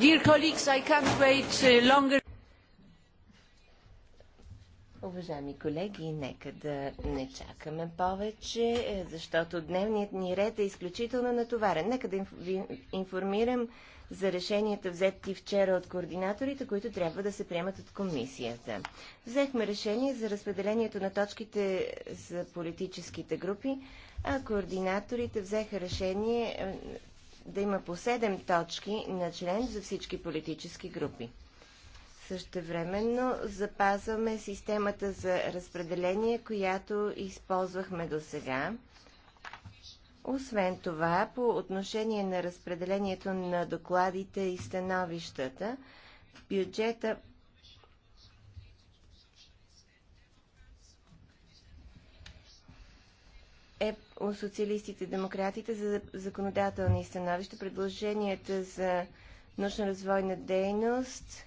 Dear colleagues, I can't wait uh, longer. Уважаеми колеги, нека да не чакаме повече, е, защото дневният ни ред е изключително натоварен. Нека да ви информирам за решенията взети вчера от координаторите, които трябва да се приемат от комисията. Взехме решение за разпределението на точките за политическите групи, а координаторите взеха решение е, да има по 7 точки на член за всички политически групи. Същевременно запазваме системата за разпределение, която използвахме до сега. Освен това, по отношение на разпределението на докладите и становищата, бюджета от социалистите и демократите за законодателни становища. Предложенията за научно-развойна дейност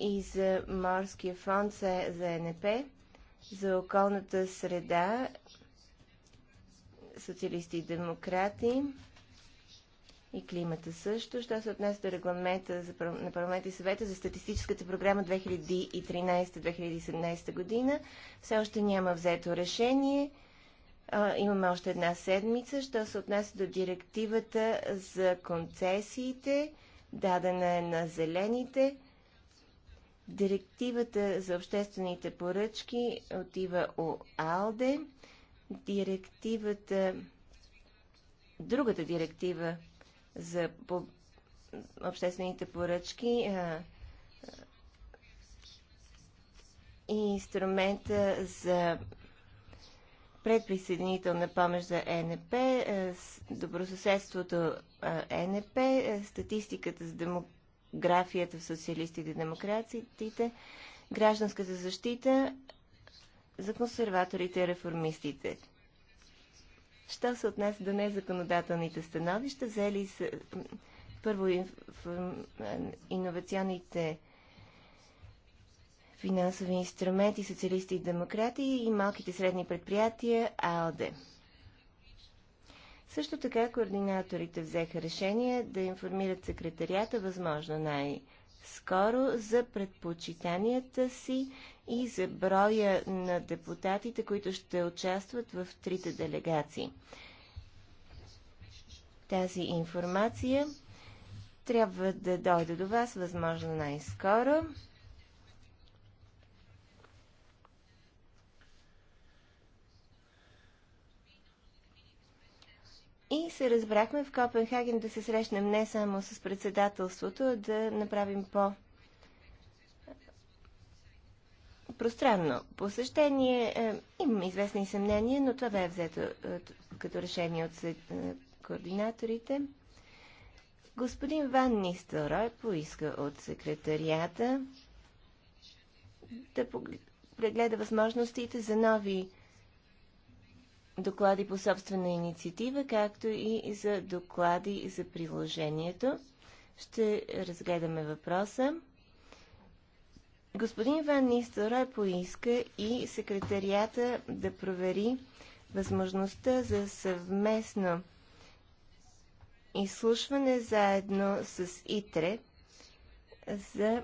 и за морския фонд за, за НП, за околната среда, социалисти и демократи и климата също. Що се отнесе до регламента за, на парламента и съвета за статистическата програма 2013-2017 година, все още няма взето решение. А, имаме още една седмица. Що се отнесе до директивата за концесиите, дадена е на зелените. Директивата за обществените поръчки отива у АЛДЕ. Директивата, другата директива за по обществените поръчки, а, и инструмента за предприсъединителна помощ за ЕНП, добросъседството ЕНП, статистиката за демографията в социалистите и демократите, гражданската защита за консерваторите и реформистите. Що се отнесе до незаконодателните становища, взели се първо иновационните финансови инструменти, социалисти и демократи и малките средни предприятия АОД. Също така координаторите взеха решение да информират секретарията възможно най- скоро за предпочитанията си и за броя на депутатите, които ще участват в трите делегации. Тази информация трябва да дойде до вас възможно най-скоро. И се разбрахме в Копенхаген да се срещнем не само с председателството, а да направим по пространно посещение. Е, Имам известни съмнения, но това бе взето е, като решение от е, координаторите. Господин Ван Нистелрой поиска от секретарията да прегледа възможностите за нови доклади по собствена инициатива, както и за доклади за приложението. Ще разгледаме въпроса. Господин Ван Нистора поиска и секретарията да провери възможността за съвместно изслушване заедно с ИТРЕ за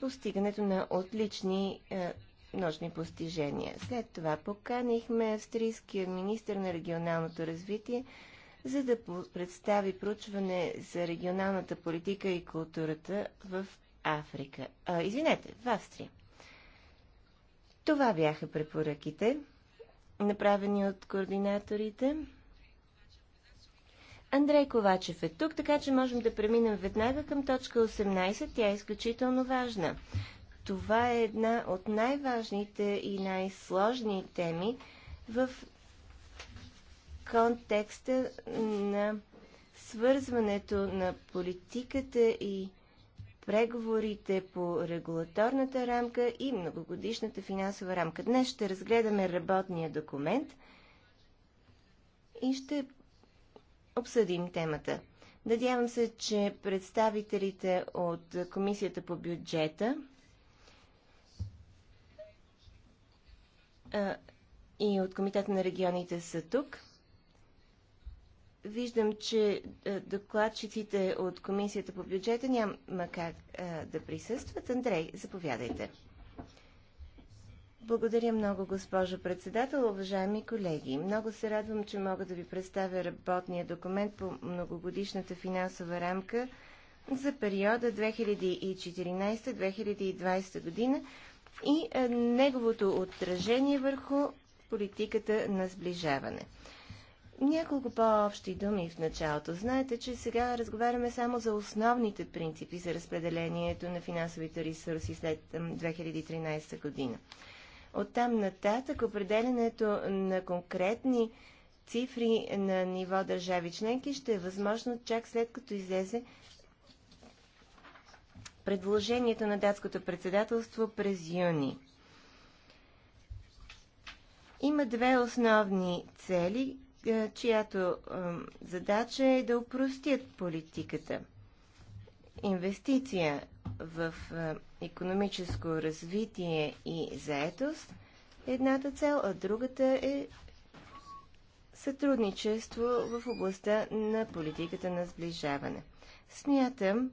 постигането на отлични е, научни постижения. След това поканихме австрийския министр на регионалното развитие, за да представи проучване за регионалната политика и културата в Африка. А, извинете, в Австрия. Това бяха препоръките, направени от координаторите. Андрей Ковачев е тук, така че можем да преминем веднага към точка 18. Тя е изключително важна. Това е една от най-важните и най-сложни теми в контекста на свързването на политиката и преговорите по регулаторната рамка и многогодишната финансова рамка. Днес ще разгледаме работния документ и ще обсъдим темата. Надявам се, че представителите от Комисията по бюджета и от Комитета на регионите са тук. Виждам, че докладчиците от Комисията по бюджета няма как да присъстват. Андрей, заповядайте. Благодаря много, госпожо председател, уважаеми колеги. Много се радвам, че мога да ви представя работния документ по многогодишната финансова рамка за периода 2014-2020 година, и е, неговото отражение върху политиката на сближаване. Няколко по-общи думи в началото. Знаете, че сега разговаряме само за основните принципи за разпределението на финансовите ресурси след 2013 година. Оттам нататък определенето на конкретни цифри на ниво държави членки ще е възможно чак след като излезе предложението на датското председателство през юни. Има две основни цели, чиято задача е да упростят политиката. Инвестиция в економическо развитие и заетост е едната цел, а другата е сътрудничество в областта на политиката на сближаване. Смятам,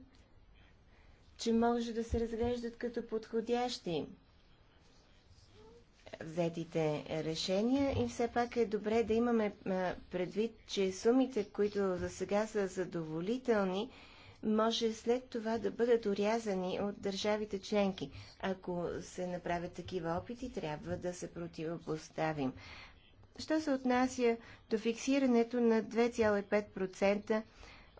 че може да се разглеждат като подходящи взетите решения и все пак е добре да имаме предвид, че сумите, които за сега са задоволителни, може след това да бъдат урязани от държавите членки. Ако се направят такива опити, трябва да се противопоставим. Що се отнася до фиксирането на 2,5%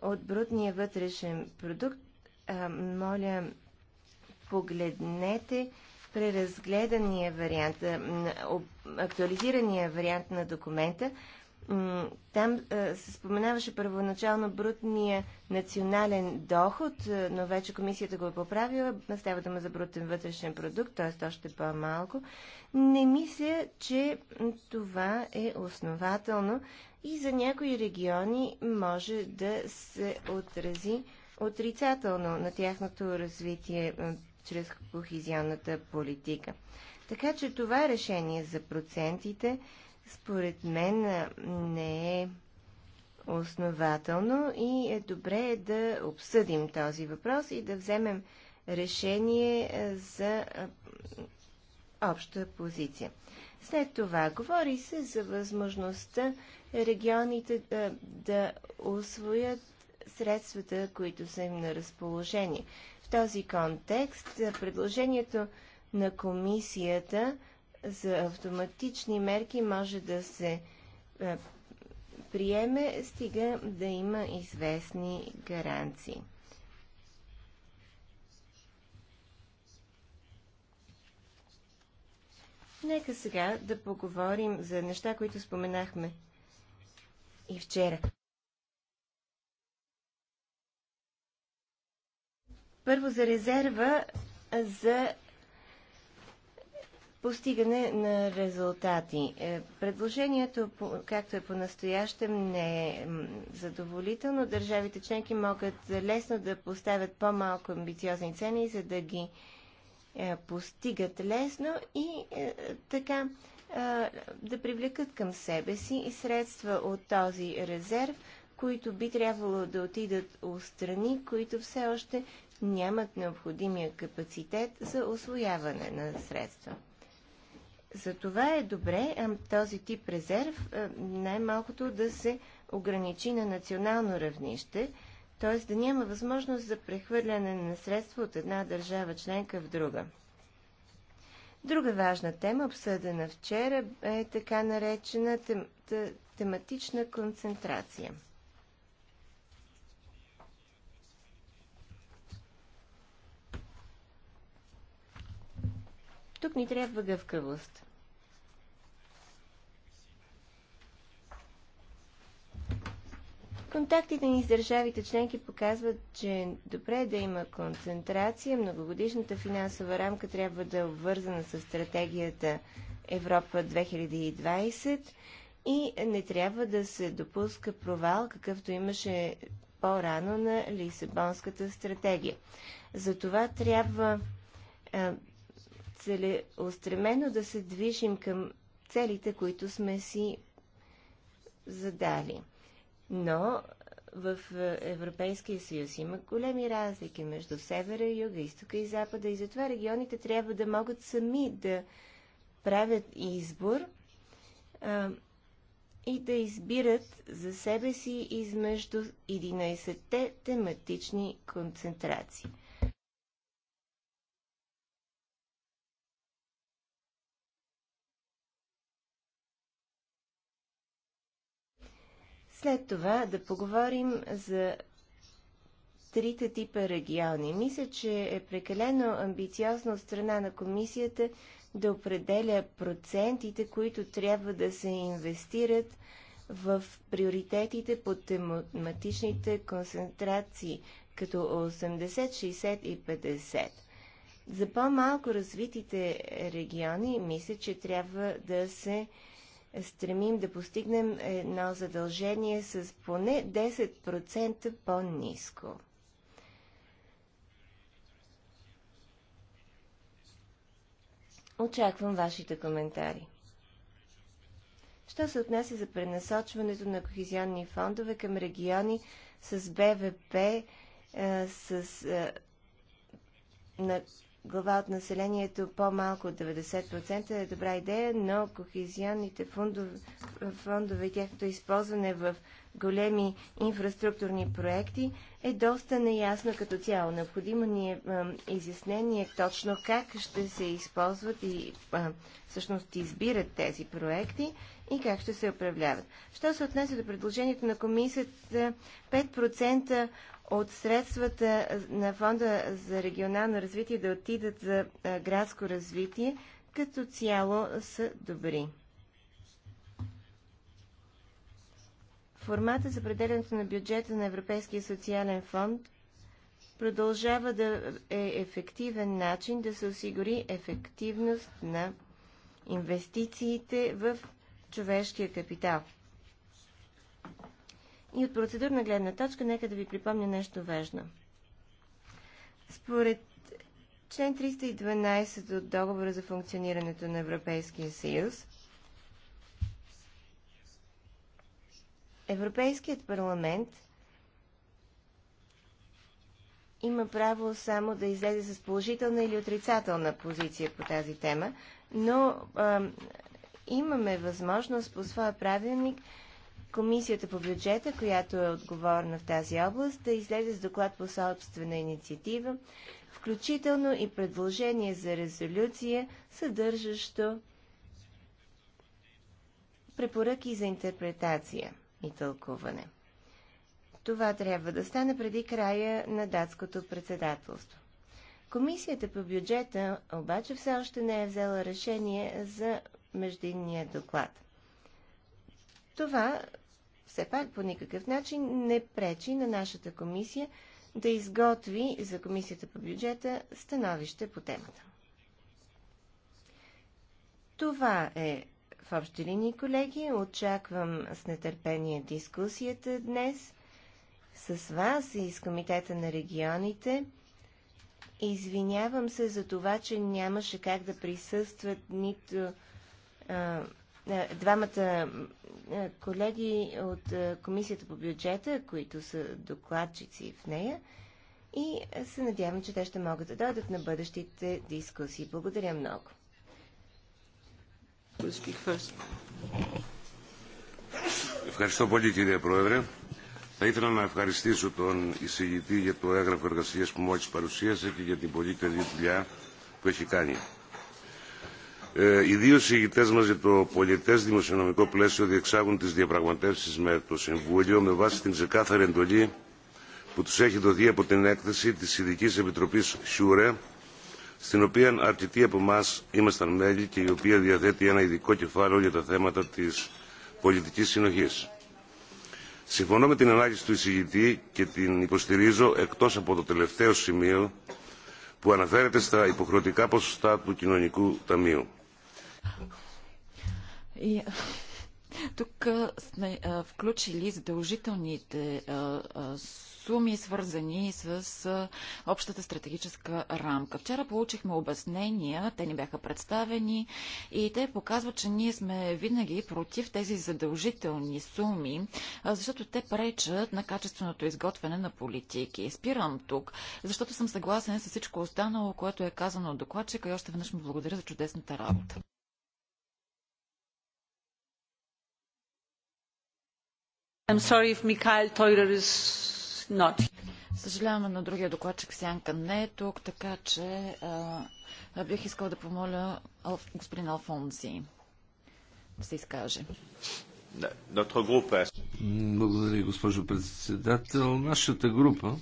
от брутния вътрешен продукт, а, моля, погледнете преразгледания вариант, актуализирания вариант на документа. Там се споменаваше първоначално брутния национален доход, но вече комисията го е поправила. Става дума за брутен вътрешен продукт, т.е. още по-малко. Не мисля, че това е основателно и за някои региони може да се отрази отрицателно на тяхното развитие чрез кохизионната политика. Така че това решение за процентите, според мен, не е основателно и е добре да обсъдим този въпрос и да вземем решение за обща позиция. След това говори се за възможността регионите да, да освоят средствата, които са им на разположение. В този контекст е, предложението на комисията за автоматични мерки може да се е, приеме, стига да има известни гаранции. Нека сега да поговорим за неща, които споменахме и вчера. Първо за резерва за постигане на резултати. Е, предложението, както е по-настоящем, не е задоволително. Държавите членки могат лесно да поставят по-малко амбициозни цени, за да ги е, постигат лесно и е, така да привлекат към себе си и средства от този резерв, които би трябвало да отидат у страни, които все още нямат необходимия капацитет за освояване на средства. Затова е добре този тип резерв най-малкото да се ограничи на национално равнище, т.е. да няма възможност за прехвърляне на средства от една държава членка в друга. Друга важна тема, обсъдена вчера, е така наречена тематична концентрация – Тук ни трябва гъвкавост. Контактите ни с държавите членки показват, че е добре да има концентрация. Многогодишната финансова рамка трябва да е обвързана с стратегията Европа 2020 и не трябва да се допуска провал, какъвто имаше по-рано на Лисабонската стратегия. За това трябва целеустремено да се движим към целите, които сме си задали. Но в е, Европейския съюз има големи разлики между севера, юга, изтока и запада и затова регионите трябва да могат сами да правят избор а, и да избират за себе си измежду 11-те тематични концентрации. След това да поговорим за трите типа региони. Мисля, че е прекалено амбициозно от страна на комисията да определя процентите, които трябва да се инвестират в приоритетите по тематичните концентрации, като 80, 60 и 50. За по-малко развитите региони мисля, че трябва да се стремим да постигнем едно задължение с поне 10% по-низко. Очаквам вашите коментари. Що се отнася за пренасочването на кохезионни фондове към региони с БВП, с, на глава от населението по-малко от 90% е добра идея, но кохезионните фондове, фондове и тяхното използване в големи инфраструктурни проекти е доста неясно като цяло. Необходимо ни е а, изяснение точно как ще се използват и а, всъщност избират тези проекти и как ще се управляват. Що се отнесе до предложението на комисията, 5% от средствата на Фонда за регионално развитие да отидат за градско развитие, като цяло са добри. Формата за определенето на бюджета на Европейския социален фонд продължава да е ефективен начин да се осигури ефективност на инвестициите в човешкия капитал. И от процедурна гледна точка, нека да ви припомня нещо важно. Според член 312 от договора за функционирането на Европейския съюз, Европейският парламент има право само да излезе с положителна или отрицателна позиция по тази тема, но а, имаме възможност по своя правилник Комисията по бюджета, която е отговорна в тази област, да излезе с доклад по собствена инициатива, включително и предложение за резолюция, съдържащо препоръки за интерпретация и тълкуване. Това трябва да стане преди края на датското председателство. Комисията по бюджета обаче все още не е взела решение за междинния доклад. Това все пак по никакъв начин не пречи на нашата комисия да изготви за комисията по бюджета становище по темата. Това е в общи линии, колеги. Очаквам с нетърпение дискусията днес с вас и с Комитета на регионите. Извинявам се за това, че нямаше как да присъстват нито двамата колеги от Комисията по бюджета, които са докладчици в нея. И се надявам, че те ще могат да дойдат на бъдещите дискусии. Благодаря много. Ευχαριστώ πολύ κύριε Πρόεδρε. Θα ήθελα να ευχαριστήσω τον εισηγητή για το έγγραφο εργασίας που μόλις παρουσίασε και για την πολύ καλή δουλειά που έχει κάνει οι δύο συγητές μα για το πολιτέ δημοσιονομικό πλαίσιο διεξάγουν τι διαπραγματεύσει με το Συμβούλιο με βάση την ξεκάθαρη εντολή που του έχει δοθεί από την έκθεση τη ειδική επιτροπή Σιούρε, στην οποία αρκετοί από εμά ήμασταν μέλη και η οποία διαθέτει ένα ειδικό κεφάλαιο για τα θέματα τη πολιτική συνοχή. Συμφωνώ με την ανάγκη του εισηγητή και την υποστηρίζω εκτός από το τελευταίο σημείο που αναφέρεται στα υποχρεωτικά ποσοστά του κοινωνικού ταμείου и тук сме а, включили задължителните а, а, суми, свързани с общата стратегическа рамка. Вчера получихме обяснения, те ни бяха представени и те показват, че ние сме винаги против тези задължителни суми, защото те пречат на качественото изготвяне на политики. Спирам тук, защото съм съгласен с всичко останало, което е казано от докладчика и още веднъж му благодаря за чудесната работа. Съжалявам, но другия докладчик Сянка не е тук, така че бих искал да помоля господин Алфонси да се изкаже. Благодаря, госпожо председател. Нашата група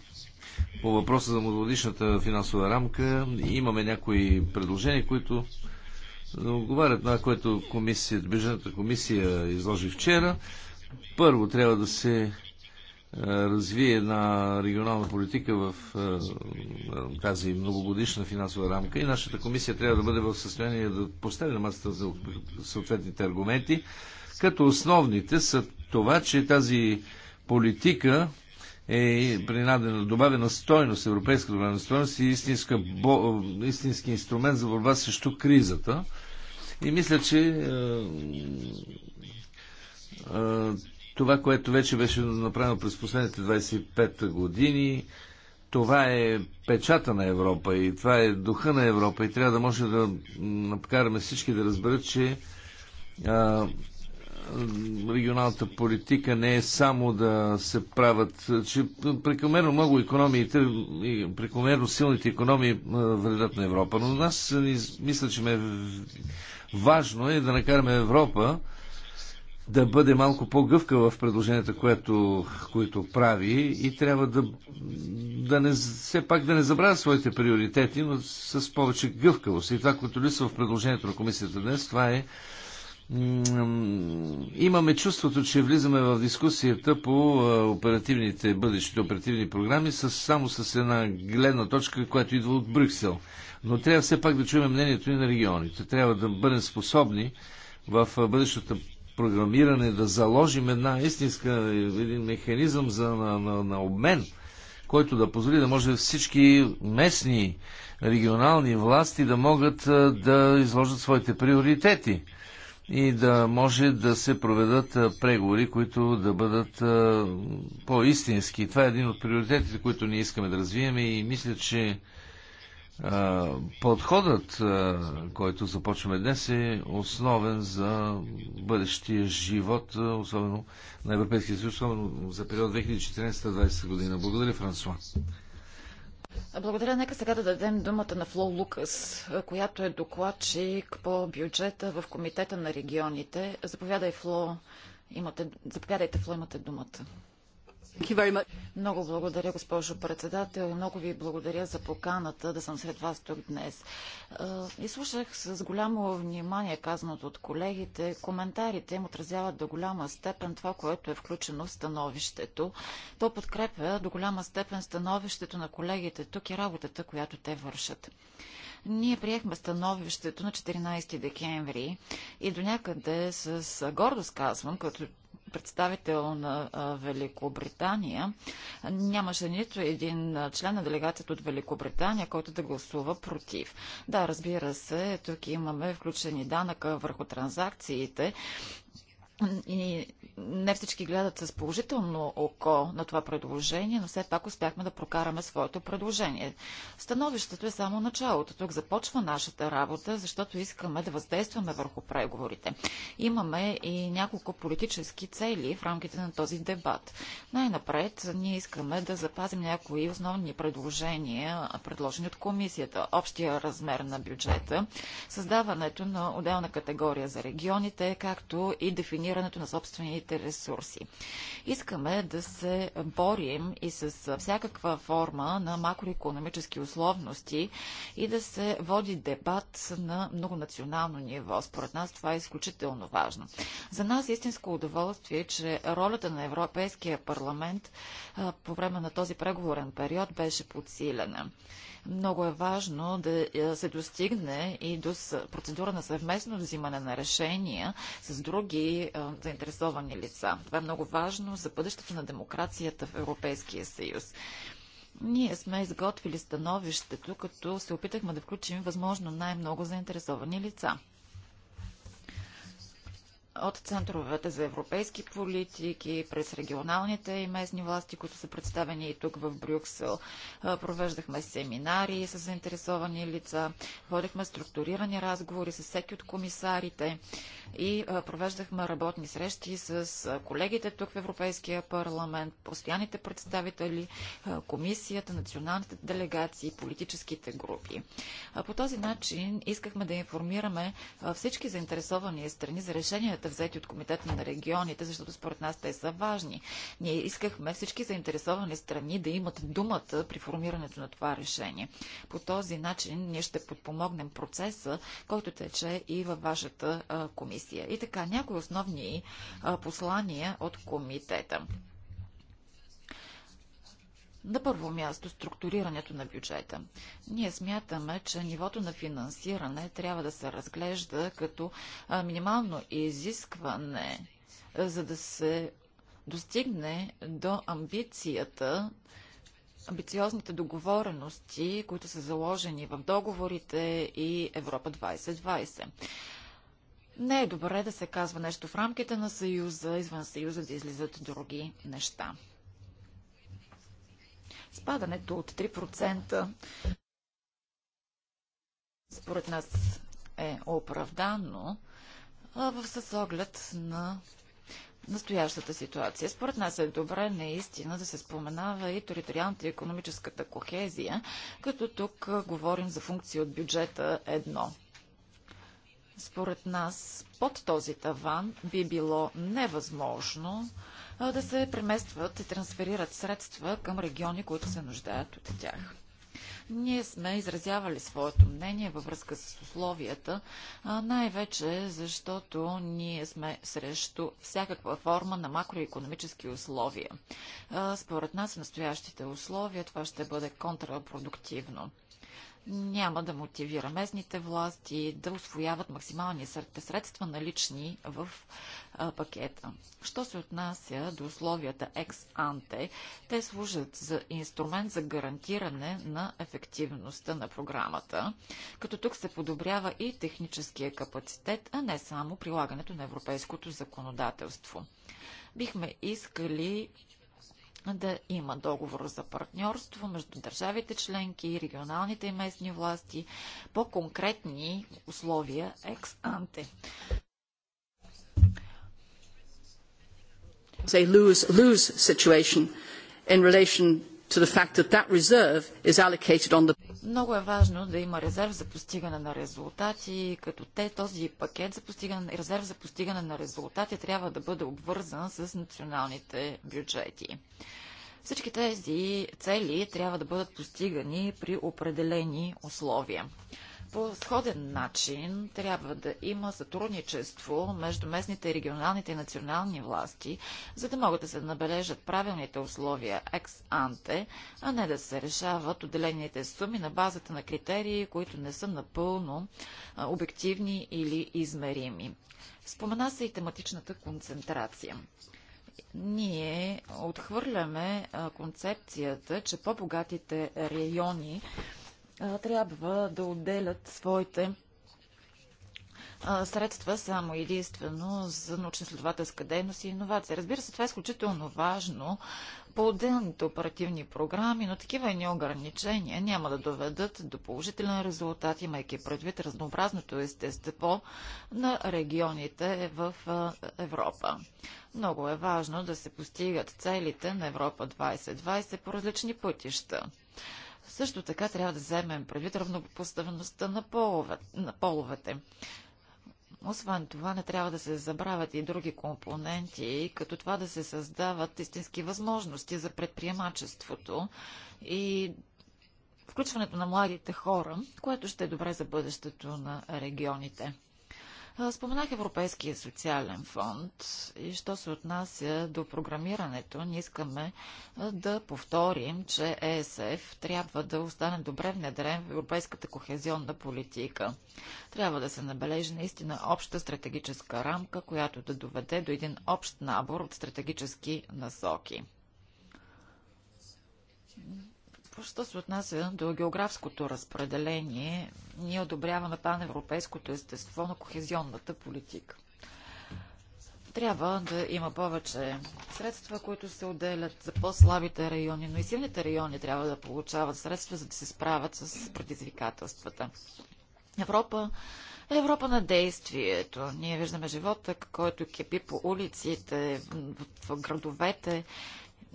по въпроса за многодишната финансова рамка имаме някои предложения, които отговарят на което комисия, бюджетната комисия изложи вчера. Първо трябва да се развие една регионална политика в тази многогодишна финансова рамка и нашата комисия трябва да бъде в състояние да постави на масата за съответните аргументи, като основните са това, че тази политика е принадена добавена стойност, европейска добавена стойност и истинска, бо, истински инструмент за борба срещу кризата. И мисля, че това, което вече беше направено през последните 25 години, това е печата на Европа и това е духа на Европа и трябва да може да накараме всички да разберат, че а, регионалната политика не е само да се правят, че прекомерно много економиите, прекомерно силните економии вредят на Европа. Но нас мисля, че ме важно е да накараме Европа да бъде малко по-гъвка в предложенията, което, които прави и трябва да, да не, все пак да не забравя своите приоритети, но с повече гъвкавост. И това, което лисва в предложението на комисията днес, това е имаме чувството, че влизаме в дискусията по оперативните, бъдещите оперативни програми с, само с една гледна точка, която идва от Брюксел. Но трябва все пак да чуем мнението и на регионите. Трябва да бъдем способни в бъдещата програмиране, да заложим една истинска, един механизъм за, на, на, на обмен, който да позволи да може всички местни, регионални власти да могат да изложат своите приоритети и да може да се проведат преговори, които да бъдат по-истински. Това е един от приоритетите, които ние искаме да развием и мисля, че Подходът, който започваме днес, е основен за бъдещия живот, особено на Европейския съюз, особено за период 2014-2020 година. Благодаря, Франсуа. Благодаря. Нека сега да дадем думата на Фло Лукас, която е докладчик по бюджета в Комитета на регионите. Заповядай, Фло, имате... Заповядайте, Фло, имате думата. Много благодаря, госпожо председател. Много ви благодаря за поканата да съм сред вас тук днес. И слушах с голямо внимание казаното от колегите. Коментарите им отразяват до голяма степен това, което е включено в становището. То подкрепя до голяма степен становището на колегите тук и работата, която те вършат. Ние приехме становището на 14 декември и до някъде с гордост казвам, като представител на Великобритания, нямаше нито един член на делегацията от Великобритания, който да гласува против. Да, разбира се, тук имаме включени данъка върху транзакциите, и не всички гледат с положително око на това предложение, но все пак успяхме да прокараме своето предложение. Становището е само началото. Тук започва нашата работа, защото искаме да въздействаме върху преговорите. Имаме и няколко политически цели в рамките на този дебат. Най-напред ние искаме да запазим някои основни предложения, предложени от комисията. Общия размер на бюджета, създаването на отделна категория за регионите, както и дефиницията планирането на собствените ресурси. Искаме да се борим и с всякаква форма на макроекономически условности и да се води дебат на многонационално ниво. Според нас това е изключително важно. За нас е истинско удоволствие, че ролята на Европейския парламент по време на този преговорен период беше подсилена. Много е важно да е, се достигне и до процедура на съвместно взимане на решения с други е, заинтересовани лица. Това е много важно за бъдещето на демокрацията в Европейския съюз. Ние сме изготвили становището, като се опитахме да включим възможно най-много заинтересовани лица от центровете за европейски политики, през регионалните и местни власти, които са представени и тук в Брюксел. Провеждахме семинари с заинтересовани лица, водихме структурирани разговори с всеки от комисарите и провеждахме работни срещи с колегите тук в Европейския парламент, постоянните представители, комисията, националните делегации, политическите групи. По този начин искахме да информираме всички заинтересовани страни за решенията, решенията взети от комитета на регионите, защото според нас те са важни. Ние искахме всички заинтересовани страни да имат думата при формирането на това решение. По този начин ние ще подпомогнем процеса, който тече и във вашата комисия. И така, някои основни послания от комитета. На първо място структурирането на бюджета. Ние смятаме, че нивото на финансиране трябва да се разглежда като минимално изискване, за да се достигне до амбицията, амбициозните договорености, които са заложени в договорите и Европа 2020. Не е добре да се казва нещо в рамките на Съюза, извън Съюза да излизат други неща. Спадането от 3% според нас е оправдано в с оглед на настоящата ситуация. Според нас е добре наистина да се споменава и териториалната и економическата кохезия, като тук говорим за функции от бюджета едно. Според нас под този таван би било невъзможно да се преместват и трансферират средства към региони, които се нуждаят от тях. Ние сме изразявали своето мнение във връзка с условията, най-вече защото ние сме срещу всякаква форма на макроекономически условия. Според нас в настоящите условия това ще бъде контрапродуктивно няма да мотивира местните власти да освояват максимални средства налични в пакета. Що се отнася до условията ex-ante, те служат за инструмент за гарантиране на ефективността на програмата, като тук се подобрява и техническия капацитет, а не само прилагането на европейското законодателство. Бихме искали да има договор за партньорство между държавите членки, регионалните и местни власти по конкретни условия екс-анте. Say lose-lose situation in relation to the fact that that reserve is allocated on the много е важно да има резерв за постигане на резултати, като те този пакет за постигане, резерв за постигане на резултати трябва да бъде обвързан с националните бюджети. Всички тези цели трябва да бъдат постигани при определени условия по сходен начин трябва да има сътрудничество между местните, регионалните и национални власти, за да могат да се набележат правилните условия екс-анте, а не да се решават отделените суми на базата на критерии, които не са напълно обективни или измерими. Спомена се и тематичната концентрация ние отхвърляме концепцията, че по-богатите райони трябва да отделят своите средства само единствено за научно-следователска дейност и иновация. Разбира се, това е изключително важно по отделните оперативни програми, но такива неограничения няма да доведат до положителен резултат, имайки предвид разнообразното естество на регионите в Европа. Много е важно да се постигат целите на Европа 2020 по различни пътища. Също така трябва да вземем предвид равнопоставеността на, полове, на половете. Освен това, не трябва да се забравят и други компоненти, като това да се създават истински възможности за предприемачеството и включването на младите хора, което ще е добре за бъдещето на регионите. Споменах Европейския социален фонд и що се отнася до програмирането, ние искаме да повторим, че ЕСФ трябва да остане добре внедрен в европейската кохезионна политика. Трябва да се набележи наистина обща стратегическа рамка, която да доведе до един общ набор от стратегически насоки. Що се отнася до географското разпределение, ние одобряваме паневропейското естество на кохезионната политика. Трябва да има повече средства, които се отделят за по-слабите райони, но и силните райони трябва да получават средства, за да се справят с предизвикателствата. Европа е Европа на действието. Ние виждаме живота, който кипи по улиците, в градовете.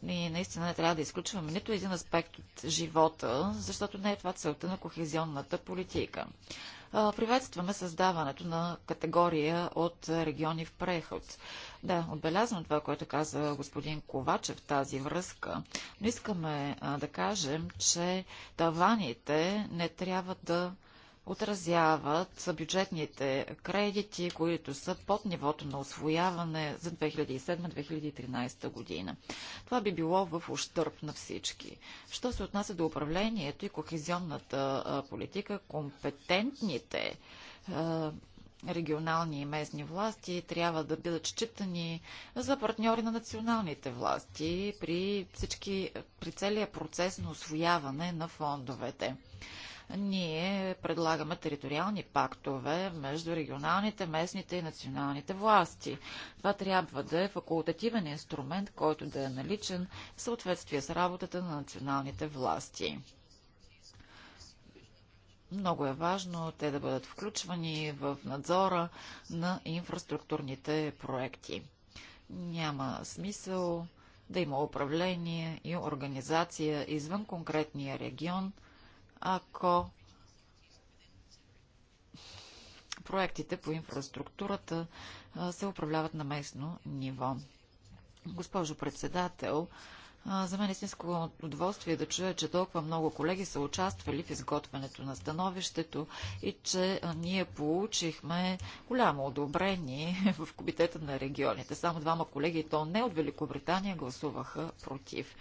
И наистина не трябва да изключваме нито един аспект от живота, защото не е това целта на кохезионната политика. Приветстваме създаването на категория от региони в преход. Да, отбелязвам това, което каза господин Ковачев в тази връзка, но искаме да кажем, че таваните не трябва да отразяват бюджетните кредити, които са под нивото на освояване за 2007-2013 година. Това би било в ущърп на всички. Що се отнася до управлението и кохезионната политика, компетентните регионални и местни власти трябва да бъдат считани за партньори на националните власти при, всички, при целия процес на освояване на фондовете. Ние предлагаме териториални пактове между регионалните, местните и националните власти. Това трябва да е факултативен инструмент, който да е наличен в съответствие с работата на националните власти. Много е важно те да бъдат включвани в надзора на инфраструктурните проекти. Няма смисъл да има управление и организация извън конкретния регион – ако проектите по инфраструктурата се управляват на местно ниво. Госпожо председател, за мен е истинско удоволствие е да чуя, че толкова много колеги са участвали в изготвянето на становището и че ние получихме голямо одобрение в Комитета на регионите. Само двама колеги, и то не от Великобритания, гласуваха против.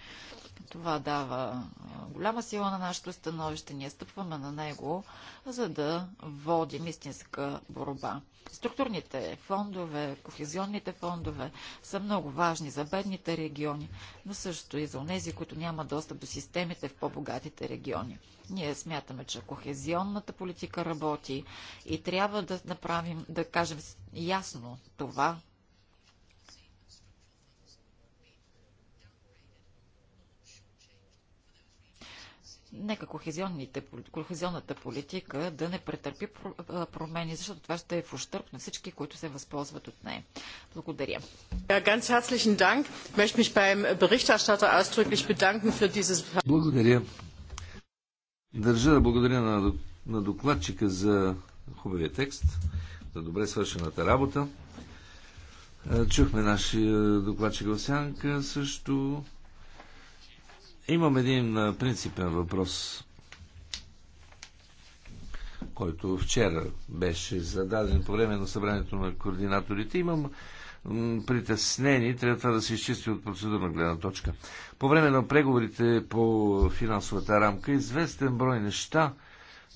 Това дава голяма сила на нашето становище. Ние стъпваме на него за да водим истинска борба. Структурните фондове, кохезионните фондове са много важни за бедните региони, но също и за онези, които няма достъп до системите в по-богатите региони. Ние смятаме, че кохезионната политика работи и трябва да направим, да кажем ясно това Нека кохезионната политика да не претърпи промени, защото това ще е в ущърп на всички, които се възползват от нея. Благодаря. Благодаря. Държа да благодаря на, на докладчика за хубавия текст, за добре свършената работа. Е, чухме нашия докладчик в сянка също. Имам един принципен въпрос, който вчера беше зададен по време на събранието на координаторите. Имам притеснени, трябва да се изчисти от процедурна гледна точка. По време на преговорите по финансовата рамка, известен брой неща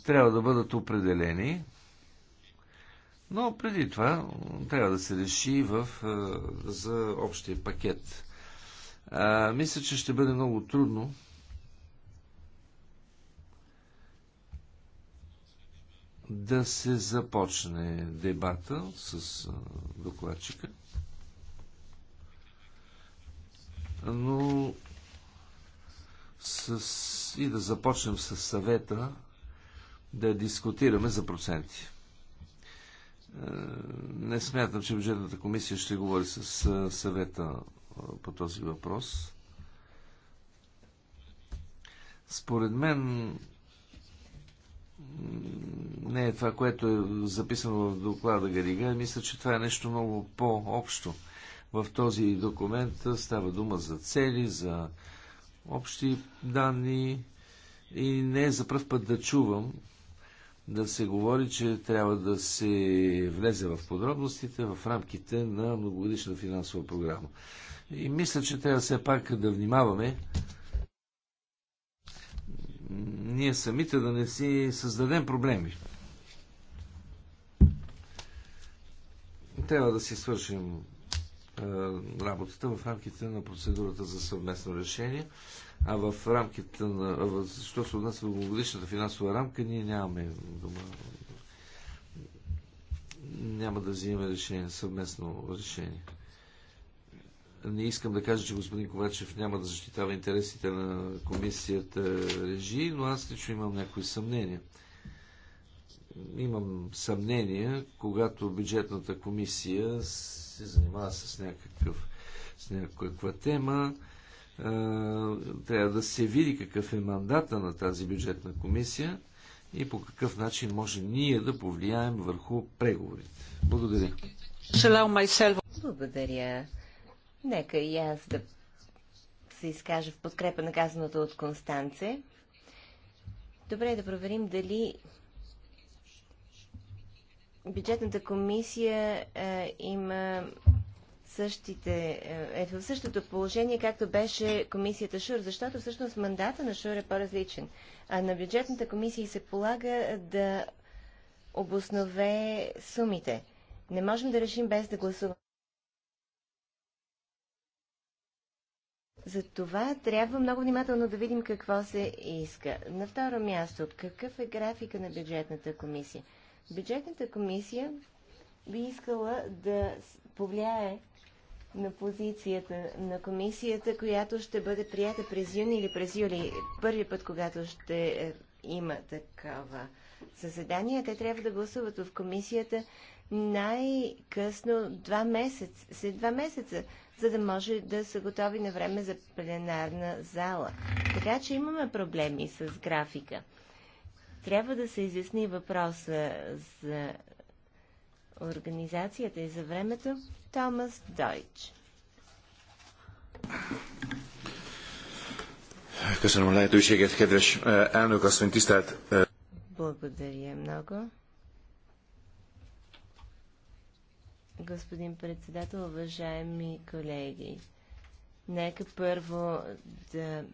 трябва да бъдат определени, но преди това трябва да се реши в, за общия пакет. А, мисля, че ще бъде много трудно да се започне дебата с докладчика. Но с, и да започнем с съвета да дискутираме за проценти. Не смятам, че бюджетната комисия ще говори с съвета по този въпрос. Според мен не е това, което е записано в доклада Гарига. Мисля, че това е нещо много по-общо. В този документ става дума за цели, за общи данни и не е за пръв път да чувам да се говори, че трябва да се влезе в подробностите в рамките на многогодишна финансова програма. И мисля, че трябва все пак да внимаваме ние самите да не си създадем проблеми. Трябва да си свършим работата в рамките на процедурата за съвместно решение, а в рамките на... защото се отнася до годишната финансова рамка, ние нямаме дума... Няма да взимаме решение, съвместно решение не искам да кажа, че господин Ковачев няма да защитава интересите на комисията режи, но аз лично имам някои съмнения. Имам съмнения, когато бюджетната комисия се занимава с, някакъв, с някаква тема, трябва да се види какъв е мандата на тази бюджетна комисия и по какъв начин може ние да повлияем върху преговорите. Благодаря. Благодаря. Нека и аз да се изкажа в подкрепа на казаното от Констанце. Добре е да проверим дали бюджетната комисия а, е, има същите, е, е в същото положение, както беше комисията ШУР, защото всъщност мандата на ШУР е по-различен. А на бюджетната комисия се полага да обоснове сумите. Не можем да решим без да гласуваме. За това трябва много внимателно да видим какво се иска. На второ място, какъв е графика на бюджетната комисия? Бюджетната комисия би искала да повлияе на позицията на комисията, която ще бъде прията през юни или през юли. Първи път, когато ще е, има такава заседание, те трябва да гласуват в комисията най-късно два месеца, след два месеца за да може да са готови на време за пленарна зала. Така че имаме проблеми с графика. Трябва да се изясни въпроса за организацията и за времето. Томас Дойч. Köszönöm a lehetőséget, kedves eh, elnök asszony, tisztelt... Eh, Благодаря много. господин председател, уважаеми колеги. Нека първо да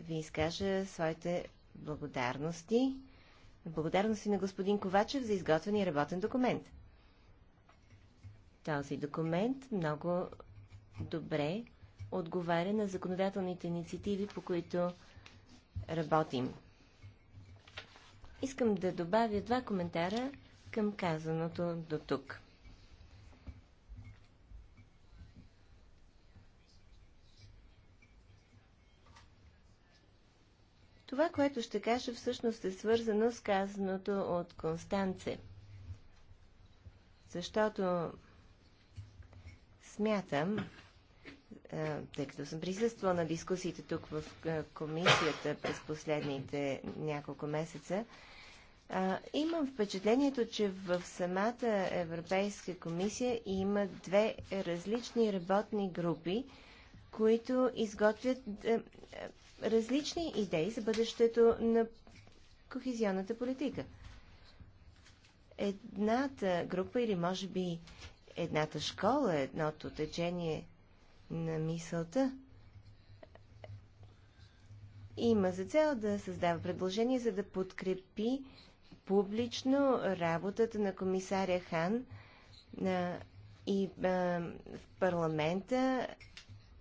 ви изкажа своите благодарности. Благодарности на господин Ковачев за и работен документ. Този документ много добре отговаря на законодателните инициативи, по които работим. Искам да добавя два коментара към казаното до тук. Това, което ще кажа, всъщност е свързано с казаното от Констанце. Защото смятам, тъй като съм присъствала на дискусиите тук в комисията през последните няколко месеца, а, имам впечатлението, че в самата Европейска комисия има две различни работни групи, които изготвят е, е, различни идеи за бъдещето на кохезионната политика. Едната група или може би едната школа, едното течение на мисълта има за цел да създава предложение, за да подкрепи публично работата на комисаря Хан а, и а, в парламента,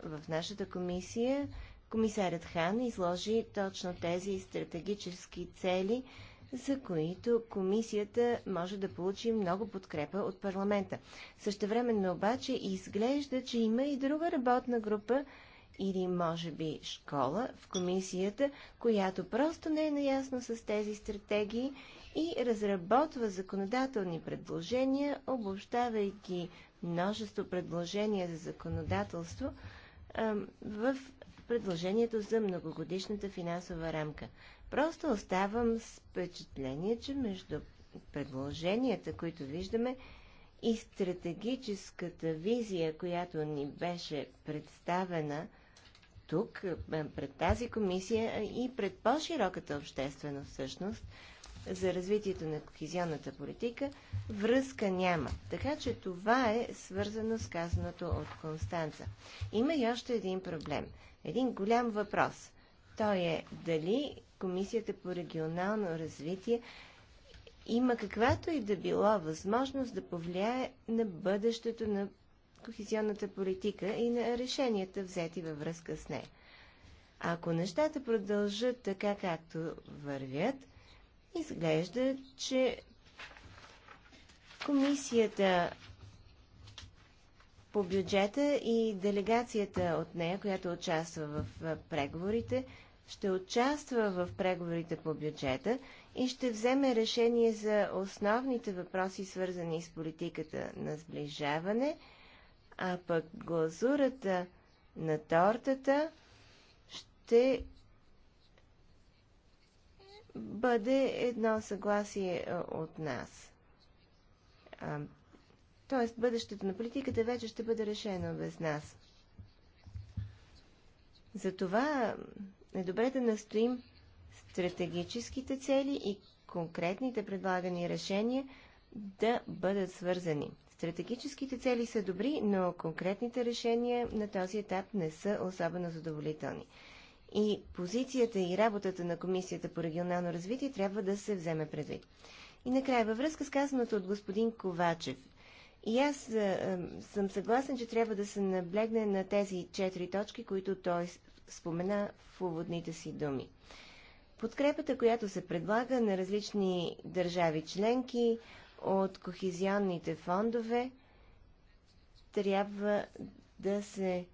в нашата комисия, комисарят Хан изложи точно тези стратегически цели, за които комисията може да получи много подкрепа от парламента. Същевременно обаче изглежда, че има и друга работна група или може би школа в комисията, която просто не е наясно с тези стратегии и разработва законодателни предложения, обобщавайки множество предложения за законодателство в предложението за многогодишната финансова рамка. Просто оставам с впечатление, че между предложенията, които виждаме, и стратегическата визия, която ни беше представена тук, пред тази комисия и пред по-широката общественост всъщност, за развитието на кохезионната политика, връзка няма. Така че това е свързано с казаното от Констанца. Има и още един проблем. Един голям въпрос. Той е дали Комисията по регионално развитие има каквато и да било възможност да повлияе на бъдещето на кохезионната политика и на решенията взети във връзка с нея. Ако нещата продължат така, както вървят, Изглежда, че комисията по бюджета и делегацията от нея, която участва в преговорите, ще участва в преговорите по бюджета и ще вземе решение за основните въпроси, свързани с политиката на сближаване, а пък глазурата на тортата ще бъде едно съгласие е, от нас. Тоест, бъдещето на политиката вече ще бъде решено без нас. Затова е добре да настоим стратегическите цели и конкретните предлагани решения да бъдат свързани. Стратегическите цели са добри, но конкретните решения на този етап не са особено задоволителни и позицията и работата на Комисията по регионално развитие трябва да се вземе предвид. И накрая, във връзка с казаното от господин Ковачев, и аз съм съгласен, че трябва да се наблегне на тези четири точки, които той спомена в уводните си думи. Подкрепата, която се предлага на различни държави членки от кохезионните фондове, трябва да се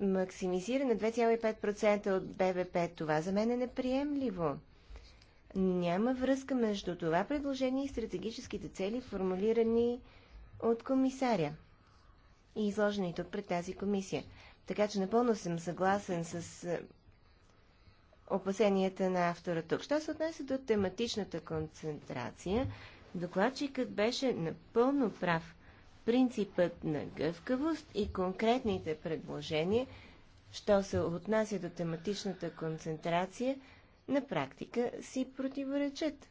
максимизира на 2,5% от БВП. Това за мен е неприемливо. Няма връзка между това предложение и стратегическите цели, формулирани от комисаря и изложени тук пред тази комисия. Така че напълно съм съгласен с е, опасенията на автора тук. Що се отнесе до тематичната концентрация, докладчикът беше напълно прав принципът на гъвкавост и конкретните предложения, що се отнася до тематичната концентрация, на практика си противоречат.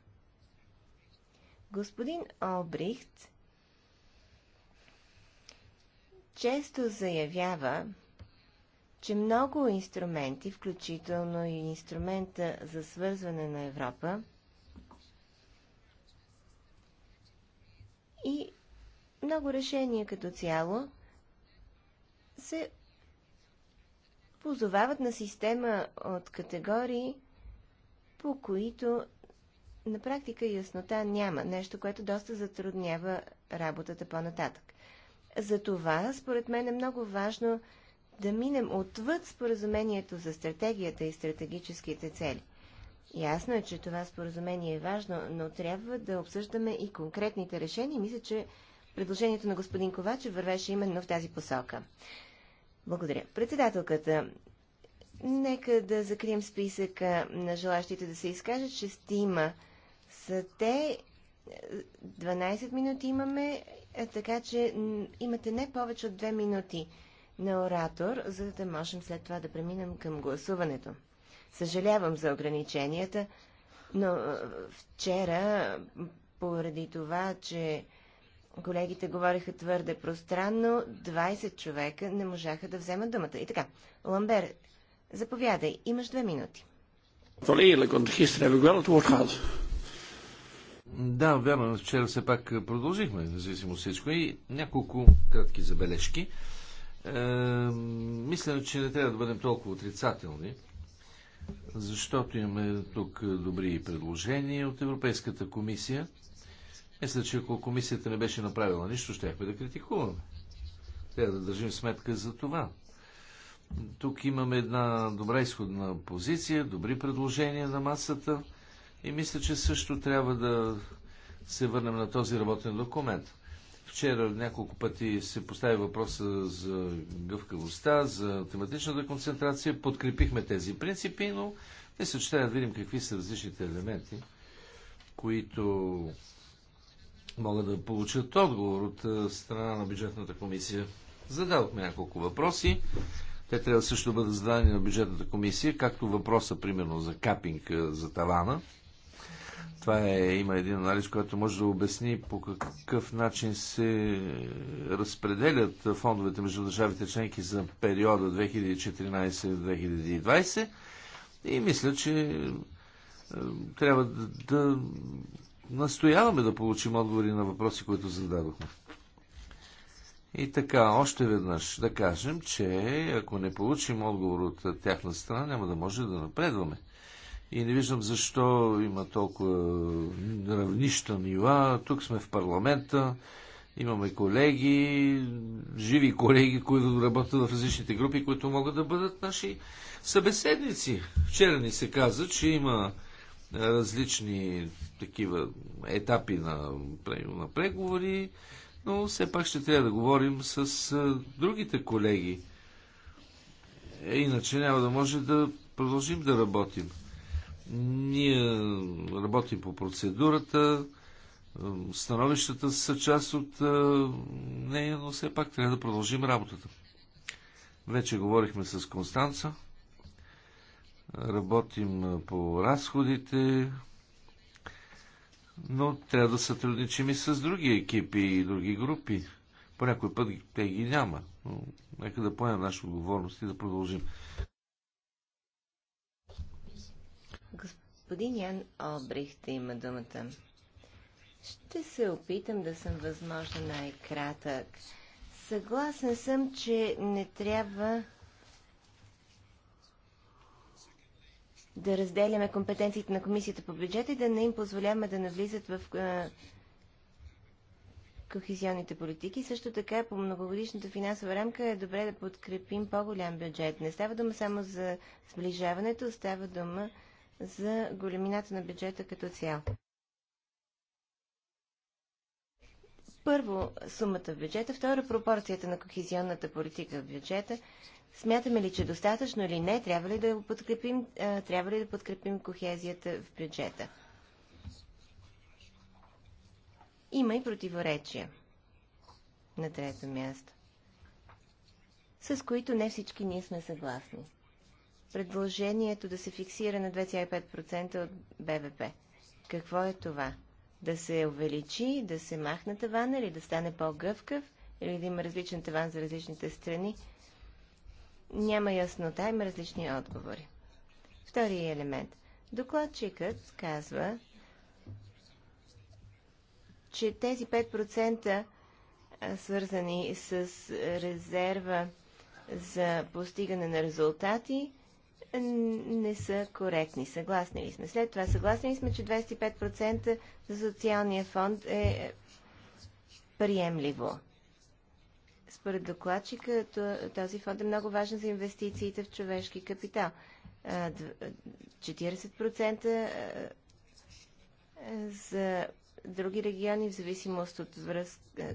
Господин Олбрихт често заявява, че много инструменти, включително и инструмента за свързване на Европа, много решения като цяло се позовават на система от категории, по които на практика яснота няма. Нещо, което доста затруднява работата по-нататък. Затова, според мен, е много важно да минем отвъд споразумението за стратегията и стратегическите цели. Ясно е, че това споразумение е важно, но трябва да обсъждаме и конкретните решения. Мисля, че предложението на господин Ковачев вървеше именно в тази посока. Благодаря. Председателката, нека да закрием списъка на желащите да се изкажат. Шестима са те. 12 минути имаме, е, така че имате не повече от 2 минути на оратор, за да можем след това да преминем към гласуването. Съжалявам за ограниченията, но е, вчера, поради това, че Колегите говориха твърде пространно, 20 човека не можаха да вземат думата. И така, Ламбер, заповядай, имаш две минути. Да, вярно, вчера все пак е, продължихме, независимо от всичко. И няколко кратки забележки. Е, мисля, че не трябва да бъдем толкова отрицателни, защото имаме тук е, добри предложения от Европейската комисия. Мисля, е, че ако комисията не беше направила нищо, щяхме да критикуваме. Трябва да държим сметка за това. Тук имаме една добра изходна позиция, добри предложения на масата и мисля, че също трябва да се върнем на този работен документ. Вчера няколко пъти се постави въпроса за гъвкавостта, за тематичната концентрация. Подкрепихме тези принципи, но мисля, че трябва да видим какви са различните елементи, които могат да получат отговор от е, страна на бюджетната комисия. Зададохме няколко въпроси. Те трябва също да бъдат зададени на бюджетната комисия, както въпроса, примерно, за капинг е, за тавана. Това е, има един анализ, който може да обясни по какъв начин се е, разпределят фондовете между държавите членки за периода 2014-2020. И мисля, че трябва да настояваме да получим отговори на въпроси, които зададохме. И така, още веднъж да кажем, че ако не получим отговор от тяхна страна, няма да може да напредваме. И не виждам защо има толкова равнища нива. Тук сме в парламента, имаме колеги, живи колеги, които работят в различните групи, които могат да бъдат наши събеседници. Вчера ни се каза, че има различни такива етапи на, на преговори, но все пак ще трябва да говорим с другите колеги. Е, иначе няма да може да продължим да работим. Ние работим по процедурата, становищата са част от нея, но все пак трябва да продължим работата. Вече говорихме с Констанца. Работим по разходите, но трябва да сътрудничим и с други екипи и други групи. По някой път те ги няма. Но нека да поемем нашата отговорност и да продължим. Господин Ян Обрихт има думата. Ще се опитам да съм възможно най-кратък. Съгласен съм, че не трябва да разделяме компетенциите на комисията по бюджета и да не им позволяваме да навлизат в кохезионните политики. Също така по многогодишната финансова рамка е добре да подкрепим по-голям бюджет. Не става дума само за сближаването, става дума за големината на бюджета като цяло. Първо, сумата в бюджета. Второ, пропорцията на кохезионната политика в бюджета. Смятаме ли, че достатъчно или не, трябва ли да подкрепим, трябва ли да подкрепим кохезията в бюджета? Има и противоречия. На трето място. С които не всички ние сме съгласни. Предложението да се фиксира на 2,5% от БВП. Какво е това? Да се увеличи, да се махне таван или да стане по-гъвкав, или да има различен таван за различните страни – няма яснота, има различни отговори. Втори елемент. Докладчикът казва, че тези 5% свързани с резерва за постигане на резултати не са коректни. Съгласни ли сме? След това съгласни ли сме, че 25% за социалния фонд е приемливо? Според докладчика този фонд е много важен за инвестициите в човешки капитал. 40% за други региони в зависимост от, връз... в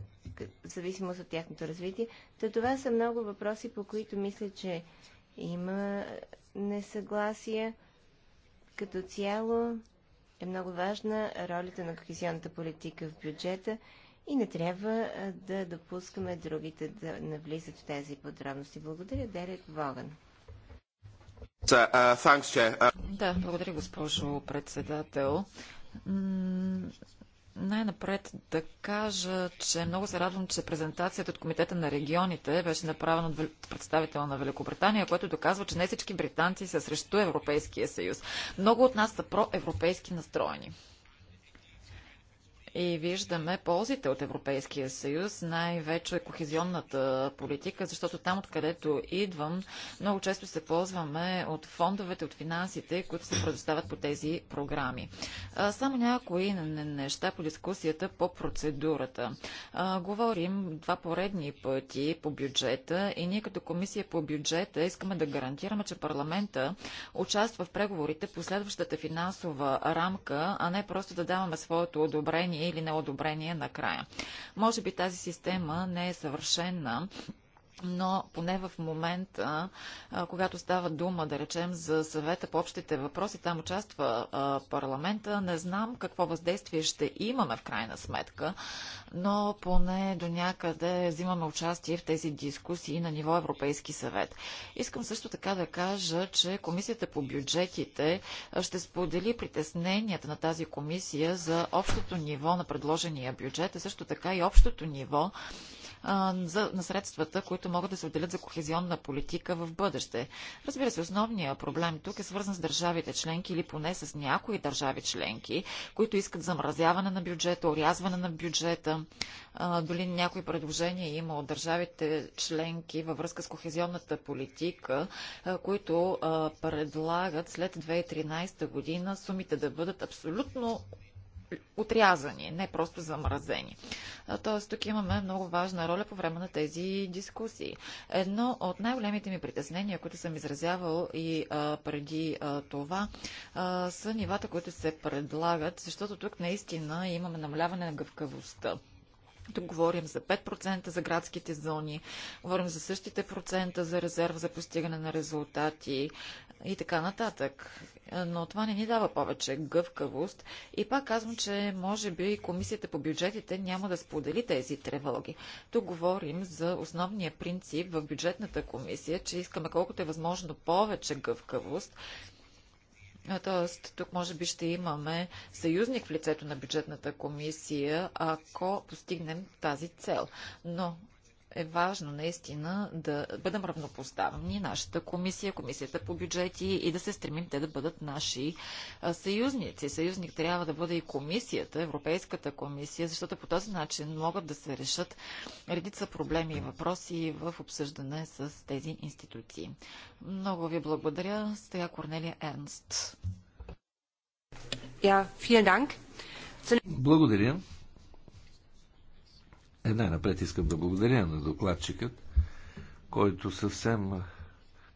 зависимост от тяхното развитие. Та това са много въпроси, по които мисля, че има несъгласие. Като цяло е много важна ролята на кохезионната политика в бюджета и не трябва да допускаме другите да навлизат в тези подробности. Благодаря, Дерек Воган. Uh, uh, да, благодаря, госпожо председател. Най-напред да кажа, че много се радвам, че презентацията от Комитета на регионите беше направена от представител на Великобритания, което доказва, че не всички британци са срещу Европейския съюз. Много от нас са проевропейски настроени и виждаме ползите от Европейския съюз, най-вече кохезионната политика, защото там, откъдето идвам, много често се ползваме от фондовете, от финансите, които се предоставят по тези програми. Само някои неща по дискусията по процедурата. Говорим два поредни пъти по бюджета и ние като комисия по бюджета искаме да гарантираме, че парламента участва в преговорите по следващата финансова рамка, а не просто да даваме своето одобрение одобрение или неодобрение накрая. Може би тази система не е съвършена но поне в момента, когато става дума, да речем, за съвета по общите въпроси, там участва парламента, не знам какво въздействие ще имаме в крайна сметка, но поне до някъде взимаме участие в тези дискусии на ниво Европейски съвет. Искам също така да кажа, че Комисията по бюджетите ще сподели притесненията на тази комисия за общото ниво на предложения бюджет, а също така и общото ниво а, за, на средствата, които могат да се отделят за кохезионна политика в бъдеще. Разбира се, основният проблем тук е свързан с държавите членки или поне с някои държави членки, които искат замразяване на бюджета, орязване на бюджета. А, някои предложения има от държавите членки във връзка с кохезионната политика, а, които предлагат след 2013 година сумите да бъдат абсолютно отрязани, не просто замразени. Тоест, тук имаме много важна роля по време на тези дискусии. Едно от най-големите ми притеснения, които съм изразявал и а, преди а, това, а, са нивата, които се предлагат, защото тук наистина имаме намаляване на гъвкавостта. Тук говорим за 5% за градските зони, говорим за същите процента за резерв за постигане на резултати и така нататък. Но това не ни дава повече гъвкавост. И пак казвам, че може би комисията по бюджетите няма да сподели тези тревоги. Тук говорим за основния принцип в бюджетната комисия, че искаме колкото е възможно повече гъвкавост Тоест, тук може би ще имаме съюзник в лицето на бюджетната комисия, ако постигнем тази цел. Но е важно наистина да бъдем равнопоставени, нашата комисия, комисията по бюджети и да се стремим те да бъдат наши съюзници. Съюзник трябва да бъде и комисията, Европейската комисия, защото по този начин могат да се решат редица проблеми и въпроси в обсъждане с тези институции. Много ви благодаря. Стоя Корнелия Ернст. Благодаря. Е, най-напред искам да благодаря на докладчикът, който съвсем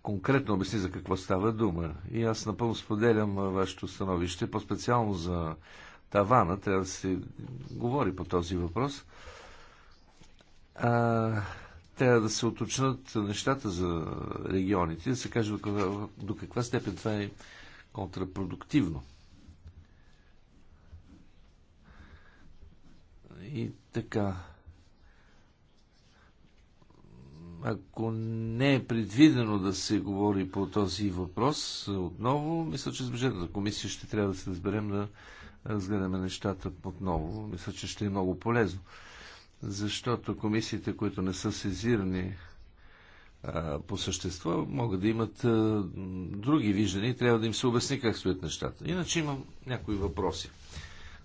конкретно обясни за какво става дума. И аз напълно споделям вашето становище, по-специално за тавана. Трябва да се говори по този въпрос. А, трябва да се уточнат нещата за регионите, да се каже до каква, до каква степен това е контрапродуктивно. И така. Ако не е предвидено да се говори по този въпрос отново, мисля, че с бюджетната комисия ще трябва да се разберем да разгледаме нещата отново. Мисля, че ще е много полезно. Защото комисиите, които не са сезирани по същество, могат да имат други виждания и трябва да им се обясни как стоят нещата. Иначе имам някои въпроси.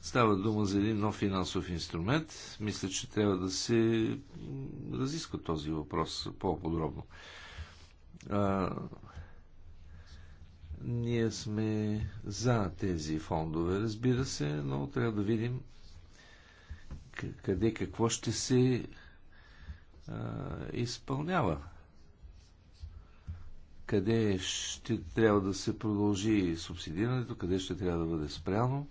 Става дума за един нов финансов инструмент. Мисля, че трябва да се разиска този въпрос по-подробно. ние сме за тези фондове, разбира се, но трябва да видим къде какво ще се а, изпълнява. Къде ще трябва да се продължи субсидирането, къде ще трябва да бъде спряно.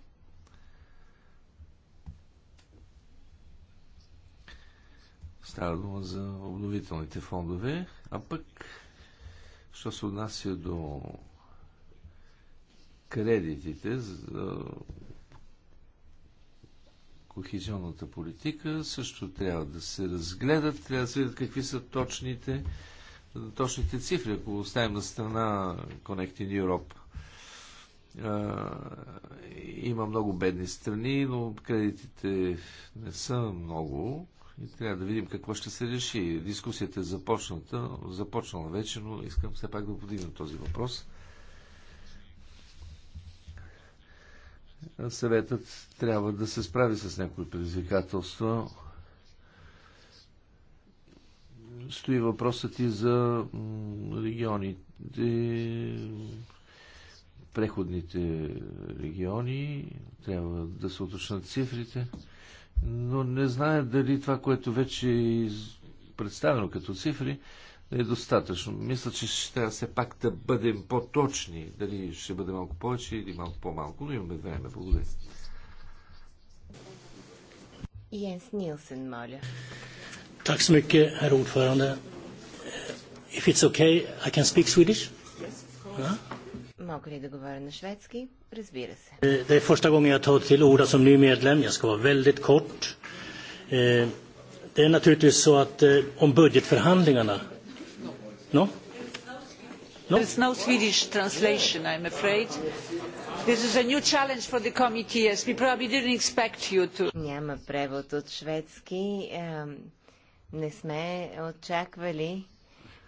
Става дума за обновителните фондове, а пък, що се отнася до кредитите за кохезионната политика, също трябва да се разгледат, трябва да се видят какви са точните, точните цифри, ако оставим на страна Connecting Europe. има много бедни страни, но кредитите не са много. И трябва да видим какво ще се реши. Дискусията е започната, започнала вече, но искам все пак да подигна този въпрос. Съветът трябва да се справи с някои предизвикателства. Стои въпросът и за регионите, преходните региони. Трябва да се уточнат цифрите но не знаем дали това, което вече е представено като цифри, е достатъчно. Мисля, че ще трябва все пак да бъдем по-точни. Дали ще бъде малко повече или малко по-малко, но имаме време. Благодаря. Jens Nielsen, моля. Tack så mycket, herr ordförande. If it's okay, I can speak Swedish? Yes, of course. Yeah? Мога ли да говоря на шведски? Разбира се. Det är första gången jag tar till orda som ny medlem. Jag ska vara väldigt kort. Det är naturligtvis så att om budgetförhandlingarna... No? No? There is no Swedish translation, I'm afraid. This is a new challenge for the committee, as we probably didn't expect you to. Няма превод от шведски. Не сме очаквали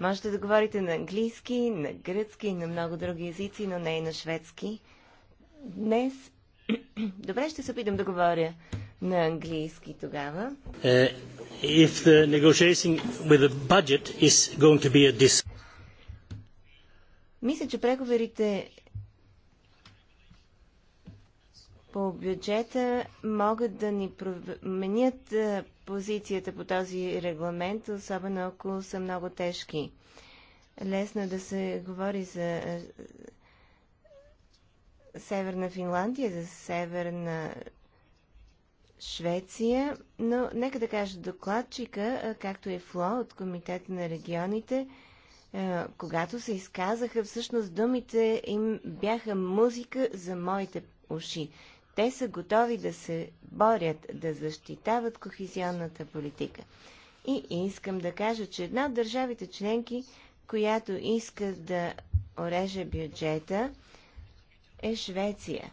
Можете да говорите на английски, на гръцки и на много други езици, но не и на шведски. Днес... Добре, ще се опитам да говоря на английски тогава. Uh, if the negotiating with the budget is going to be a dis... Мисля, че преговорите по бюджета могат да ни променят позицията по този регламент, особено ако са много тежки. Лесно е да се говори за Северна Финландия, за Северна Швеция, но нека да кажа докладчика, както е Фло от Комитета на регионите, когато се изказаха, всъщност думите им бяха музика за моите уши. Те са готови да се борят, да защитават кохезионната политика. И искам да кажа, че една от държавите членки, която иска да ореже бюджета, е Швеция.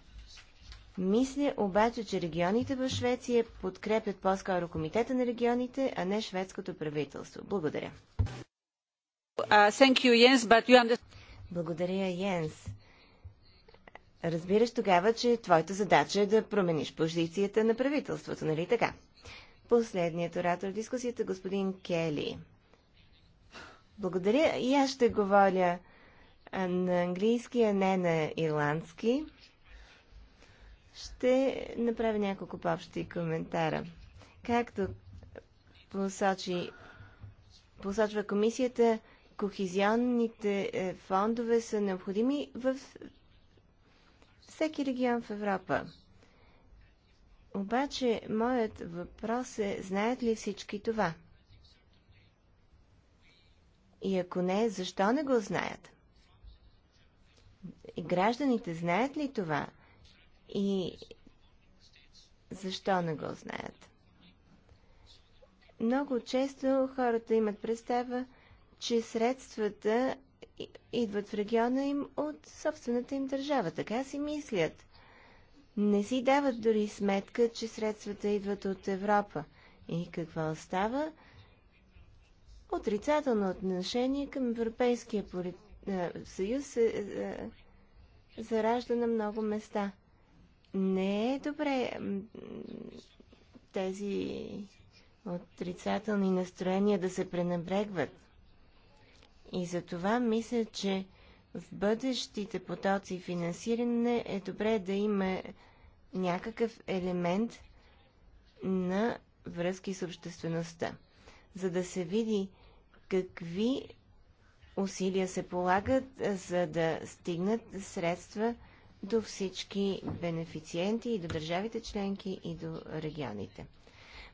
Мисля обаче, че регионите в Швеция подкрепят по-скоро Комитета на регионите, а не шведското правителство. Благодаря. Uh, Благодаря, Йенс разбираш тогава, че твоята задача е да промениш позицията на правителството, нали така? Последният оратор в дискусията, господин Кели. Благодаря. И аз ще говоря на английски, а не на ирландски. Ще направя няколко по-общи коментара. Както посочи, посочва комисията, кохизионните е, фондове са необходими в всеки регион в Европа. Обаче, моят въпрос е, знаят ли всички това? И ако не, защо не го знаят? И гражданите знаят ли това? И защо не го знаят? Много често хората имат представа, че средствата идват в региона им от собствената им държава. Така си мислят. Не си дават дори сметка, че средствата идват от Европа. И какво остава Отрицателно отношение към Европейския поли... съюз се заражда на много места. Не е добре тези отрицателни настроения да се пренебрегват. И за това мисля, че в бъдещите потоци финансиране е добре да има някакъв елемент на връзки с обществеността, за да се види какви усилия се полагат, за да стигнат средства до всички бенефициенти и до държавите членки и до регионите.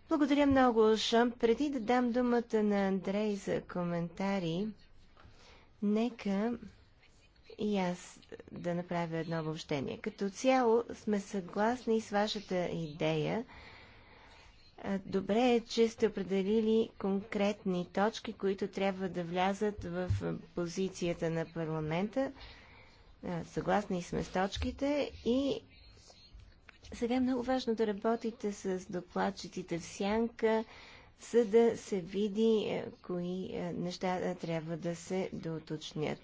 Благодаря много, Шам. Преди да дам думата на Андрей за коментари, Нека и аз да направя едно обобщение. Като цяло сме съгласни с вашата идея. Добре е, че сте определили конкретни точки, които трябва да влязат в позицията на парламента. Съгласни сме с точките и сега е много важно да работите с докладчиците в сянка, за да се види е, кои е, неща е, трябва да се доуточнят.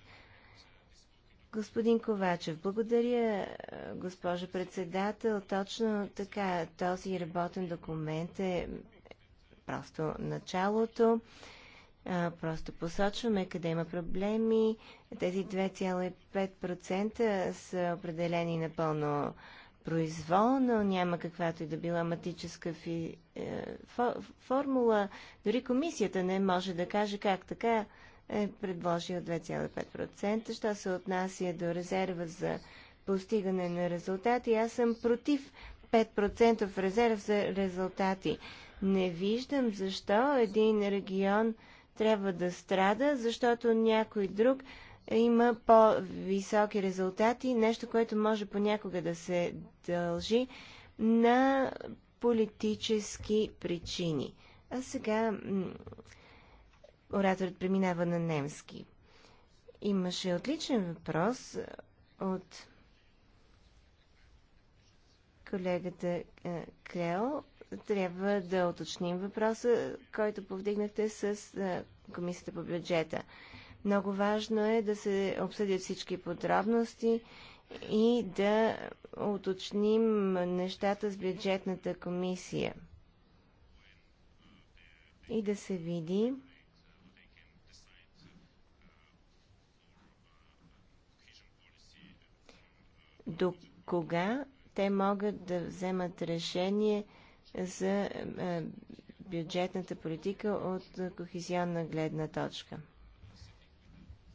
Господин Ковачев, благодаря, госпожа председател. Точно така, този работен документ е просто началото. просто посочваме къде има проблеми. Тези 2,5% са определени напълно произволно, няма каквато и да била матическа фи, е, фо, формула. Дори комисията не може да каже как така е предложил 2,5%. Що се отнася до резерва за постигане на резултати, аз съм против 5% резерв за резултати. Не виждам защо един регион трябва да страда, защото някой друг има по-високи резултати, нещо, което може понякога да се дължи на политически причини. А сега ораторът преминава на немски. Имаше отличен въпрос от колегата Клео. Трябва да уточним въпроса, който повдигнахте с Комисията по бюджета. Много важно е да се обсъдят всички подробности и да уточним нещата с бюджетната комисия. И да се види до кога те могат да вземат решение за е, бюджетната политика от е, кохезионна гледна точка.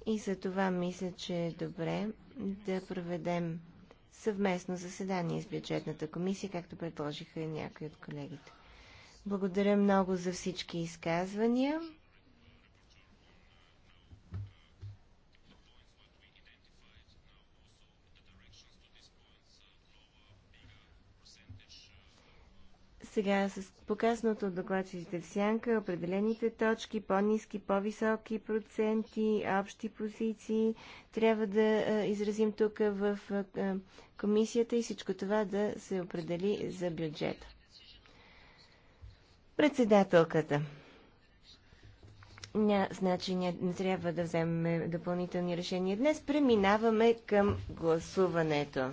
И за това мисля, че е добре да проведем съвместно заседание с бюджетната комисия, както предложиха и някои от колегите. Благодаря много за всички изказвания. Сега с показаното от докладчиците в сянка, определените точки, по-низки, по-високи проценти, общи позиции, трябва да изразим тук в комисията и всичко това да се определи за бюджета. Председателката. Ня, значи ня, не трябва да вземем допълнителни решения днес. Преминаваме към гласуването.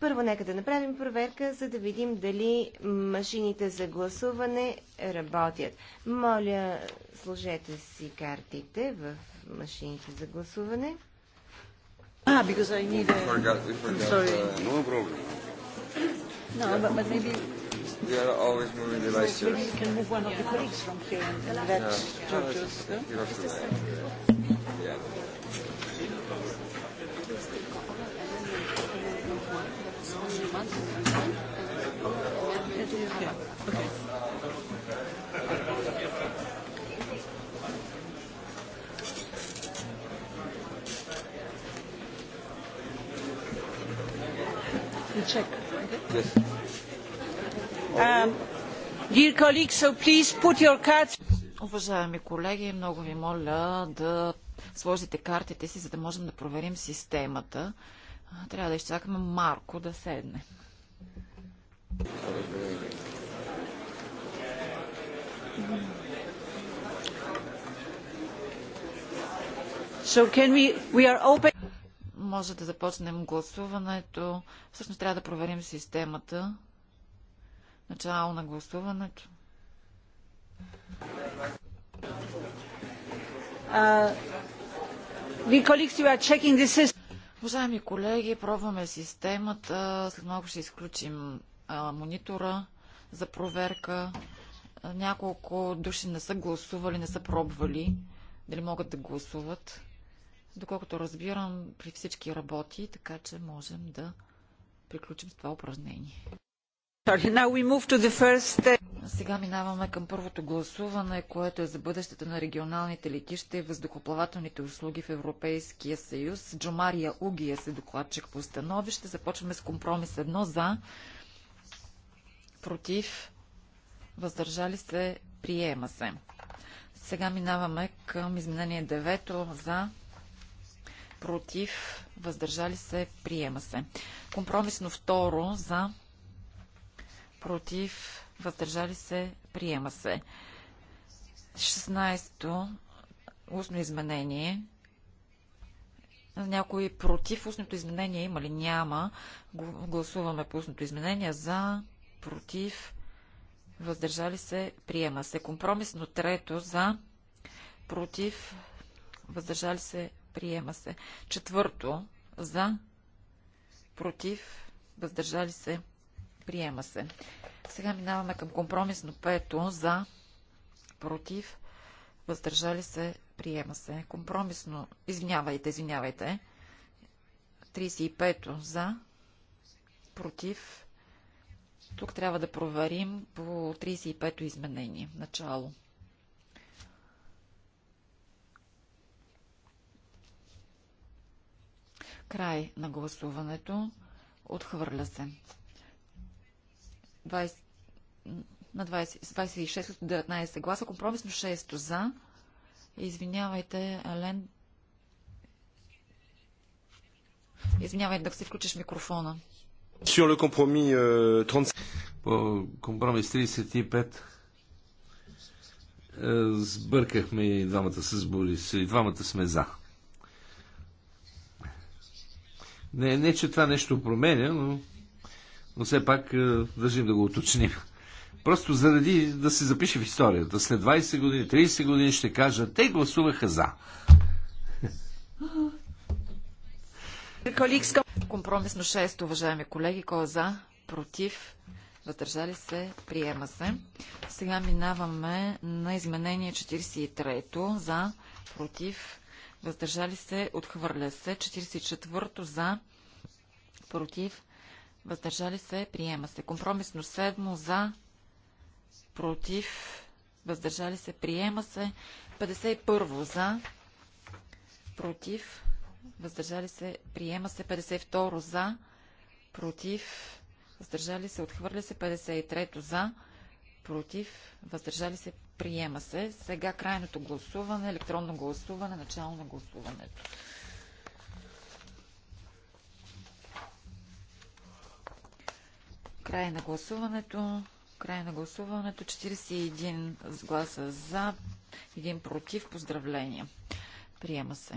Първо нека да направим проверка, за да видим дали машините за гласуване работят. Моля, сложете си картите в машините за гласуване. Ah, because I need. A... We forgot. We forgot. I'm sorry. Uh, no problem. No, yeah. but, but maybe. We are always moving the vice chairs. Maybe you can move one of the colleages from here and let yeah. George. Yeah. Yeah. Um, Уважаеми колеги, много ви моля да сложите картите си, за да можем да проверим системата. Трябва да изчакаме Марко да седне. So can we, we are open. Може да започнем гласуването. Всъщност трябва да проверим системата. Начало на гласуването. Uh, Уважаеми колеги, пробваме системата. След малко ще изключим а, монитора за проверка. Няколко души не са гласували, не са пробвали дали могат да гласуват. Доколкото разбирам, при всички работи, така че можем да приключим с това упражнение. Uh, Сега минаваме към първото гласуване, което е за бъдещето на регионалните летища и въздухоплавателните услуги в Европейския съюз. Джомария Угия е се докладчик по становище. Започваме с компромис едно за, против, въздържали се, приема се. Сега минаваме към изменение девето за, против, въздържали се, приема се. Компромисно второ за, против, против, въздържали се, приема се. 16-то устно изменение. Някой против устното изменение има ли? Няма. Гласуваме по устното изменение за, против, въздържали се, приема се. Компромисно трето за, против, въздържали се, приема се. Четвърто за, против, въздържали се, Приема се. Сега минаваме към компромисно пето за, против, въздържали се, приема се. Компромисно, извинявайте, извинявайте. 35 за, против. Тук трябва да проверим по 35-то изменение. Начало. Край на гласуването. Отхвърля се. 20, на 20, 26 от 19 гласа. Компромисно 6 за. Извинявайте, Елен. Извинявай, да се включиш микрофона. Sur le compromis, euh, 30... По компромис 35 е, сбъркахме и двамата с Борис. И двамата сме за. Не, не че това нещо променя, но но все пак е, държим да го уточним. Просто заради да се запише в историята. След 20 години, 30 години ще кажа, те гласуваха за. Компромисно 6, уважаеми колеги. Кой е за? Против? Въздържали се? Приема се. Сега минаваме на изменение 43-то. За? Против? Въздържали се? Отхвърля се. 44-то за? Против? въздържали се, приема се. Компромисно 7 за, против, въздържали се, приема се. 51 за, против, въздържали се, приема се. 52 за, против, въздържали се, отхвърля се. 53 за, против, въздържали се, приема се. Сега крайното гласуване, електронно гласуване, начало на гласуването. Край на гласуването. Край на гласуването. 41 гласа за, 1 против. Поздравления. Приема се.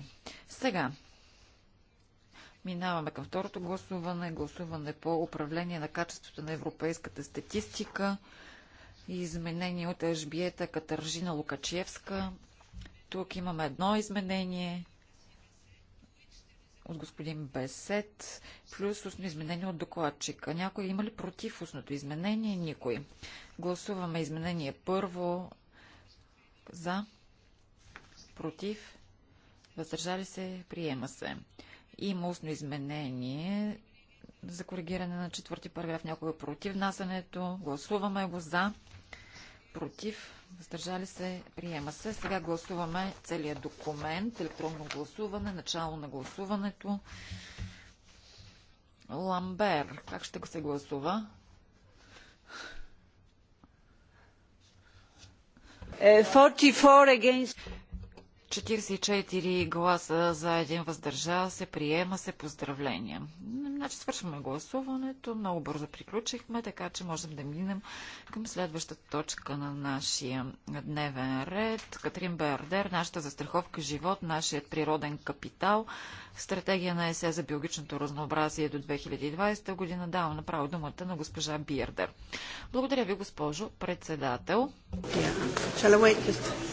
Сега. Минаваме към второто гласуване. Гласуване по управление на качеството на европейската статистика и изменение от Ежбиета Катържина Лукачевска. Тук имаме едно изменение от господин Бесет, плюс устно изменение от докладчика. Някой има ли против устното изменение? Никой. Гласуваме изменение първо за, против, въздържали се, приема се. Има устно изменение за коригиране на четвърти параграф. Някой е против внасянето. Гласуваме го за, против, Въздържали се, приема се. Сега гласуваме целият документ, електронно гласуване, начало на гласуването. Ламбер, как ще се гласува? Uh, 44 44 гласа за един въздържал се, приема се поздравления. Значи свършваме гласуването, много бързо приключихме, така че можем да минем към следващата точка на нашия дневен ред. Катрин Бердер, нашата застраховка живот, нашият природен капитал, стратегия на ЕСЕ за биологичното разнообразие до 2020 година. Давам направо думата на госпожа Бердер. Благодаря ви, госпожо председател. Yeah.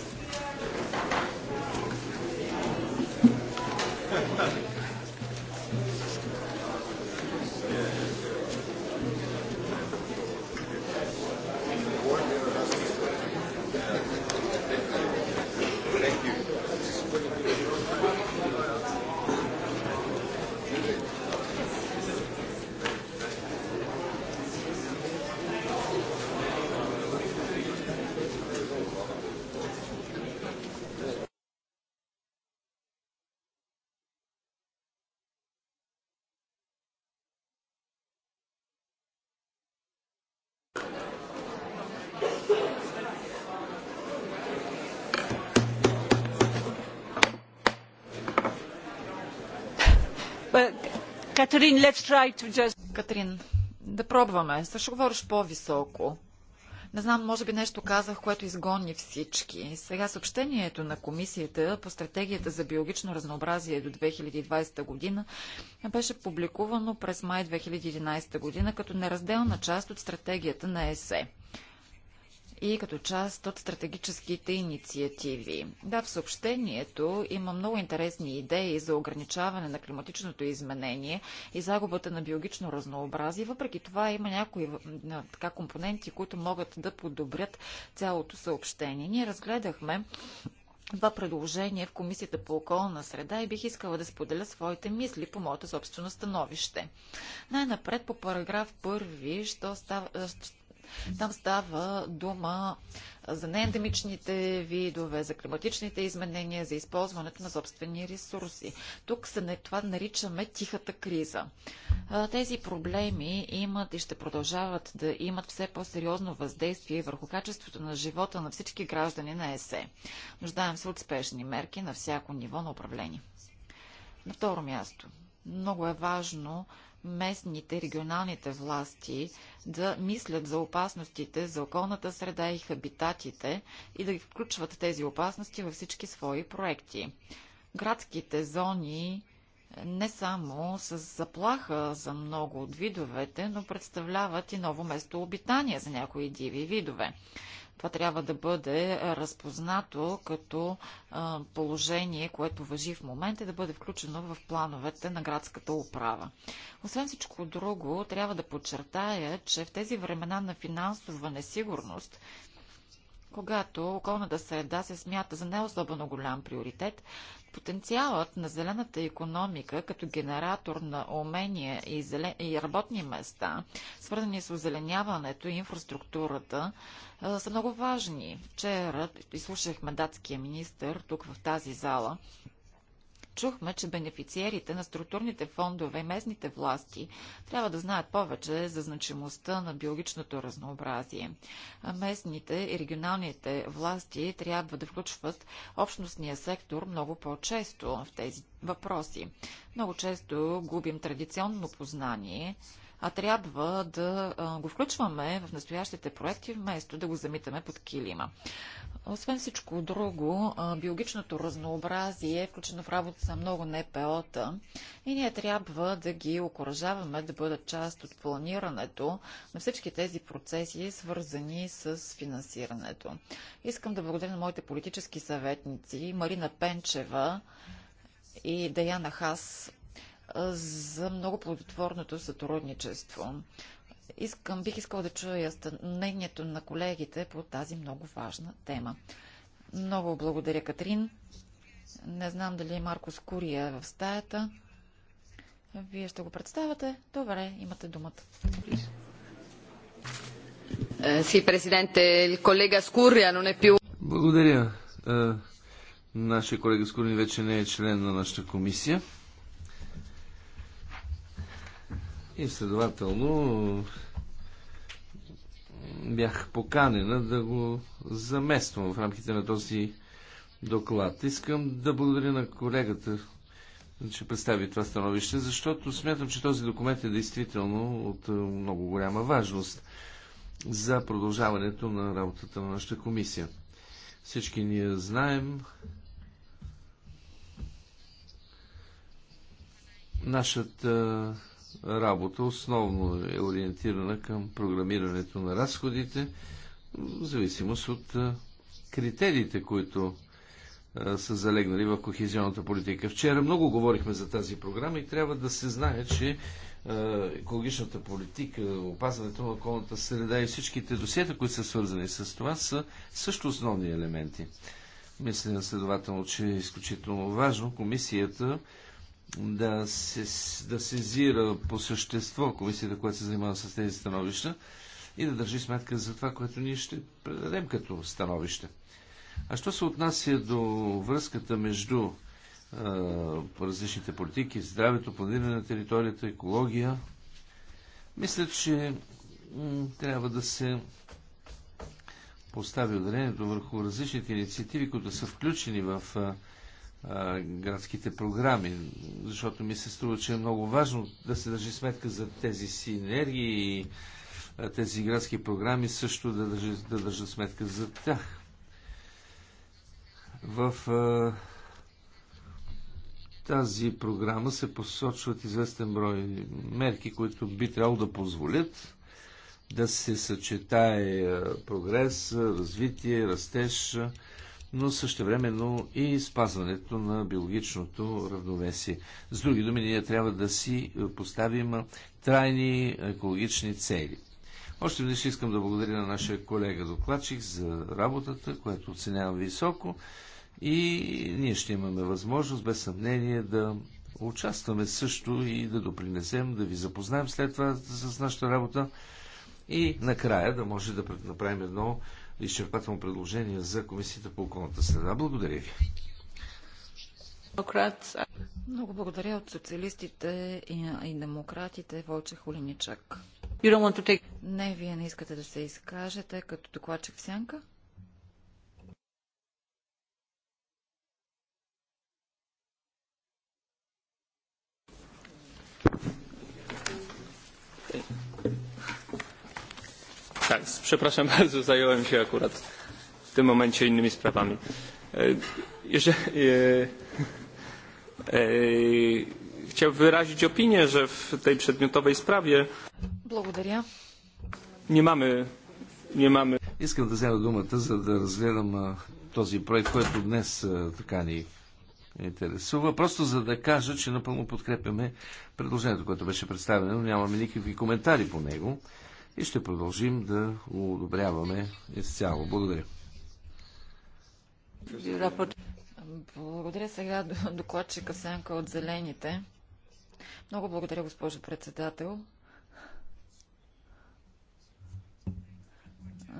Катерин, let's try to just... Катерин, да пробваме. Също говориш по-високо. Не знам, може би нещо казах, което изгони всички. Сега съобщението на комисията по стратегията за биологично разнообразие до 2020 година беше публикувано през май 2011 година като неразделна част от стратегията на ЕСЕ и като част от стратегическите инициативи. Да, в съобщението има много интересни идеи за ограничаване на климатичното изменение и загубата на биологично разнообразие. Въпреки това има някои така, компоненти, които могат да подобрят цялото съобщение. Ние разгледахме това предложение в Комисията по околна среда и бих искала да споделя своите мисли по моето собствено становище. Най-напред по параграф 1, що, става, там става дума за неендемичните видове, за климатичните изменения, за използването на собствени ресурси. Тук се това наричаме тихата криза. Тези проблеми имат и ще продължават да имат все по-сериозно въздействие върху качеството на живота на всички граждани на ЕСЕ. Нуждаем се от спешни мерки на всяко ниво на управление. На второ място, много е важно местните, регионалните власти да мислят за опасностите за околната среда и хабитатите и да включват тези опасности във всички свои проекти. Градските зони е, не само с заплаха за много от видовете, но представляват и ново место обитание за някои диви видове. Това трябва да бъде е, разпознато като е, положение, което въжи в момента и да бъде включено в плановете на градската управа. Освен всичко друго, трябва да подчертая, че в тези времена на финансова несигурност когато околната среда се смята за не особено голям приоритет, потенциалът на зелената економика като генератор на умения и, зелен... и работни места, свързани с озеленяването и инфраструктурата, са много важни. Вчера изслушахме датския министр тук в тази зала Чухме, че бенефициерите на структурните фондове и местните власти трябва да знаят повече за значимостта на биологичното разнообразие. местните и регионалните власти трябва да включват общностния сектор много по-често в тези въпроси. Много често губим традиционно познание – а трябва да го включваме в настоящите проекти, вместо да го замитаме под килима. Освен всичко друго, биологичното разнообразие е включено в работа на много НПО-та и ние трябва да ги окоръжаваме да бъдат част от планирането на всички тези процеси, свързани с финансирането. Искам да благодаря на моите политически съветници Марина Пенчева и Даяна Хас за много плодотворното сътрудничество. Искам, бих искал да чуя мнението на колегите по тази много важна тема. Много благодаря, Катрин. Не знам дали е Маркос Курия е в стаята. Вие ще го представяте? Добре, имате думата. Е, си, президенте, колега Скурия, но не пил. Благодаря. Е, нашия колега Скурия вече не е член на нашата комисия. И следователно бях поканена да го замествам в рамките на този доклад. Искам да благодаря на колегата, че представи това становище, защото смятам, че този документ е действително от е, много голяма важност за продължаването на работата на нашата комисия. Всички ние знаем нашата работа основно е ориентирана към програмирането на разходите, в зависимост от критериите, които са залегнали в кохезионната политика. Вчера много говорихме за тази програма и трябва да се знае, че екологичната политика, опазването на околната среда и всичките досиета, които са свързани с това, са също основни елементи. Мисля следователно, че е изключително важно комисията да, се, да сезира по същество комисията, която се занимава с тези становища и да държи сметка за това, което ние ще предадем като становище. А що се отнася до връзката между по различните политики, здравето, планиране на територията, екология. Мисля, че трябва да се постави ударението върху различните инициативи, които са включени в а, градските програми, защото ми се струва, че е много важно да се държи сметка за тези синергии и тези градски програми също да държат, да държат сметка за тях. В а, тази програма се посочват известен брой мерки, които би трябвало да позволят да се съчетае прогрес, развитие, растеж, но същевременно и спазването на биологичното равновесие. С други думи, ние трябва да си поставим трайни екологични цели. Още веднъж искам да благодаря на нашия колега докладчик за работата, която оценявам високо и ние ще имаме възможност, без съмнение, да участваме също и да допринесем, да ви запознаем след това с нашата работа и накрая да може да направим едно изчерпателно предложение за Комисията по околната среда. Благодаря ви. Много благодаря от социалистите и, демократите Волче Холиничак. Не, вие не искате да се изкажете като докладчик в сянка? Okay. Tak, przepraszam bardzo, zająłem się akurat w tym momencie innymi sprawami. E, e, e, chciałbym wyrazić opinię, że w tej przedmiotowej sprawie nie mamy, nie mamy... Искам да взема думата, за да разгледам а, този проект, който днес а, така ни интересува. Просто за да кажа, че напълно подкрепяме предложението, което беше представено. Нямаме никакви коментари по него и ще продължим да го одобряваме изцяло. Благодаря. Благодаря сега докладчика Сенка от Зелените. Много благодаря, госпожо председател.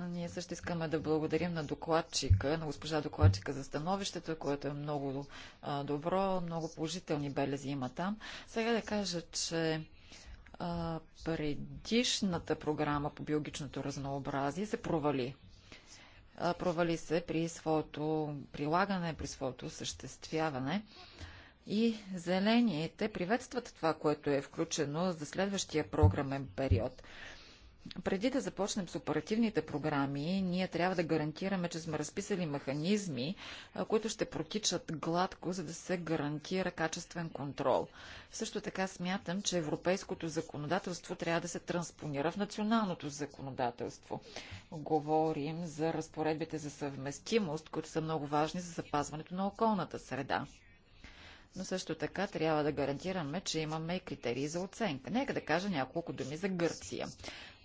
Ние също искаме да благодарим на докладчика, на госпожа докладчика за становището, което е много добро, много положителни белези има там. Сега да кажа, че предишната програма по биологичното разнообразие се провали. Провали се при своето прилагане, при своето съществяване. И зелените приветстват това, което е включено за следващия програмен период преди да започнем с оперативните програми, ние трябва да гарантираме, че сме разписали механизми, които ще протичат гладко, за да се гарантира качествен контрол. Също така смятам, че европейското законодателство трябва да се транспонира в националното законодателство. Говорим за разпоредбите за съвместимост, които са много важни за запазването на околната среда но също така трябва да гарантираме, че имаме и критерии за оценка. Нека да кажа няколко думи за Гърция.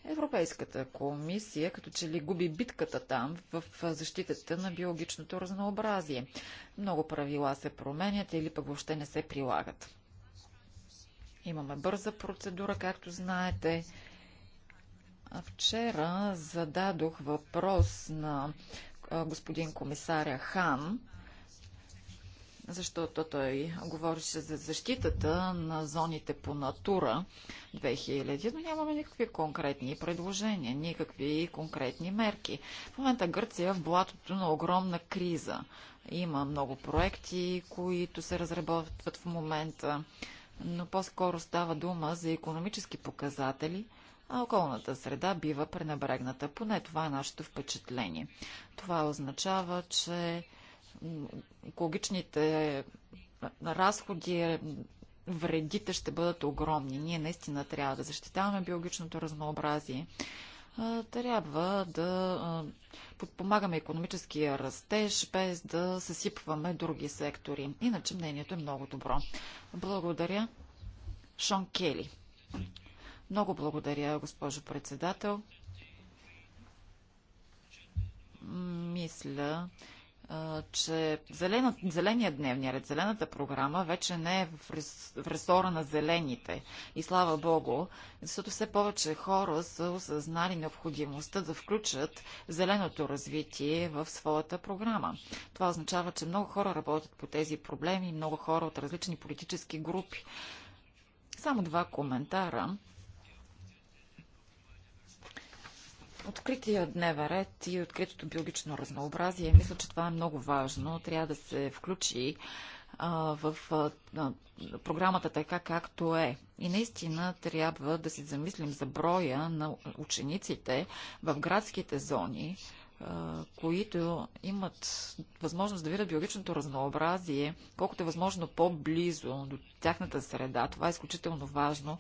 Европейската комисия като че ли губи битката там в защитата на биологичното разнообразие. Много правила се променят или пък въобще не се прилагат. Имаме бърза процедура, както знаете. Вчера зададох въпрос на господин комисаря Хан защото той говореше за защитата на зоните по натура 2000, но нямаме никакви конкретни предложения, никакви конкретни мерки. В момента Гърция е в блатото на огромна криза. Има много проекти, които се разработват в момента, но по-скоро става дума за економически показатели – а околната среда бива пренебрегната. Поне това е нашето впечатление. Това означава, че екологичните разходи, е, вредите ще бъдат огромни. Ние наистина трябва да защитаваме биологичното разнообразие. Е, трябва да е, подпомагаме економическия растеж, без да съсипваме други сектори. Иначе мнението е много добро. Благодаря. Шон Кели. Много благодаря, госпожо председател. Мисля, че зеления дневния ред, зелената програма вече не е в, рес, в ресора на зелените. И слава Богу, защото все повече хора са осъзнали необходимостта да включат зеленото развитие в своята програма. Това означава, че много хора работят по тези проблеми, много хора от различни политически групи. Само два коментара Открития дневен ред и откритото биологично разнообразие, мисля, че това е много важно. Трябва да се включи а, в а, програмата така, както е. И наистина трябва да си замислим за броя на учениците в градските зони, които имат възможност да видят биологичното разнообразие, колкото е възможно по-близо до тяхната среда. Това е изключително важно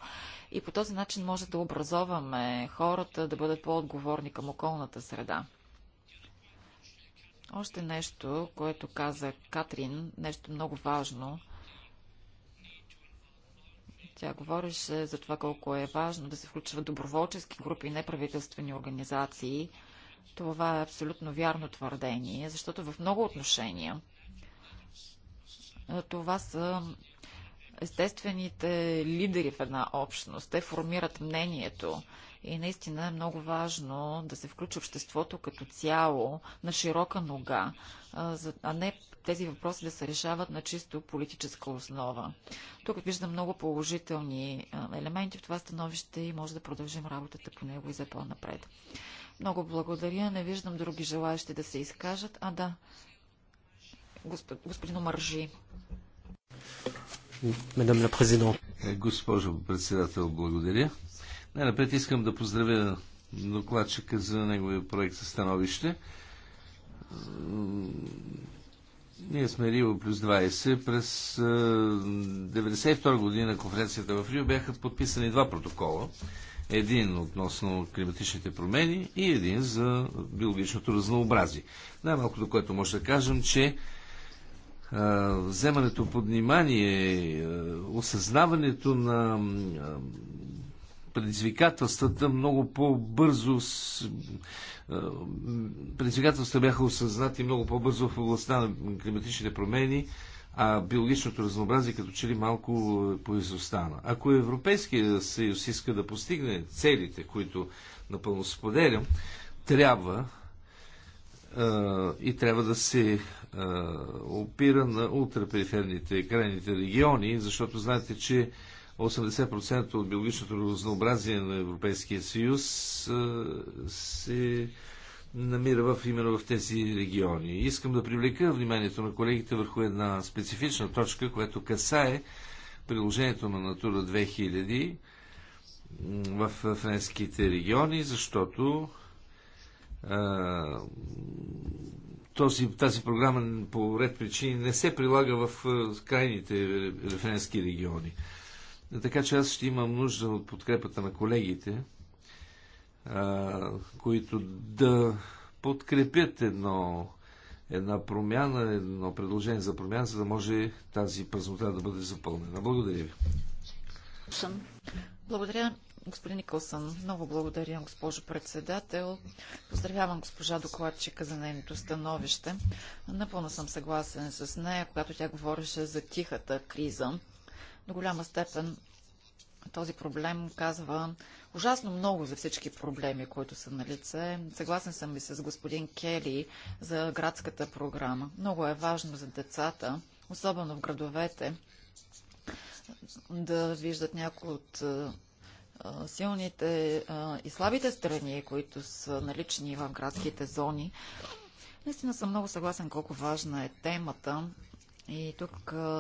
и по този начин може да образоваме хората да бъдат по-отговорни към околната среда. Още нещо, което каза Катрин, нещо много важно. Тя говореше за това колко е важно да се включват доброволчески групи и неправителствени организации – това е абсолютно вярно твърдение, защото в много отношения това са естествените лидери в една общност. Те формират мнението. И наистина е много важно да се включи обществото като цяло на широка нога, а не тези въпроси да се решават на чисто политическа основа. Тук виждам много положителни елементи в това становище и може да продължим работата по него и за по-напред. Много благодаря. Не виждам други желаящи да се изкажат. А да, господин Омаржи. Е, госпожо председател, благодаря най напред искам да поздравя докладчика за неговия проект за становище. Ние сме Рио плюс 20. През 1992 година конференцията в Рио бяха подписани два протокола. Един относно климатичните промени и един за биологичното разнообразие. Най-малкото, което може да кажем, че вземането под внимание, осъзнаването на предизвикателствата много по-бързо предизвикателствата бяха осъзнати много по-бързо в областта на климатичните промени, а биологичното разнообразие като че ли малко поизостана. Ако Европейския съюз иска да постигне целите, които напълно споделям, трябва и трябва да се опира на ултрапериферните крайните региони, защото знаете, че 80% от биологичното разнообразие на Европейския съюз се намира в, именно в тези региони. Искам да привлека вниманието на колегите върху една специфична точка, която касае приложението на Натура 2000 в френските региони, защото а, този, тази програма по ред причини не се прилага в крайните френски региони. Така че аз ще имам нужда от подкрепата на колегите, а, които да подкрепят едно, една промяна, едно предложение за промяна, за да може тази празнота да бъде запълнена. Благодаря ви. Благодаря, господин Николсън. Много благодаря, госпожо председател. Поздравявам госпожа докладчика за нейното становище. Напълно съм съгласен с нея, когато тя говореше за тихата криза. До голяма степен този проблем казва ужасно много за всички проблеми, които са на лице. Съгласен съм и с господин Кели за градската програма. Много е важно за децата, особено в градовете, да виждат някои от силните и слабите страни, които са налични в градските зони. Наистина съм много съгласен колко важна е темата и тук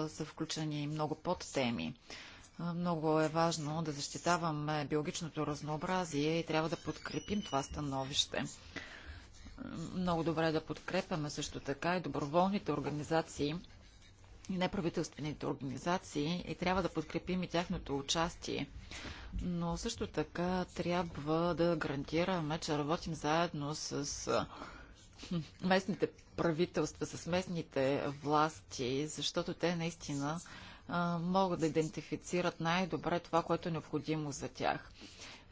са включени много подтеми. Много е важно да защитаваме биологичното разнообразие и трябва да подкрепим това становище. Много добре да подкрепяме също така и доброволните организации и неправителствените организации и трябва да подкрепим и тяхното участие. Но също така трябва да гарантираме, че работим заедно с местните правителства, с местните власти, защото те наистина а, могат да идентифицират най-добре това, което е необходимо за тях.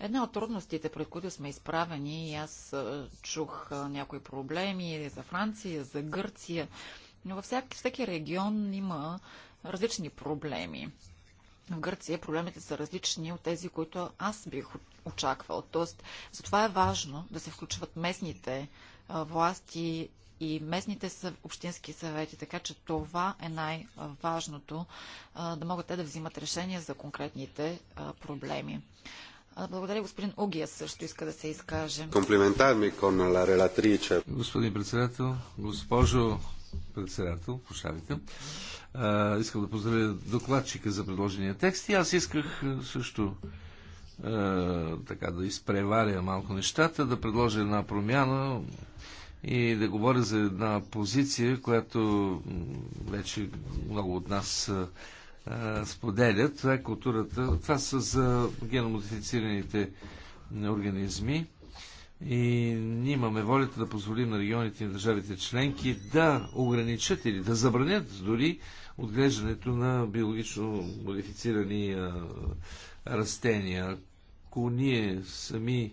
Една от трудностите, пред които сме изправени, и аз а, чух а, някои проблеми за Франция, за Гърция, но във всяки, всеки регион има различни проблеми. В Гърция проблемите са различни от тези, които аз бих очаквал. Тоест, затова е важно да се включват местните власти и местните общински съвети, така че това е най-важното, да могат те да взимат решения за конкретните проблеми. Благодаря. Господин Огия също иска да се изкаже. ми кон ла релатриче. Господин председател, госпожо председател, пошавите. искам да поздравя докладчика за предложения текст и аз исках също а, така да изпреваря малко нещата, да предложа една промяна и да говоря за една позиция, която вече много от нас споделят. Това е културата. Това са за геномодифицираните организми. И ние имаме волята да позволим на регионите и на държавите членки да ограничат или да забранят дори отглеждането на биологично модифицирани а, растения. Ако ние сами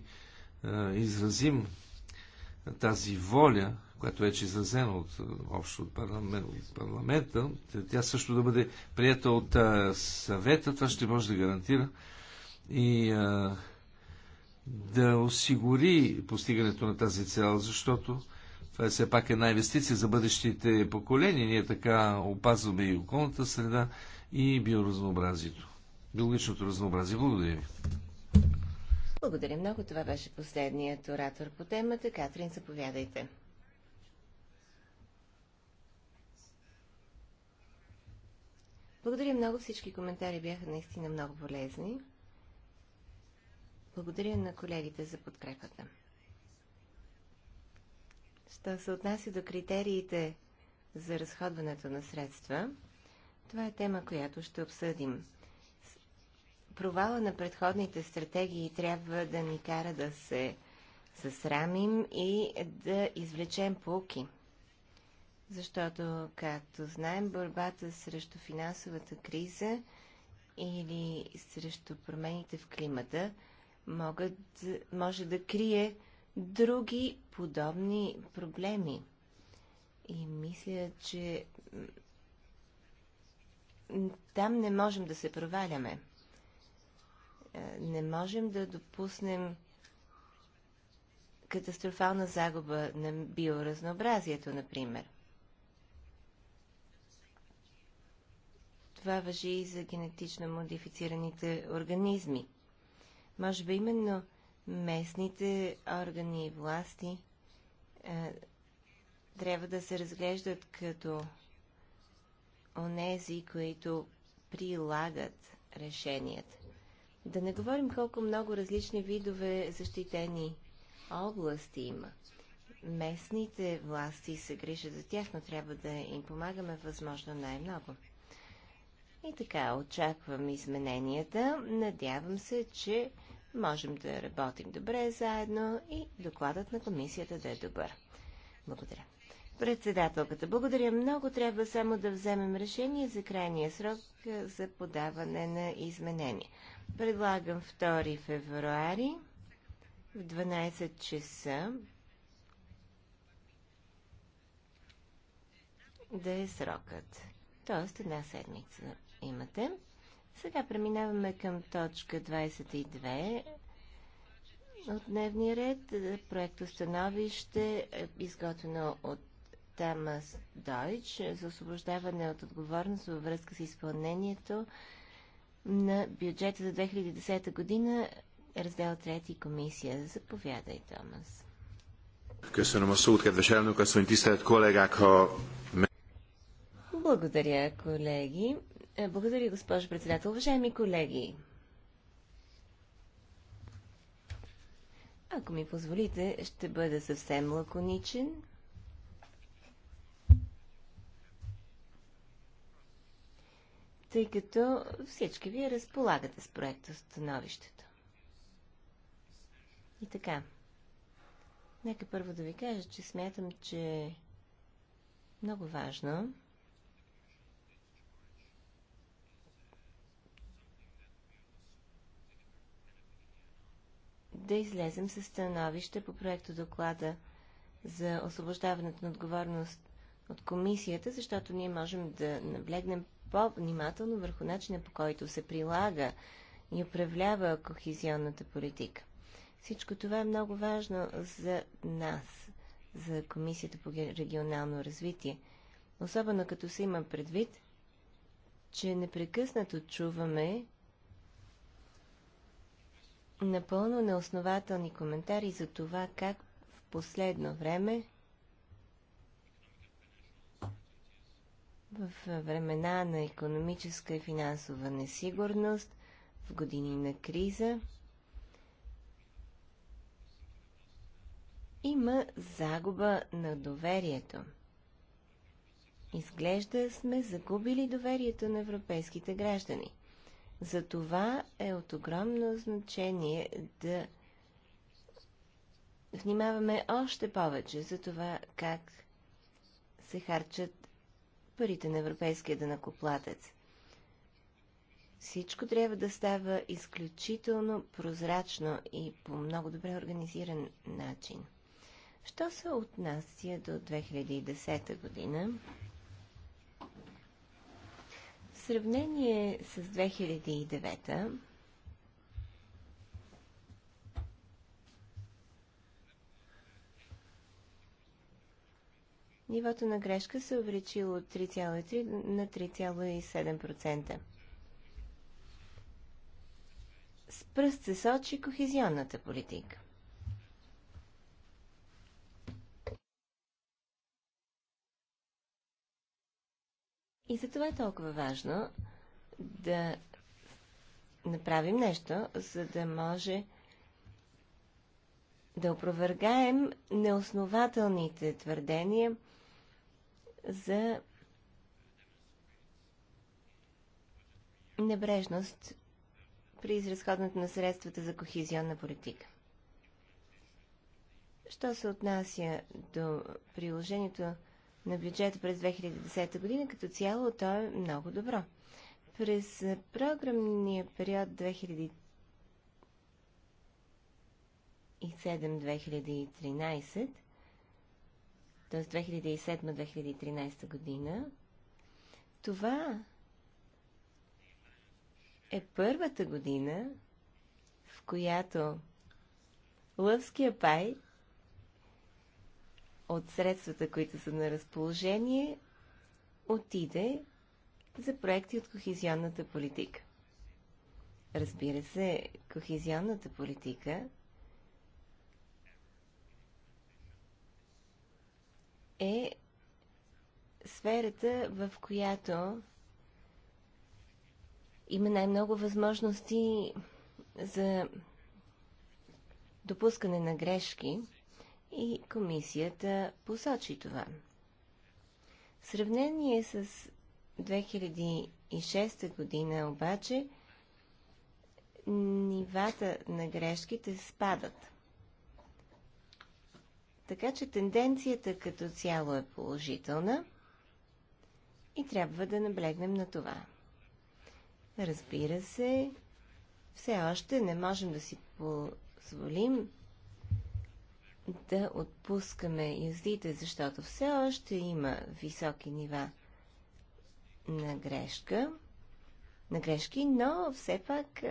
а, изразим тази воля, която вече е изразена от, е, общо от парламент, от парламента, тя също да бъде прията от а, е, съвета, това ще може да гарантира и а, е, да осигури постигането на тази цел, защото това е все пак една инвестиция за бъдещите поколения. Ние така опазваме и околната среда, и биоразнообразието, биологичното разнообразие. Благодаря ви. Благодаря много. Това беше последният оратор по темата. Катрин, заповядайте. Благодаря много. Всички коментари бяха наистина много полезни. Благодаря на колегите за подкрепата. Що се отнася до критериите за разходването на средства, това е тема, която ще обсъдим провала на предходните стратегии трябва да ни кара да се съсрамим и да извлечем полки. Защото, както знаем, борбата срещу финансовата криза или срещу промените в климата могат, може да крие други подобни проблеми. И мисля, че там не можем да се проваляме. Е, не можем да допуснем катастрофална загуба на биоразнообразието, например. Това въжи и за генетично модифицираните организми. Може би именно местните органи и власти е, трябва да се разглеждат като онези, които прилагат решенията. Да не говорим колко много различни видове защитени области има. Местните власти се грижат за тях, но трябва да им помагаме възможно най-много. И така, очаквам измененията. Надявам се, че можем да работим добре заедно и докладът на комисията да е добър. Благодаря. Председателката, благодаря много. Трябва само да вземем решение за крайния срок за подаване на изменения. Предлагам 2 февруари в 12 часа да е срокът. Тоест една седмица имате. Сега преминаваме към точка 22 от дневния ред. Проекто становище, изготвено от Тамас Дойч за освобождаване от отговорност във връзка с изпълнението на бюджета за 2010 година, раздел 3 комисия. Заповядай, Томас. Köszönöm a szót, kedves elnök asszony, tisztelt kollégák, ha... Благодаря, колеги. Е, благодаря, госпожо председател. Уважаеми колеги, ако ми позволите, ще бъда съвсем лаконичен. тъй като всички вие разполагате с проекта становището. И така. Нека първо да ви кажа, че смятам, че е много важно да излезем със становище по проекто доклада за освобождаването на отговорност от комисията, защото ние можем да наблегнем по-внимателно върху начина по който се прилага и управлява кохезионната политика. Всичко това е много важно за нас, за Комисията по регионално развитие. Особено като се има предвид, че непрекъснато чуваме напълно неоснователни коментари за това как в последно време в времена на економическа и финансова несигурност, в години на криза, има загуба на доверието. Изглежда сме загубили доверието на европейските граждани. За това е от огромно значение да внимаваме още повече за това как се харчат парите на европейския дънакоплатец Всичко трябва да става изключително прозрачно и по много добре организиран начин. Що се отнася до 2010 година? В сравнение с 2009 Нивото на грешка се увеличило от 3,3 на 3,7%. С пръст се сочи кохезионната политика. И за това е толкова важно да направим нещо, за да може да опровергаем неоснователните твърдения – за небрежност при изразходването на средствата за кохезионна политика. Що се отнася до приложението на бюджета през 2010 година, като цяло то е много добро. През програмния период 2007-2013 т.е. 2007-2013 година, това е първата година, в която лъвския пай от средствата, които са на разположение, отиде за проекти от кохезионната политика. Разбира се, кохезионната политика е сферата, в която има най-много възможности за допускане на грешки и комисията посочи това. В сравнение с 2006 година обаче, нивата на грешките спадат. Така че тенденцията като цяло е положителна и трябва да наблегнем на това. Разбира се, все още не можем да си позволим да отпускаме юздите, защото все още има високи нива на грешка, на грешки, но все пак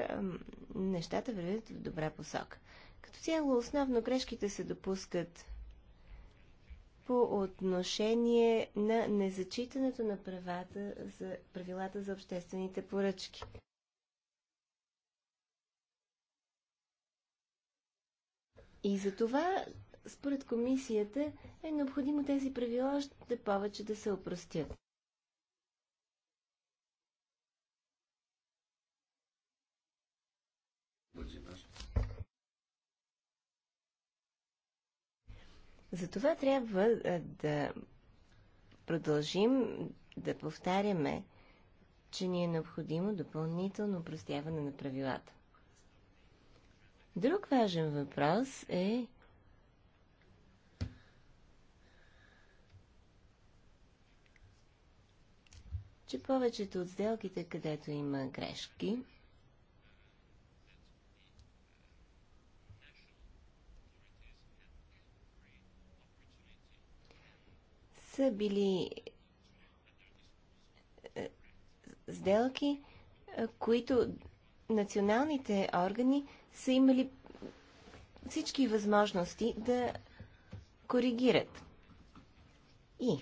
нещата вървят в добра посока. Като цяло, основно грешките се допускат по отношение на незачитането на правата за правилата за обществените поръчки. И за това, според комисията, е необходимо тези правила още повече да се опростят. Затова трябва да продължим да повтаряме, че ни е необходимо допълнително простяване на правилата. Друг важен въпрос е че повечето от сделките, където има грешки, са били е, сделки, е, които националните органи са имали всички възможности да коригират. И,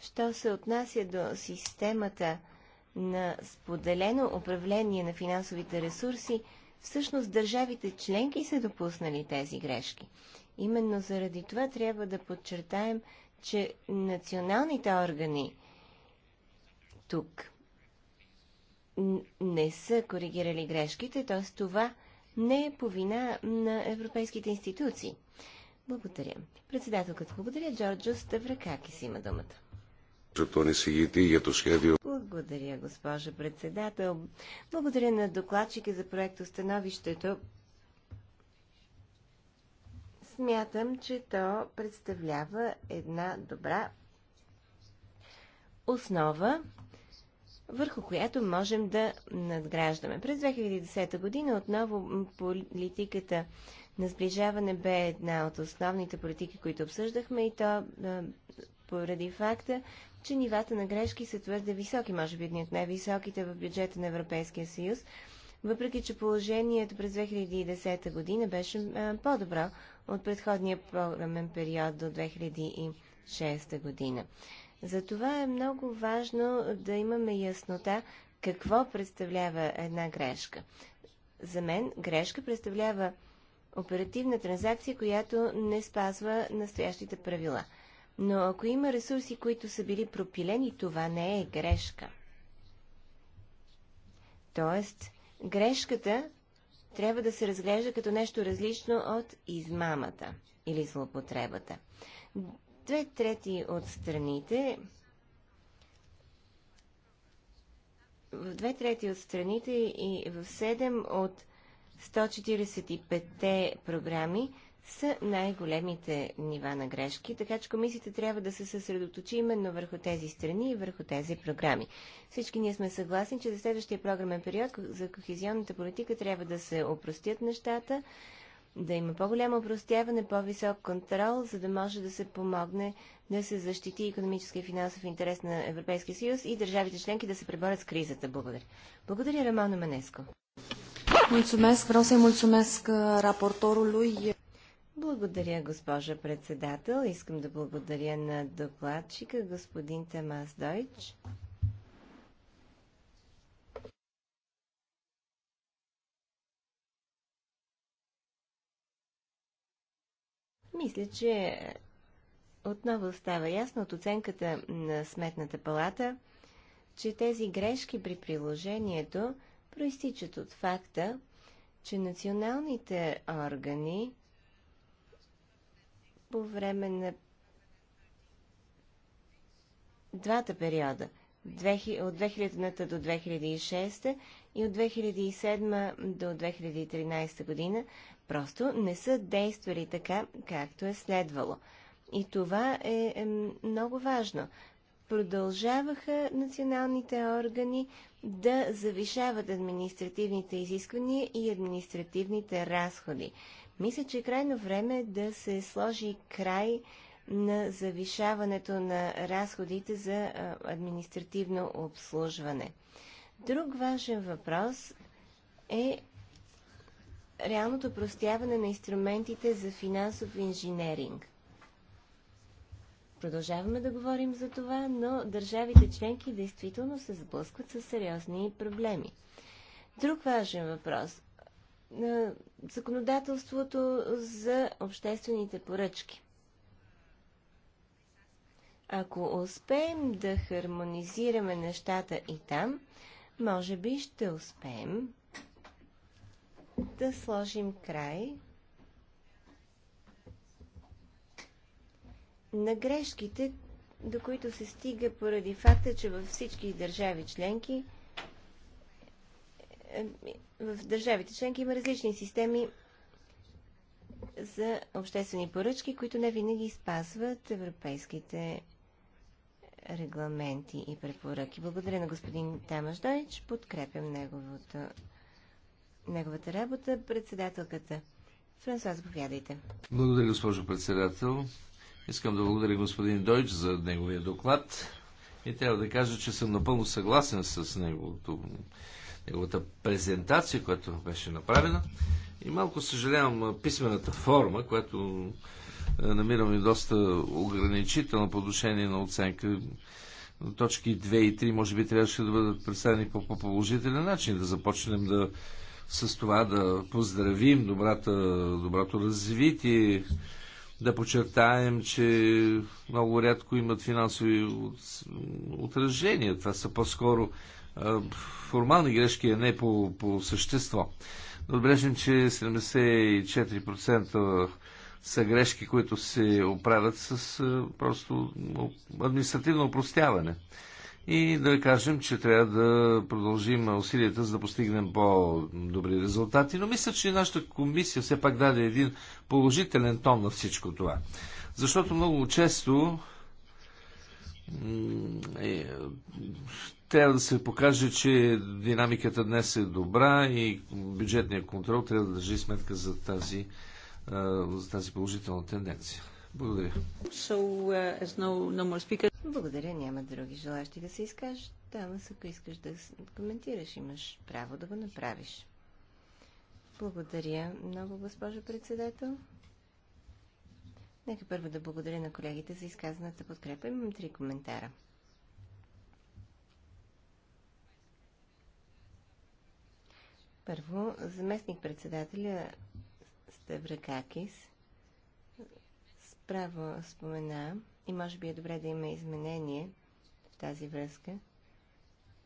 що се отнася до системата на споделено управление на финансовите ресурси, всъщност държавите членки са допуснали тези грешки. Именно заради това трябва да подчертаем, че националните органи тук не са коригирали грешките, т.е. това не е по вина на европейските институции. Благодаря. Председателката благодаря. Джорджо Ставракакис има думата. Благодаря, госпожа председател. Благодаря на докладчика за проекта становището Смятам, че то представлява една добра основа, върху която можем да надграждаме. През 2010 година отново политиката на сближаване бе една от основните политики, които обсъждахме и то поради факта, че нивата на грешки са твърде високи, може би едни от най-високите в бюджета на Европейския съюз, въпреки че положението през 2010 година беше по-добро, от предходния програмен период до 2006 година. Затова е много важно да имаме яснота какво представлява една грешка. За мен грешка представлява оперативна транзакция, която не спазва настоящите правила. Но ако има ресурси, които са били пропилени, това не е грешка. Тоест, грешката трябва да се разглежда като нещо различно от измамата или злопотребата. Две трети от страните в две трети от страните и в 7 от 145 програми са най-големите нива на грешки, така че комисията трябва да се съсредоточи именно върху тези страни и върху тези програми. Всички ние сме съгласни, че за следващия програмен период за кохезионната политика трябва да се опростят нещата, да има по-голямо опростяване, по-висок контрол, за да може да се помогне да се защити економически и финансов интерес на Европейския съюз и държавите членки да се преборят с кризата. Благодаря. Благодаря, Рамона Манеско. Mulțumesc, vreau să-i mulțumesc raportorului. Благодаря, госпожа председател. Искам да благодаря на докладчика, господин Тамас Дойч. Мисля, че отново става ясно от оценката на Сметната палата, че тези грешки при приложението проистичат от факта, че националните органи по време на двата периода от 2000-та до 2006 и от 2007 до 2013 година просто не са действали така, както е следвало. И това е, е много важно. Продължаваха националните органи да завишават административните изисквания и административните разходи. Мисля, че е крайно време да се сложи край на завишаването на разходите за административно обслужване. Друг важен въпрос е реалното простяване на инструментите за финансов инженеринг. Продължаваме да говорим за това, но държавите членки действително се сблъскват с сериозни проблеми. Друг важен въпрос на законодателството за обществените поръчки. Ако успеем да хармонизираме нещата и там, може би ще успеем да сложим край на грешките, до които се стига поради факта, че във всички държави членки е, е, в държавите членки има различни системи за обществени поръчки, които не винаги спазват европейските регламенти и препоръки. Благодаря на господин Тамаш Дойч. Подкрепям неговото, неговата работа. Председателката. Франсуа, заповядайте. Благодаря, госпожо председател. Искам да благодаря господин Дойч за неговия доклад. И трябва да кажа, че съм напълно съгласен с неговото неговата презентация, която беше направена. И малко съжалявам писмената форма, която намираме доста ограничително по отношение на оценка. Точки 2 и 3 може би трябваше да бъдат представени по, по положителен начин, да започнем да с това да поздравим добрата, доброто развитие, да подчертаем, че много рядко имат финансови отражения. Това са по-скоро формални грешки, а е не по, по същество. Да отбележим, че 74% са грешки, които се оправят с просто административно упростяване. И да кажем, че трябва да продължим усилията, за да постигнем по-добри резултати. Но мисля, че нашата комисия все пак даде един положителен тон на всичко това. Защото много често е, трябва да се покаже, че динамиката днес е добра и бюджетният контрол трябва да държи сметка за тази, за тази положителна тенденция. Благодаря. So, uh, no, no speaker... Благодаря, няма други желащи да се изкажат. там, ако искаш да коментираш, имаш право да го направиш. Благодаря много, госпожо председател. Нека първо да благодаря на колегите за изказаната подкрепа. Имам три коментара. Първо, заместник-председателя Ставракакис справо спомена, и може би е добре да има изменение в тази връзка,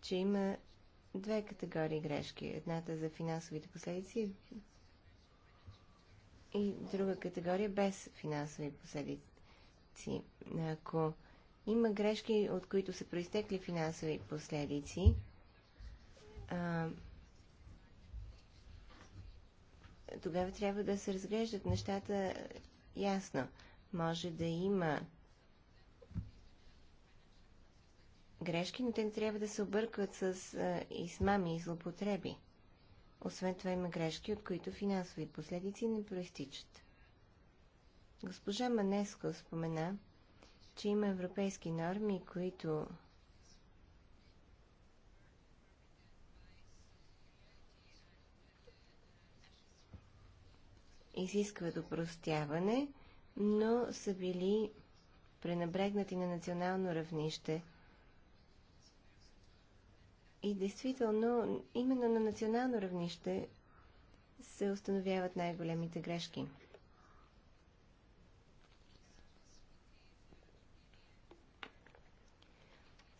че има две категории грешки. Едната за финансовите последици и друга категория без финансови последици. Ако има грешки, от които са проистекли финансови последици, а, тогава трябва да се разглеждат нещата ясно. Може да има грешки, но те не трябва да се объркват с а, измами и злопотреби. Освен това има грешки, от които финансови последици не проистичат. Госпожа Манеско спомена, че има европейски норми, които изискват опростяване, но са били пренабрегнати на национално равнище. И действително, именно на национално равнище се установяват най-големите грешки.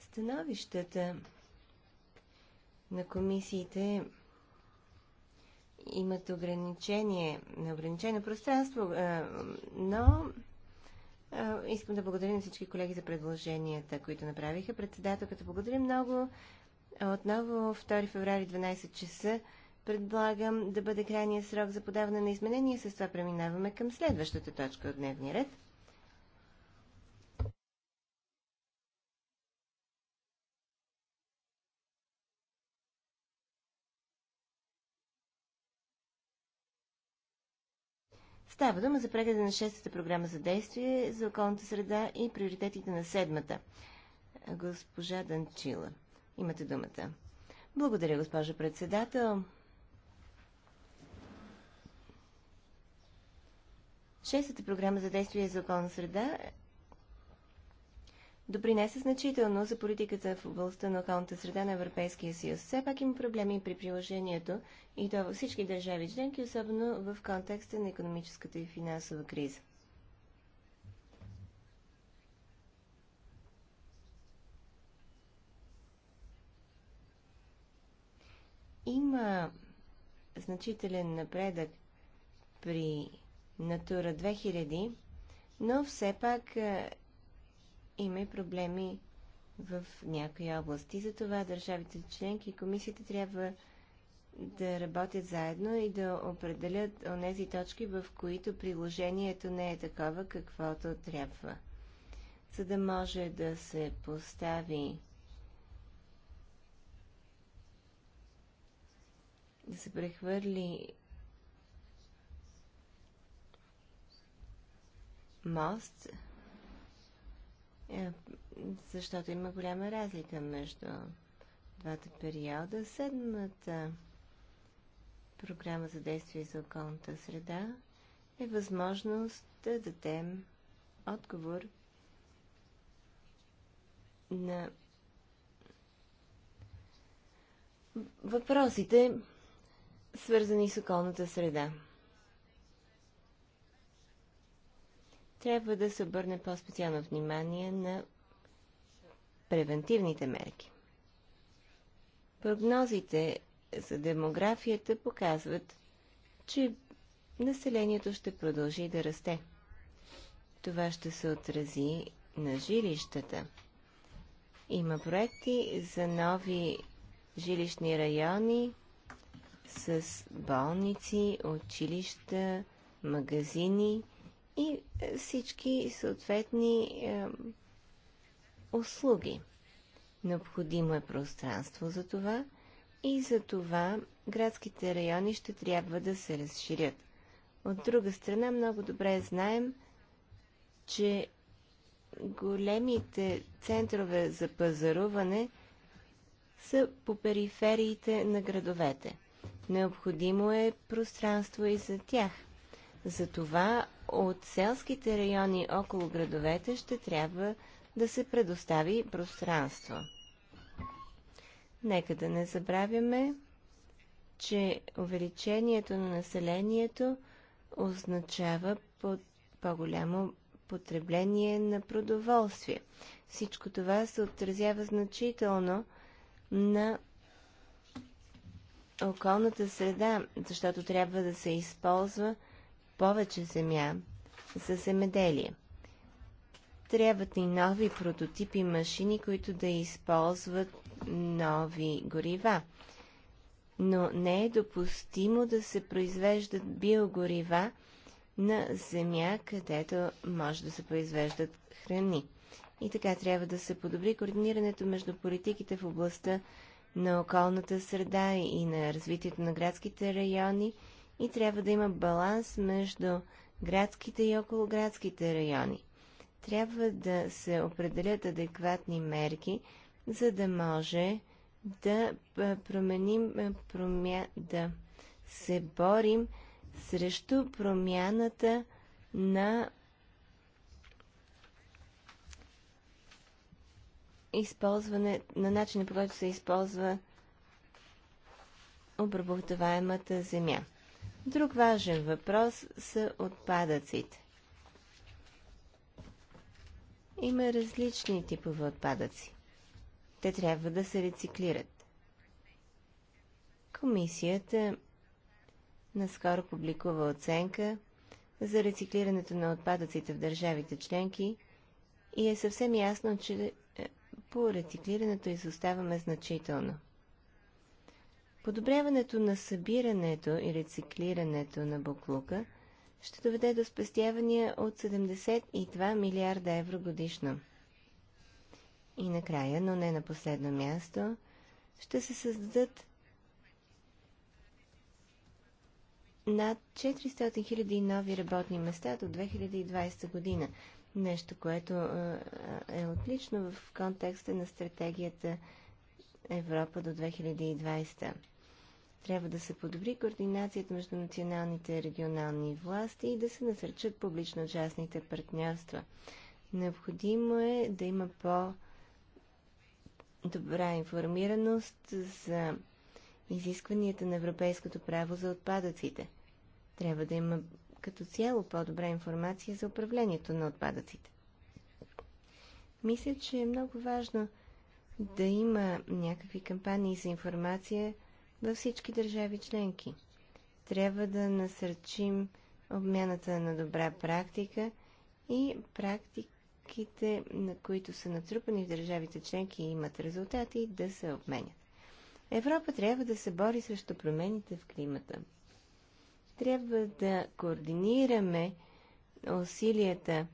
Становищата на комисиите имат ограничение, ограничено пространство, е, но е, искам да благодаря на всички колеги за предложенията, които направиха. Председателката благодаря много. Отново 2 феврари 12 часа предлагам да бъде крайния срок за подаване на изменения. С това преминаваме към следващата точка от дневния ред. Става дума за прегледа на шестата програма за действие за околната среда и приоритетите на седмата. Госпожа Данчила, имате думата. Благодаря, госпожа председател. Шестата програма за действие за околна среда допринесе значително за политиката в областта на околната среда на Европейския съюз. Все пак има проблеми при приложението и то във всички държави членки, особено в контекста на економическата и финансова криза. Има значителен напредък при Натура 2000, но все пак е, има и проблеми в някои области. Затова държавите членки и комисията трябва да работят заедно и да определят онези точки, в които приложението не е такова, каквото трябва. За да може да се постави да се прехвърли мост е, защото има голяма разлика между двата периода. Седмата програма за действие за околната среда е възможност е, да дадем отговор на въпросите, свързани с околната среда. трябва да се обърне по-специално внимание на превентивните мерки. Прогнозите за демографията показват, че населението ще продължи да расте. Това ще се отрази на жилищата. Има проекти за нови жилищни райони с болници, училища, магазини и е, всички съответни е, услуги. Необходимо е пространство за това и за това градските райони ще трябва да се разширят. От друга страна, много добре знаем, че големите центрове за пазаруване са по перифериите на градовете. Необходимо е пространство и за тях – затова от селските райони около градовете ще трябва да се предостави пространство. Нека да не забравяме, че увеличението на населението означава по-голямо потребление на продоволствие. Всичко това се отразява значително на околната среда, защото трябва да се използва повече земя за земеделие. Трябват ни нови прототипи машини, които да използват нови горива. Но не е допустимо да се произвеждат биогорива на земя, където може да се произвеждат храни. И така трябва да се подобри координирането между политиките в областта на околната среда и на развитието на градските райони – и трябва да има баланс между градските и околоградските райони. Трябва да се определят адекватни мерки, за да може да променим, промя... да се борим срещу промяната на използване, на начина по който се използва обработваемата земя. Друг важен въпрос са отпадъците. Има различни типове отпадъци. Те трябва да се рециклират. Комисията наскоро публикува оценка за рециклирането на отпадъците в държавите членки и е съвсем ясно, че е, по рециклирането изоставаме значително. Подобряването на събирането и рециклирането на буклука ще доведе до спестявания от 72 милиарда евро годишно. И накрая, но не на последно място, ще се създадат над 400 000 нови работни места до 2020 година. Нещо, което е отлично в контекста на стратегията Европа до 2020. Трябва да се подобри координацията между националните и регионални власти и да се насърчат публично-частните партньорства. Необходимо е да има по-добра информираност за изискванията на европейското право за отпадъците. Трябва да има като цяло по-добра информация за управлението на отпадъците. Мисля, че е много важно да има някакви кампании за информация – във всички държави членки. Трябва да насърчим обмяната на добра практика и практиките, на които са натрупани в държавите членки и имат резултати, да се обменят. Европа трябва да се бори срещу промените в климата. Трябва да координираме усилията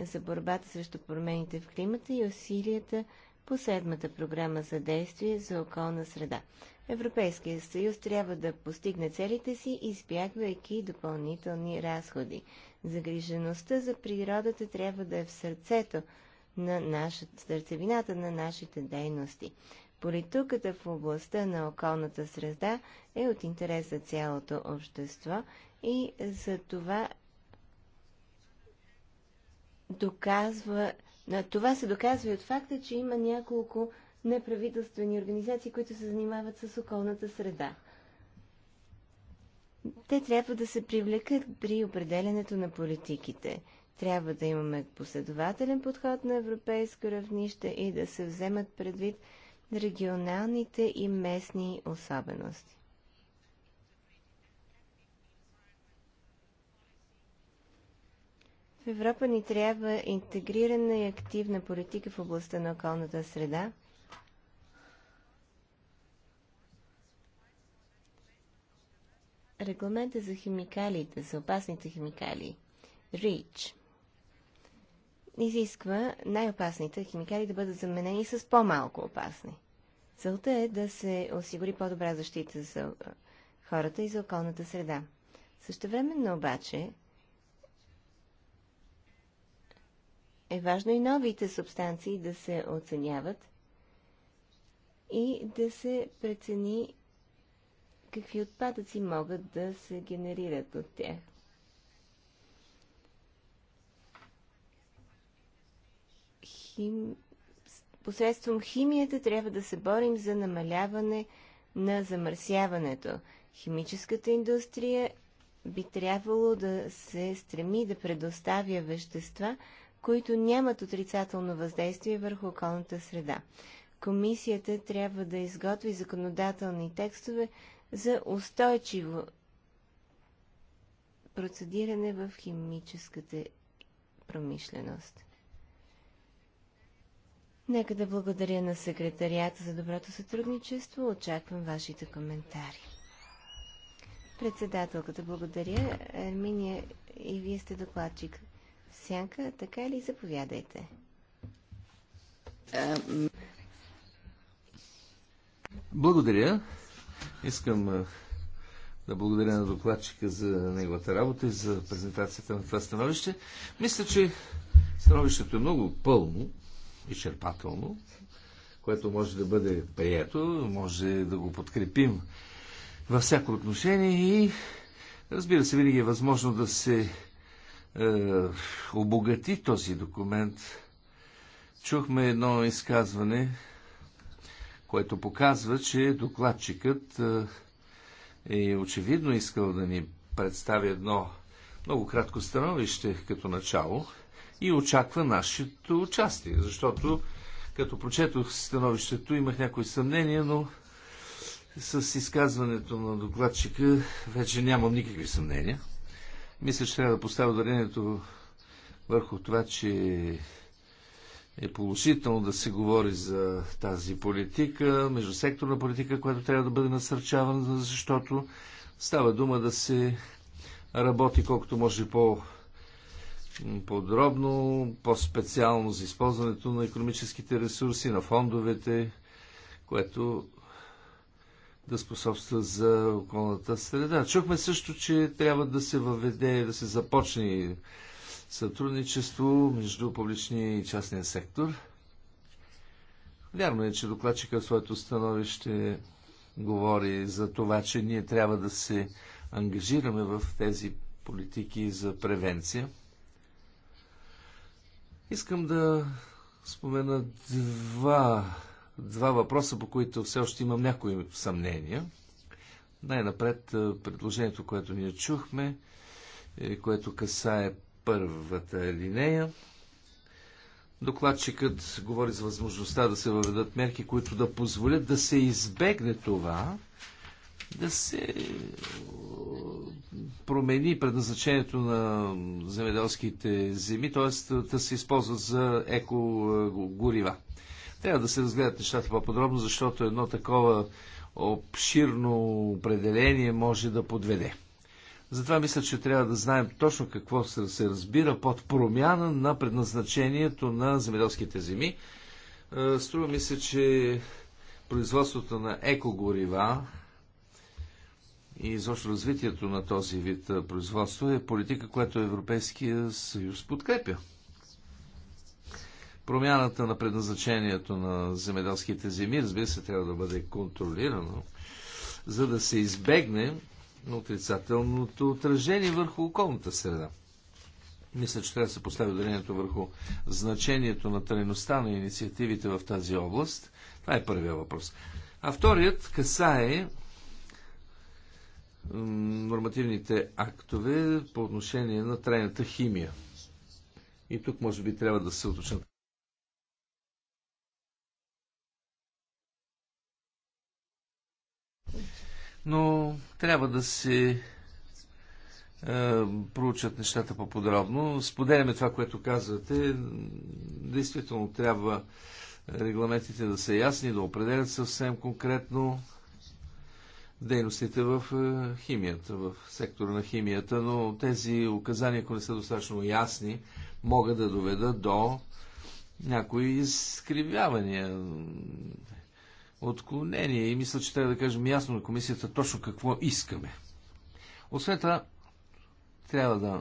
за борбата срещу промените в климата и усилията по седмата програма за действие за околна среда. Европейския съюз трябва да постигне целите си, избягвайки допълнителни разходи. Загрижеността за природата трябва да е в сърцето на нашата, сърцевината на нашите дейности. Политуката в областта на околната среда е от интерес за цялото общество и за това доказва, това се доказва и от факта, че има няколко неправителствени организации, които се занимават с околната среда. Те трябва да се привлекат при определенето на политиките. Трябва да имаме последователен подход на европейско равнище и да се вземат предвид регионалните и местни особености. В Европа ни трябва интегрирана и активна политика в областта на околната среда, регламента за химикалите, за опасните химикали, РИЧ, изисква най-опасните химикали да бъдат заменени с по-малко опасни. Целта е да се осигури по-добра защита за хората и за околната среда. Същевременно обаче е важно и новите субстанции да се оценяват и да се прецени какви отпадъци могат да се генерират от тях. Хим... Посредством химията трябва да се борим за намаляване на замърсяването. Химическата индустрия би трябвало да се стреми да предоставя вещества, които нямат отрицателно въздействие върху околната среда. Комисията трябва да изготви законодателни текстове за устойчиво процедиране в химическата промишленост. Нека да благодаря на секретарията за доброто сътрудничество. Очаквам вашите коментари. Председателката, благодаря. Арминия, е, и вие сте докладчик. Сянка, така ли? Заповядайте. Благодаря. Искам да благодаря на докладчика за неговата работа и за презентацията на това становище. Мисля, че становището е много пълно, изчерпателно, което може да бъде прието, може да го подкрепим във всяко отношение и разбира се, винаги е възможно да се е, обогати този документ. Чухме едно изказване което показва, че докладчикът е, е очевидно искал да ни представи едно много кратко становище като начало и очаква нашето участие, защото като прочетох становището имах някои съмнения, но с изказването на докладчика вече нямам никакви съмнения. Мисля, че трябва да поставя ударението върху това, че е положително да се говори за тази политика, междусекторна политика, която трябва да бъде насърчавана, защото става дума да се работи колкото може по подробно, по-специално за използването на економическите ресурси, на фондовете, което да способства за околната среда. Чухме също, че трябва да се въведе, да се започне сътрудничество между публичния и частния сектор. Вярно е, че докладчика в своето становище говори за това, че ние трябва да се ангажираме в тези политики за превенция. Искам да спомена два, два въпроса, по които все още имам някои съмнения. Най-напред предложението, което ние чухме, е, което касае първата линея. Докладчикът говори за възможността да се въведат мерки, които да позволят да се избегне това, да се промени предназначението на земеделските земи, т.е. да се използват за еко-горива. Трябва да се разгледат нещата по-подробно, защото едно такова обширно определение може да подведе. Затова мисля, че трябва да знаем точно какво се разбира под промяна на предназначението на земеделските земи. Е, струва ми се, че производството на екогорива и изобщо развитието на този вид е, производство е политика, която Европейския съюз подкрепя. Промяната на предназначението на земеделските земи, разбира се, трябва да бъде контролирано, за да се избегне на отрицателното отражение върху околната среда. Мисля, че трябва да се постави ударението върху значението на трайността на инициативите в тази област. Това е първия въпрос. А вторият касае нормативните актове по отношение на трайната химия. И тук може би трябва да се уточнят но трябва да се е, проучат нещата по-подробно. Споделяме това, което казвате. Действително трябва регламентите да са ясни, да определят съвсем конкретно дейностите в е, химията, в сектора на химията, но тези указания, ако не са достатъчно ясни, могат да доведат до някои изкривявания отклонение и мисля, че трябва да кажем ясно на комисията точно какво искаме. Освен това, трябва да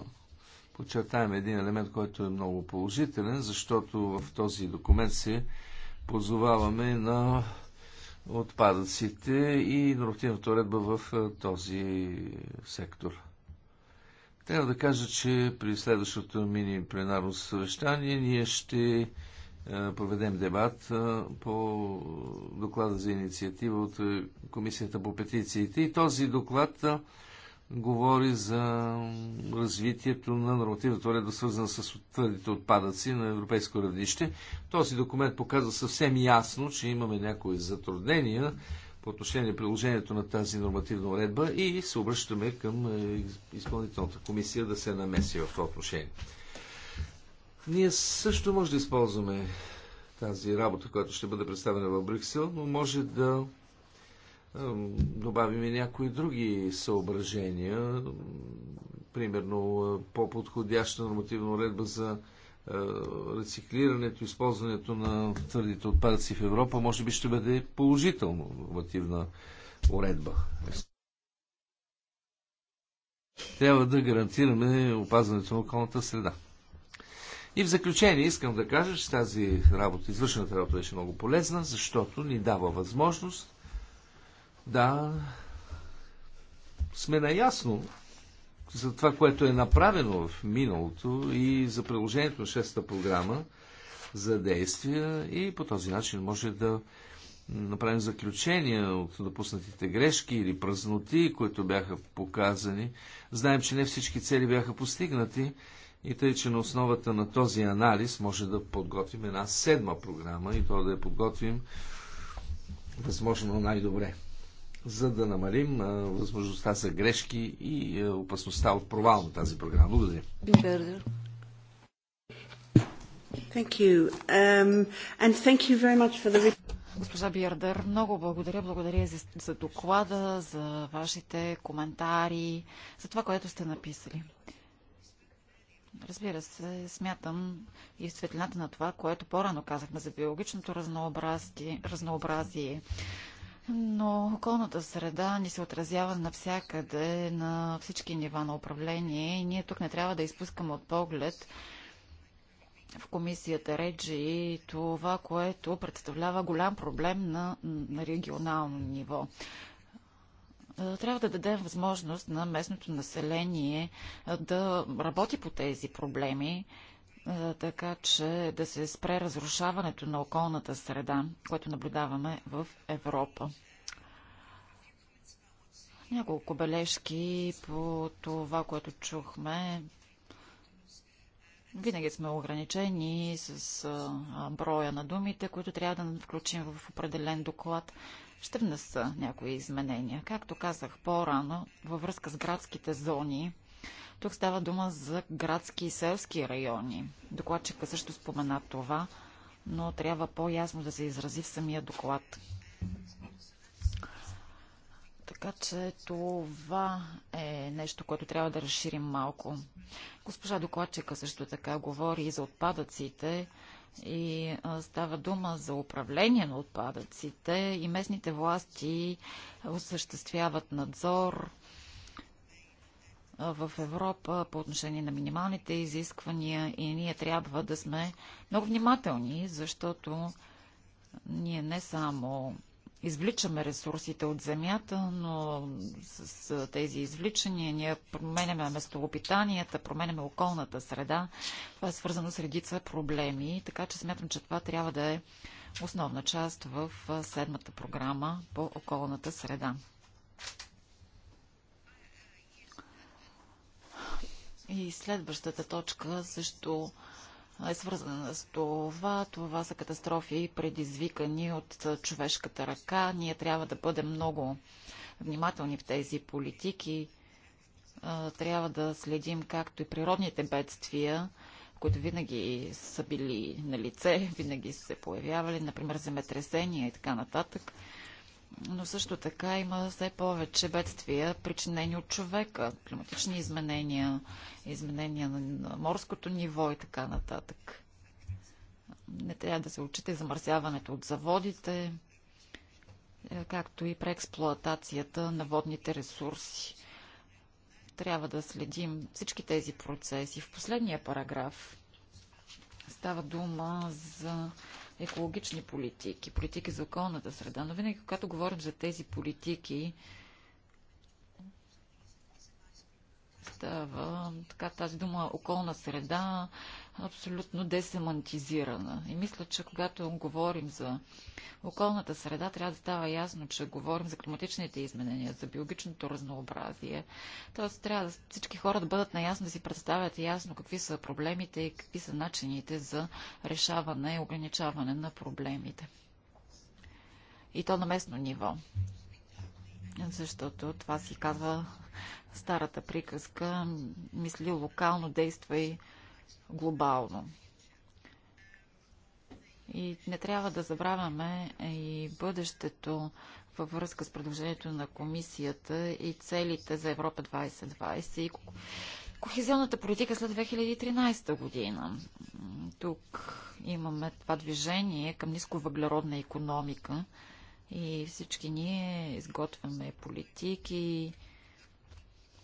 подчертаем един елемент, който е много положителен, защото в този документ се позоваваме на отпадъците и нормативната уредба в е, този сектор. Трябва да кажа, че при следващото мини пленарно съвещание ние ще е, проведем дебат е, по доклада за инициатива от е, Комисията по петициите. И този доклад говори за развитието на нормативната уредба, свързана с твърдите отпадъци на европейско равнище. Този документ показва съвсем ясно, че имаме някои затруднения по отношение на приложението на тази нормативна уредба и се обръщаме към изпълнителната комисия да се намеси в това отношение. Ние също може да използваме тази работа, която ще бъде представена в Брюксел, но може да добавим и някои други съображения, примерно по-подходяща нормативна уредба за рециклирането, използването на твърдите отпадъци в Европа, може би ще бъде положително нормативна уредба. Трябва да гарантираме опазването на околната среда. И в заключение искам да кажа, че тази работа, извършената работа беше много полезна, защото ни дава възможност да сме наясно за това, което е направено в миналото и за приложението на 6-та програма за действия и по този начин може да направим заключения от допуснатите грешки или празноти, които бяха показани. Знаем, че не всички цели бяха постигнати и тъй, че на основата на този анализ може да подготвим една седма програма и то да я подготвим възможно най-добре, за да намалим а, възможността за грешки и а, опасността от провал на тази програма. Благодаря. Thank you. Um, and thank you very much for the... Госпожа Биардер, много благодаря. Благодаря за, за доклада, за вашите коментари, за това, което сте написали. Разбира се, смятам и в светлината на това, което по-рано казахме за биологичното разнообразие, разнообразие но околната среда ни се отразява навсякъде, на всички нива на управление и ние тук не трябва да изпускаме от поглед в комисията Реджи и това, което представлява голям проблем на, на регионално ниво. Е, трябва да дадем възможност на местното население е, да работи по тези проблеми, е, така че да се спре разрушаването на околната среда, което наблюдаваме в Европа. Няколко бележки по това, което чухме. Винаги сме ограничени с броя на думите, които трябва да включим в определен доклад. Ще внеса някои изменения. Както казах по-рано, във връзка с градските зони, тук става дума за градски и селски райони. Докладчика също спомена това, но трябва по-ясно да се изрази в самия доклад. Така че това е нещо, което трябва да разширим малко. Госпожа докладчика също така говори и за отпадъците. И става дума за управление на отпадъците и местните власти осъществяват надзор в Европа по отношение на минималните изисквания и ние трябва да сме много внимателни, защото ние не само извличаме ресурсите от земята, но с тези извличания ние променяме местообитанията, променяме околната среда. Това е свързано с редица проблеми, така че смятам, че това трябва да е основна част в седмата програма по околната среда. И следващата точка също е свързана с това. Това са катастрофи, предизвикани от човешката ръка. Ние трябва да бъдем много внимателни в тези политики. Трябва да следим както и природните бедствия, които винаги са били на лице, винаги са се появявали, например земетресения и така нататък но също така има все повече бедствия, причинени от човека, климатични изменения, изменения на морското ниво и така нататък. Не трябва да се учите замърсяването от заводите, е, както и преексплоатацията на водните ресурси. Трябва да следим всички тези процеси. В последния параграф става дума за екологични политики, политики за околната среда, но винаги, когато говорим за тези политики, става така тази дума околна среда, абсолютно десемантизирана. И мисля, че когато говорим за околната среда, трябва да става ясно, че говорим за климатичните изменения, за биологичното разнообразие. Тоест, трябва да, всички хора да бъдат наясно, да си представят ясно какви са проблемите и какви са начините за решаване и ограничаване на проблемите. И то на местно ниво. Защото това си казва старата приказка, мисли локално, действай глобално. И не трябва да забравяме и бъдещето във връзка с предложението на комисията и целите за Европа 2020 и кохезионната политика след 2013 година. Тук имаме това движение към нисковъглеродна економика и всички ние изготвяме политики,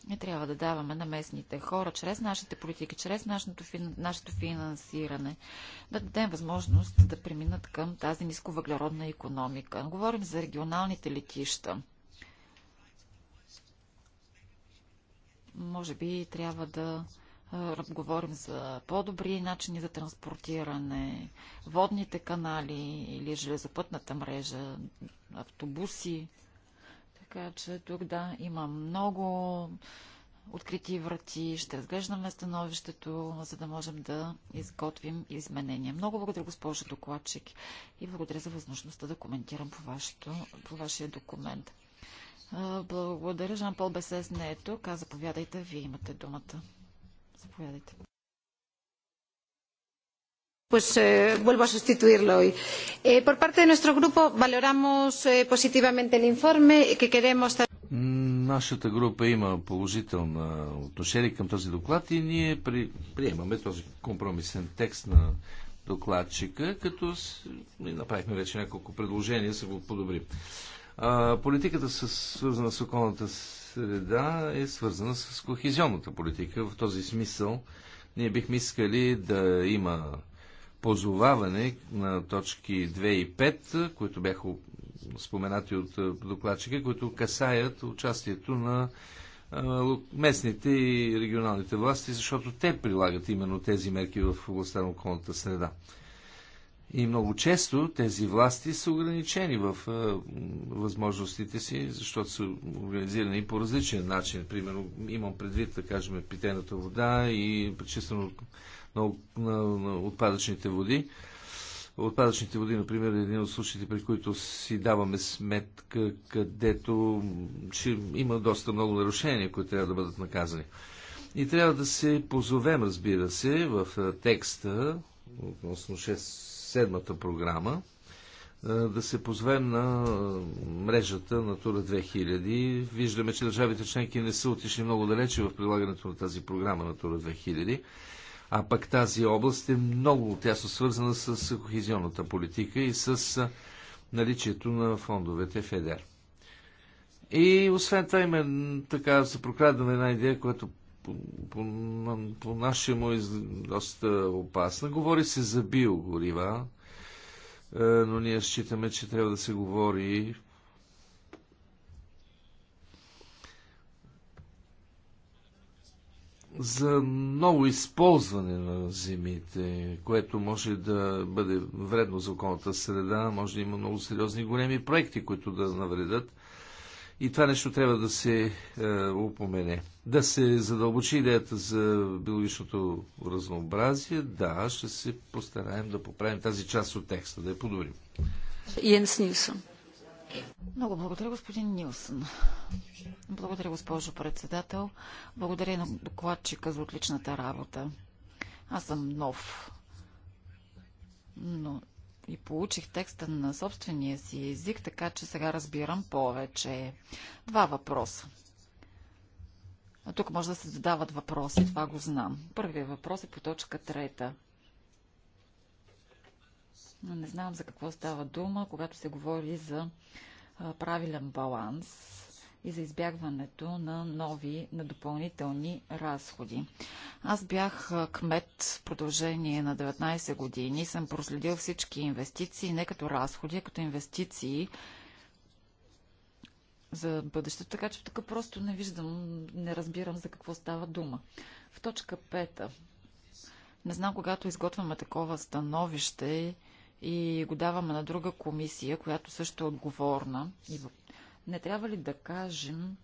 и трябва да даваме на местните хора, чрез нашите политики, чрез нашето, нашето финансиране, да дадем възможност да преминат към тази нисковъглеродна економика. Говорим за регионалните летища. Може би трябва да говорим за по-добри начини за транспортиране, водните канали или железопътната мрежа, автобуси. Така че тук да, има много открити врати, ще разглеждаме становището, за да можем да изготвим изменения. Много благодаря, госпожо докладчик, и благодаря за възможността да коментирам по, вашето, по вашия документ. Благодаря. Жан-Пол Бесес не е тук. А заповядайте, вие имате думата. Заповядайте pues eh, vuelvo a sustituirlo hoy. Eh, por parte de nuestro grupo valoramos eh, positivamente el informe que queremos. Нашата група има положително отношение към този доклад и ние при, приемаме този компромисен текст на докладчика, като направихме вече няколко предложения, за го подобрим. А, политиката, с, свързана с околната среда, е свързана с кохезионната политика. В този смисъл ние бихме искали да има позоваване на точки 2 и 5, които бяха споменати от е, докладчика, които касаят участието на е, местните и регионалните власти, защото те прилагат именно тези мерки в областта на околната среда. И много често тези власти са ограничени в е, възможностите си, защото са организирани по различен начин. Примерно имам предвид, да кажем, питената вода и пречистено на, на, на отпадъчните води. Отпадъчните води, например, е един от случаите, при които си даваме сметка, където ще има доста много нарушения, които трябва да бъдат наказани. И трябва да се позовем, разбира се, в текста относно 6-7-та програма, да се позовем на мрежата Натура 2000. Виждаме, че държавите членки не са отишли много далече в прилагането на тази програма Натура 2000. А пък тази област е много тясно свързана с кохезионната политика и с наличието на фондовете ФЕДЕР. И освен това има така, се прокрадваме една идея, която по, по, по нашия му е доста опасна. Говори се за биогорива, е, но ние считаме, че трябва да се говори за ново използване на земите, което може да бъде вредно за околната среда, може да има много сериозни големи проекти, които да навредят. И това нещо трябва да се е, упомене. Да се задълбочи идеята за биологичното разнообразие, да, ще се постараем да поправим тази част от текста, да я подобрим. Йенс Нилсон. Много благодаря, господин Нилсън. Благодаря, госпожо председател. Благодаря на докладчика за отличната работа. Аз съм нов, но и получих текста на собствения си език, така че сега разбирам повече. Два въпроса. А тук може да се задават въпроси, това го знам. Първият въпрос е по точка трета. Не знам за какво става дума, когато се говори за правилен баланс и за избягването на нови, на допълнителни разходи. Аз бях кмет в продължение на 19 години, съм проследил всички инвестиции, не като разходи, а като инвестиции за бъдещето, така че така просто не виждам, не разбирам за какво става дума. В точка 5. Не знам, когато изготвяме такова становище, и го даваме на друга комисия, която също е отговорна. И не трябва ли да кажем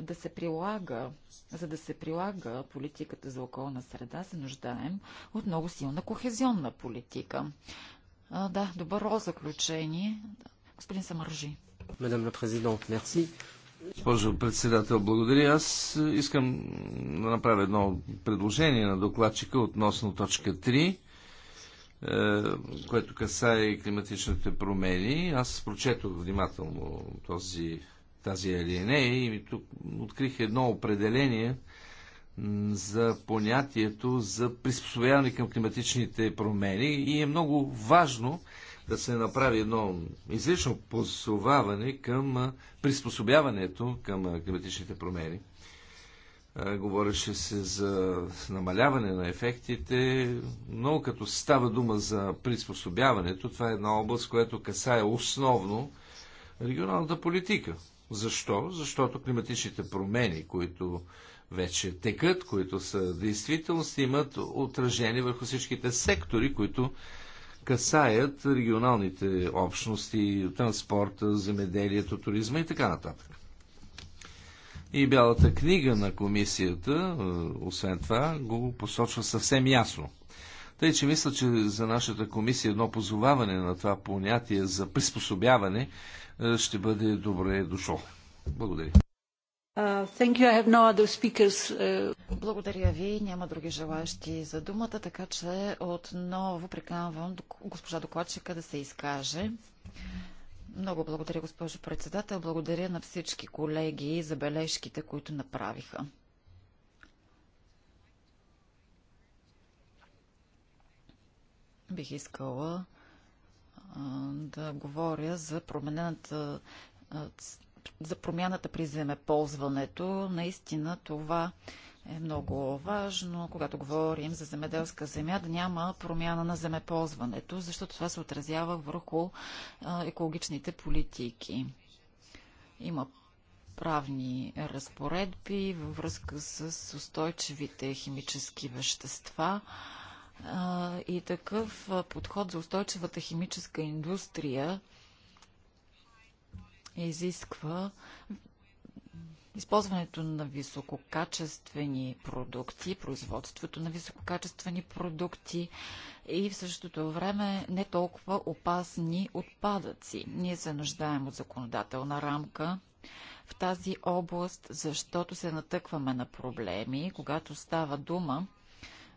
да се прилага, за да се прилага политиката за околна среда, се нуждаем от много силна кохезионна политика. А, да, добро заключение. Господин Самаржи. Мадам на президент, мерси. Госпожо председател, благодаря. Аз искам да направя едно предложение на докладчика относно точка е, което касае и климатичните промени. Аз прочетох внимателно този, тази алинея и тук открих едно определение за понятието за приспособяване към климатичните промени и е много важно да се направи едно излишно посоваване към приспособяването към климатичните промени говореше се за намаляване на ефектите, но като става дума за приспособяването, това е една област, която касае основно регионалната политика. Защо? Защото климатичните промени, които вече текат, които са действителност, имат отражение върху всичките сектори, които касаят регионалните общности, транспорта, земеделието, туризма и така нататък. И бялата книга на комисията, е, освен това, го посочва съвсем ясно. Тъй, че мисля, че за нашата комисия едно позоваване на това понятие за приспособяване е, ще бъде добре дошло. Благодаря. Uh, no uh... Благодаря ви. Няма други желащи за думата, така че отново приканвам госпожа докладчика да се изкаже. Много благодаря, госпожо председател. Благодаря на всички колеги и забележките, които направиха. Бих искала а, да говоря за променената а, за промяната при земеползването. Наистина това е е много важно, когато говорим за земеделска земя, да няма промяна на земеползването, защото това се отразява върху екологичните политики. Има правни разпоредби във връзка с устойчивите химически вещества и такъв подход за устойчивата химическа индустрия изисква Използването на висококачествени продукти, производството на висококачествени продукти и в същото време не толкова опасни отпадъци. Ние се нуждаем от законодателна рамка, в тази област, защото се натъкваме на проблеми, когато става дума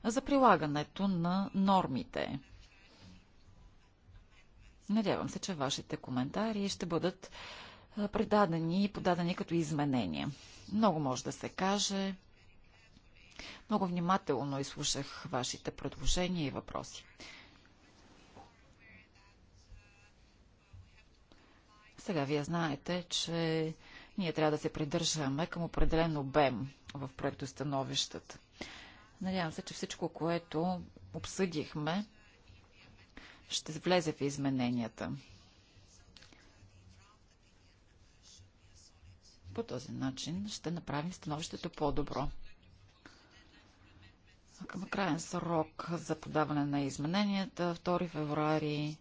за прилагането на нормите. Надявам се, че вашите коментари ще бъдат предадени и подадени като изменения. Много може да се каже. Много внимателно изслушах вашите предложения и въпроси. Сега вие знаете, че ние трябва да се придържаме към определен обем в проектостановищата. Надявам се, че всичко, което обсъдихме, ще влезе в измененията. По този начин ще направим становището по-добро. Към крайен срок за подаване на измененията 2 февруари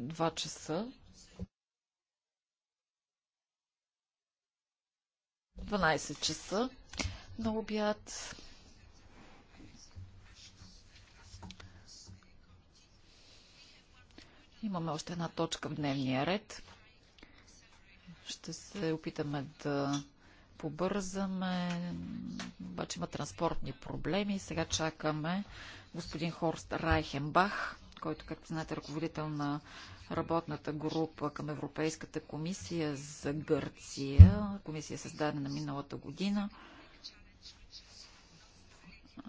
2 часа 12 часа на обяд. Имаме още една точка в дневния ред. Ще се опитаме да побързаме, обаче има транспортни проблеми. Сега чакаме господин Хорст Райхенбах, който, както знаете, е ръководител на работната група към Европейската комисия за Гърция. Комисия е създадена миналата година,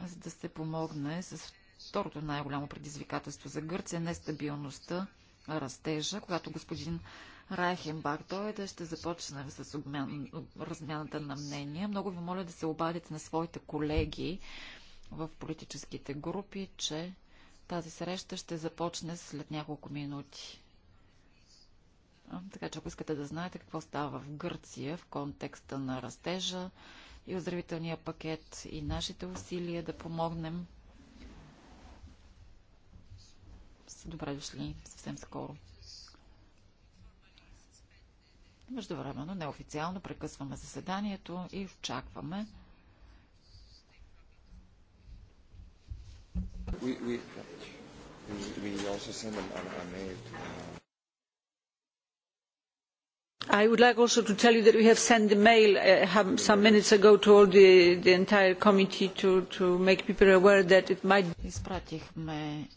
за да се помогне с второто най-голямо предизвикателство за Гърция, нестабилността, растежа. Когато господин Райхенбах дойде, ще започнем с обмен, размяната на мнения. Много ви моля да се обадите на своите колеги в политическите групи, че тази среща ще започне след няколко минути. Така че ако искате да знаете какво става в Гърция в контекста на растежа и оздравителния пакет и нашите усилия да помогнем, са добре дошли съвсем скоро. Междувременно неофициално прекъсваме заседанието и очакваме. I would like also to tell you that we have sent a mail uh, some minutes ago to all the, the entire committee to, to make people aware that it might... Изпратихме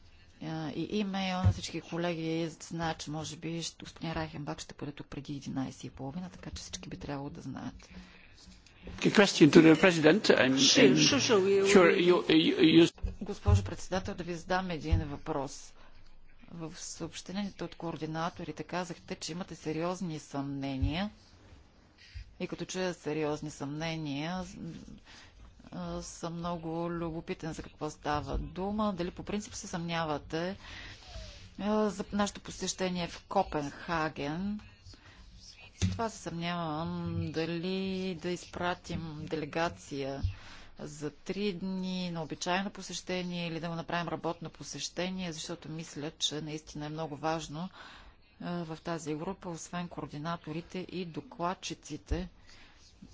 и имейл на всички колеги. Е знаят, че може би господин Райхенбак ще бъде тук преди 11.30, така че всички би трябвало да знаят. Госпожо председател, да ви задам един въпрос. В съобщението от координаторите казахте, че имате сериозни съмнения и като чуя сериозни съмнения, е, съм много любопитен за какво става дума. Дали по принцип се съмнявате е, за нашето посещение в Копенхаген? Това се съмнявам дали да изпратим делегация за три дни на обичайно посещение или да го направим работно посещение, защото мисля, че наистина е много важно е, в тази група, освен координаторите и докладчиците,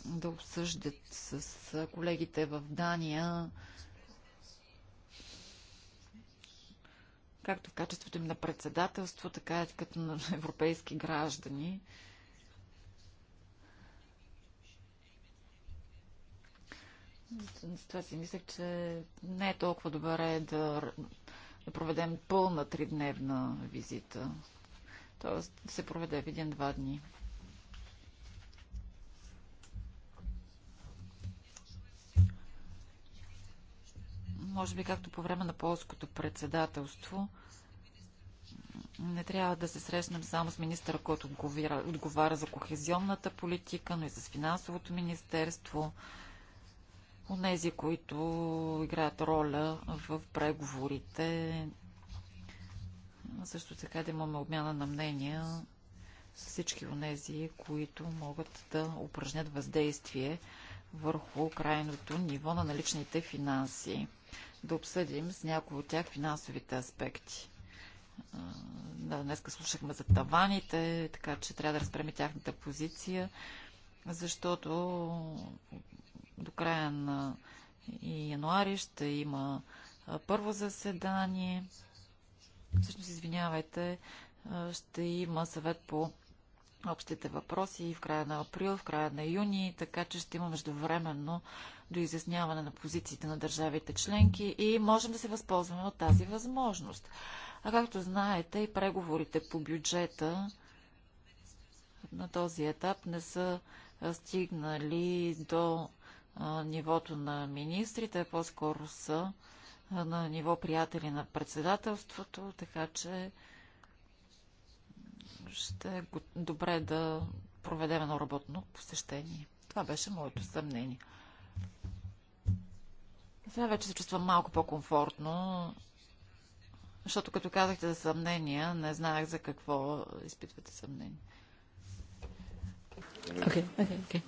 да обсъждат с колегите в Дания, както в качеството им на председателство, така и като на европейски граждани. С това си мислех, че не е толкова добре да, да проведем пълна тридневна визита. Тоест да се проведе в един-два дни. може би както по време на полското председателство, не трябва да се срещнем само с министъра, който отговаря за кохезионната политика, но и с финансовото министерство, тези, които играят роля в преговорите. Също така да имаме обмяна на мнения с всички тези, които могат да упражнят въздействие върху крайното ниво на наличните финанси. Да обсъдим с някои от тях финансовите аспекти. Да, днеска слушахме за таваните, така че трябва да разпреме тяхната позиция, защото до края на януари ще има първо заседание. Всъщност, извинявайте, ще има съвет по общите въпроси в края на април, в края на юни, така че ще има междувременно до изясняване на позициите на държавите членки и можем да се възползваме от тази възможност. А както знаете, и преговорите по бюджета на този етап не са стигнали до нивото на министрите, по-скоро са на ниво приятели на председателството, така че ще е добре да проведем едно работно посещение. Това беше моето съмнение. Сега вече се чувствам малко по-комфортно, защото като казахте за съмнения, не знаех за какво изпитвате съмнение. Окей, окей, окей.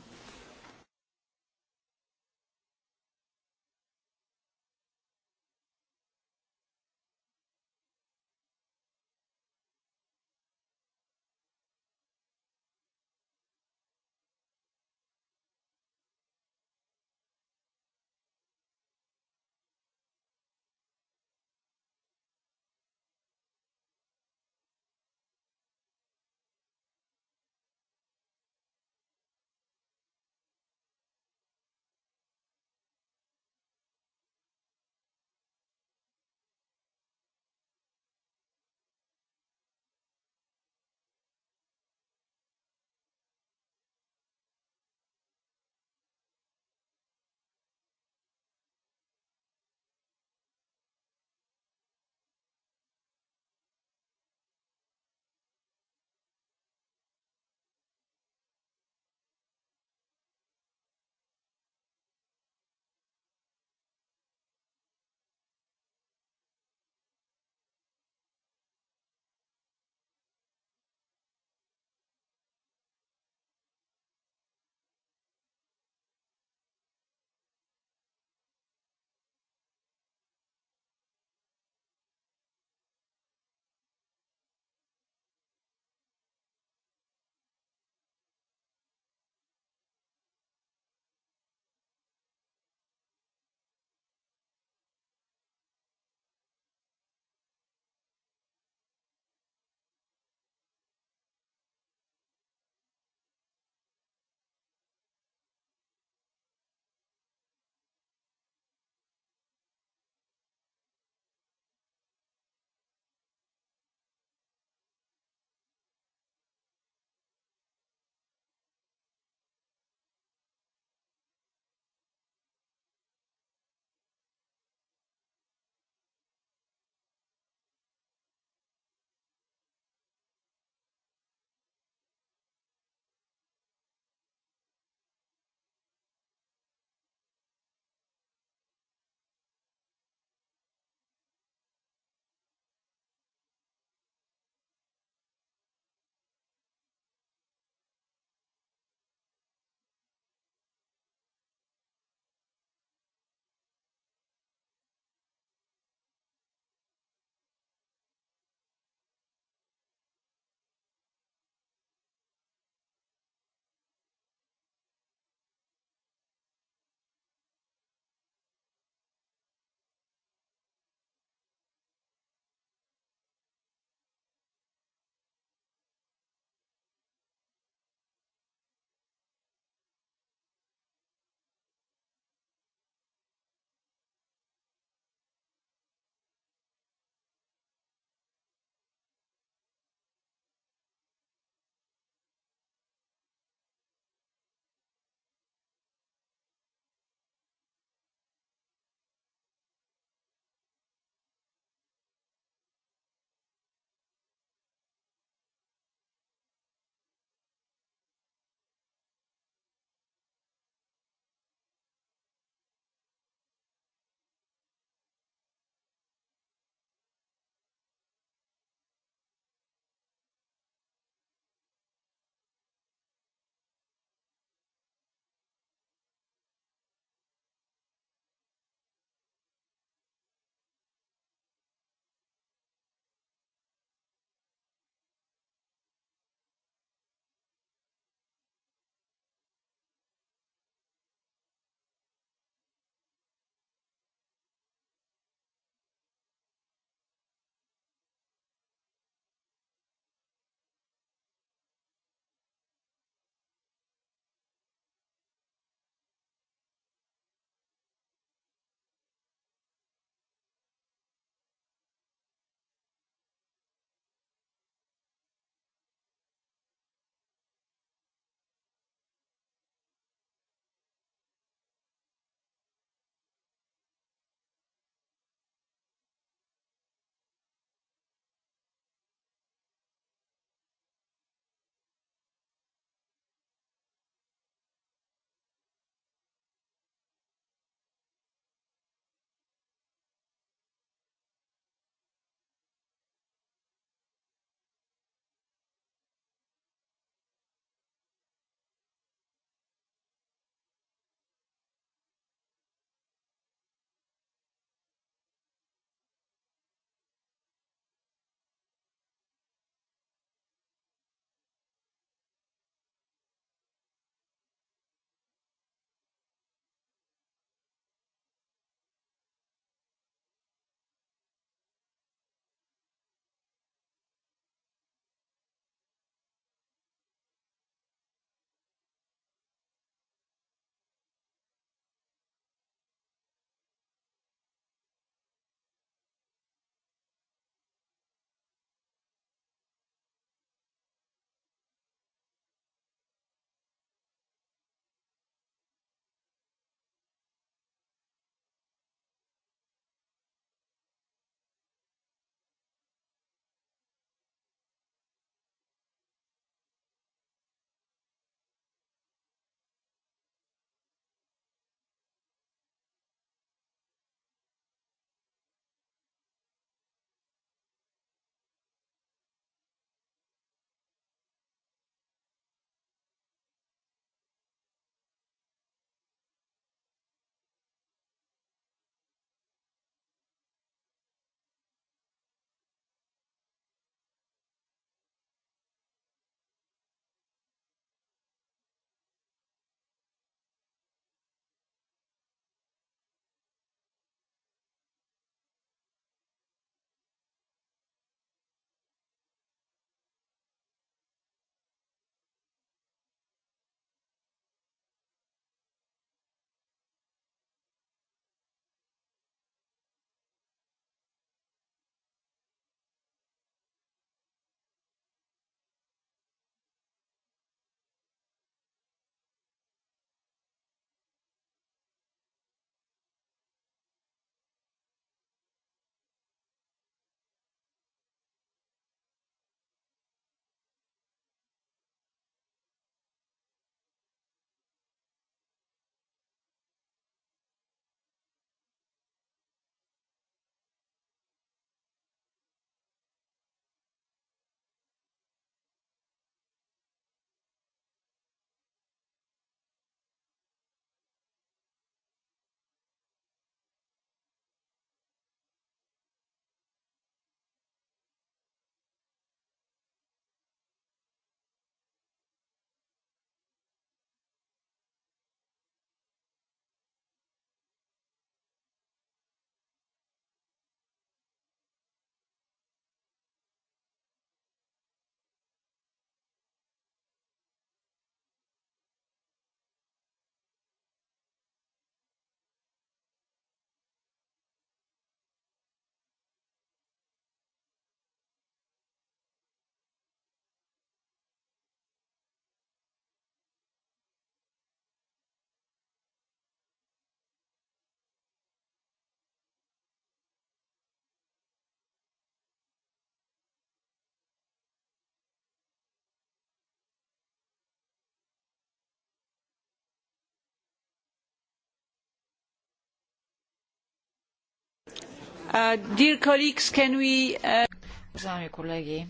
Uh, uh, Уважаеми колеги,